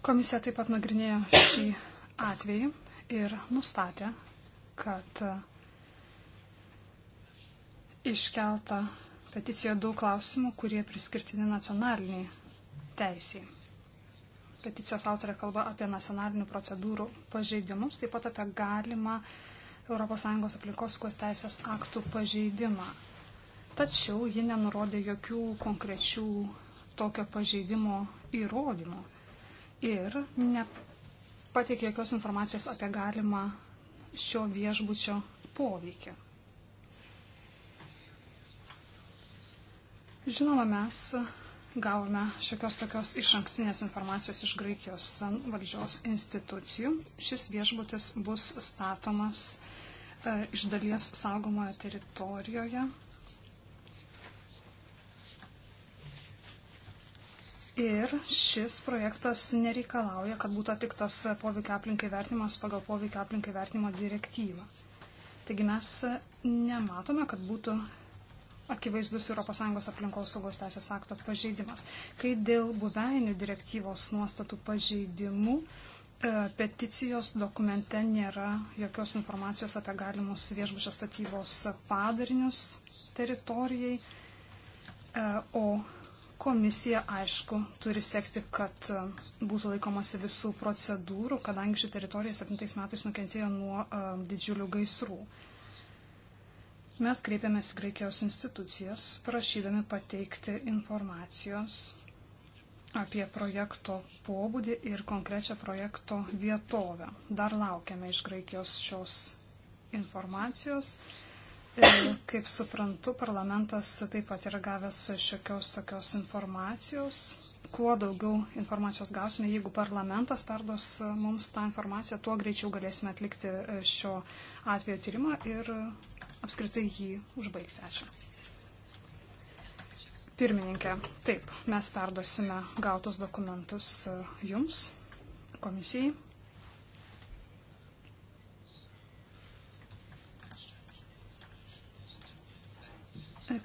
Komisija taip pat nagrinėjo šį atvejį ir nustatė, kad iškelta peticijoje daug klausimų, kurie priskirtini nacionaliniai teisiai. Peticijos autorė kalba apie nacionalinių procedūrų pažeidimus, taip pat apie galimą ES aplikoskos teisės aktų pažeidimą. Tačiau ji nenurodė jokių konkrečių tokio pažeidimo įrodymų ir ne, pateikė jokios informacijos apie galimą šio viešbučio poveikį. Žinoma, mes gavome šiokios tokios iš ankstinės informacijos iš Graikijos valdžios institucijų. Šis viešbutis bus statomas e, iš dalies saugomoje teritorijoje Ir šis projektas nereikalauja, kad būtų atliktas poveikio aplinkai vertinimas pagal poveikio aplinkai vertinimo direktyvą. Taigi mes nematome, kad būtų akivaizdus ES aplinkos saugos teisės akto pažeidimas. Kai dėl buveinių direktyvos nuostatų pažeidimų e, peticijos dokumente nėra jokios informacijos apie galimus viešbučio statybos padarinius teritorijai, e, o Komisija, aišku, turi sekti, kad būtų laikomasi visų procedūrų, kadangi ši teritorija 7 metais nukentėjo nuo uh, didžiulių gaisrų. Mes kreipėmės Graikijos institucijas, prašydami pateikti informacijos apie projekto pobūdį ir konkrečią projekto vietovę. Dar laukiame iš Graikijos šios informacijos. Uh, Kaip suprantu, parlamentas taip pat yra gavęs šiokios tokios informacijos. Kuo daugiau informacijos gausime, jeigu parlamentas perduos mums tą informaciją, tuo greičiau galėsime atlikti šio atvejo tyrimą ir apskritai jį užbaigti. Ačiū. Pirmininkė, taip, mes perduosime gautus dokumentus jums, komisijai.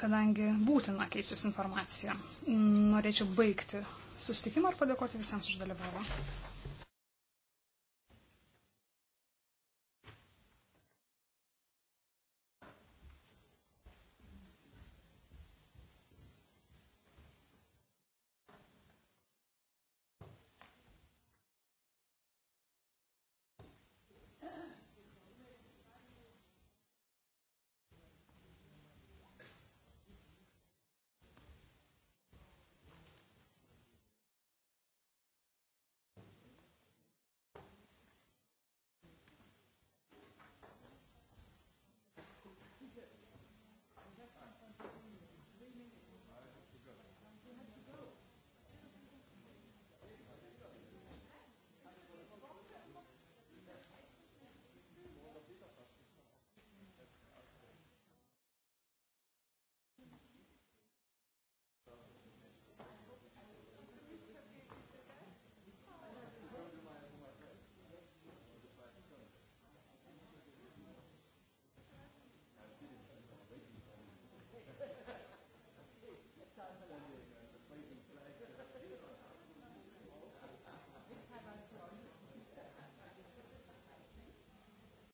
kadangi būtina keistis informacija. Norėčiau baigti susitikimą ir padėkoti visiems už dalyvavimą.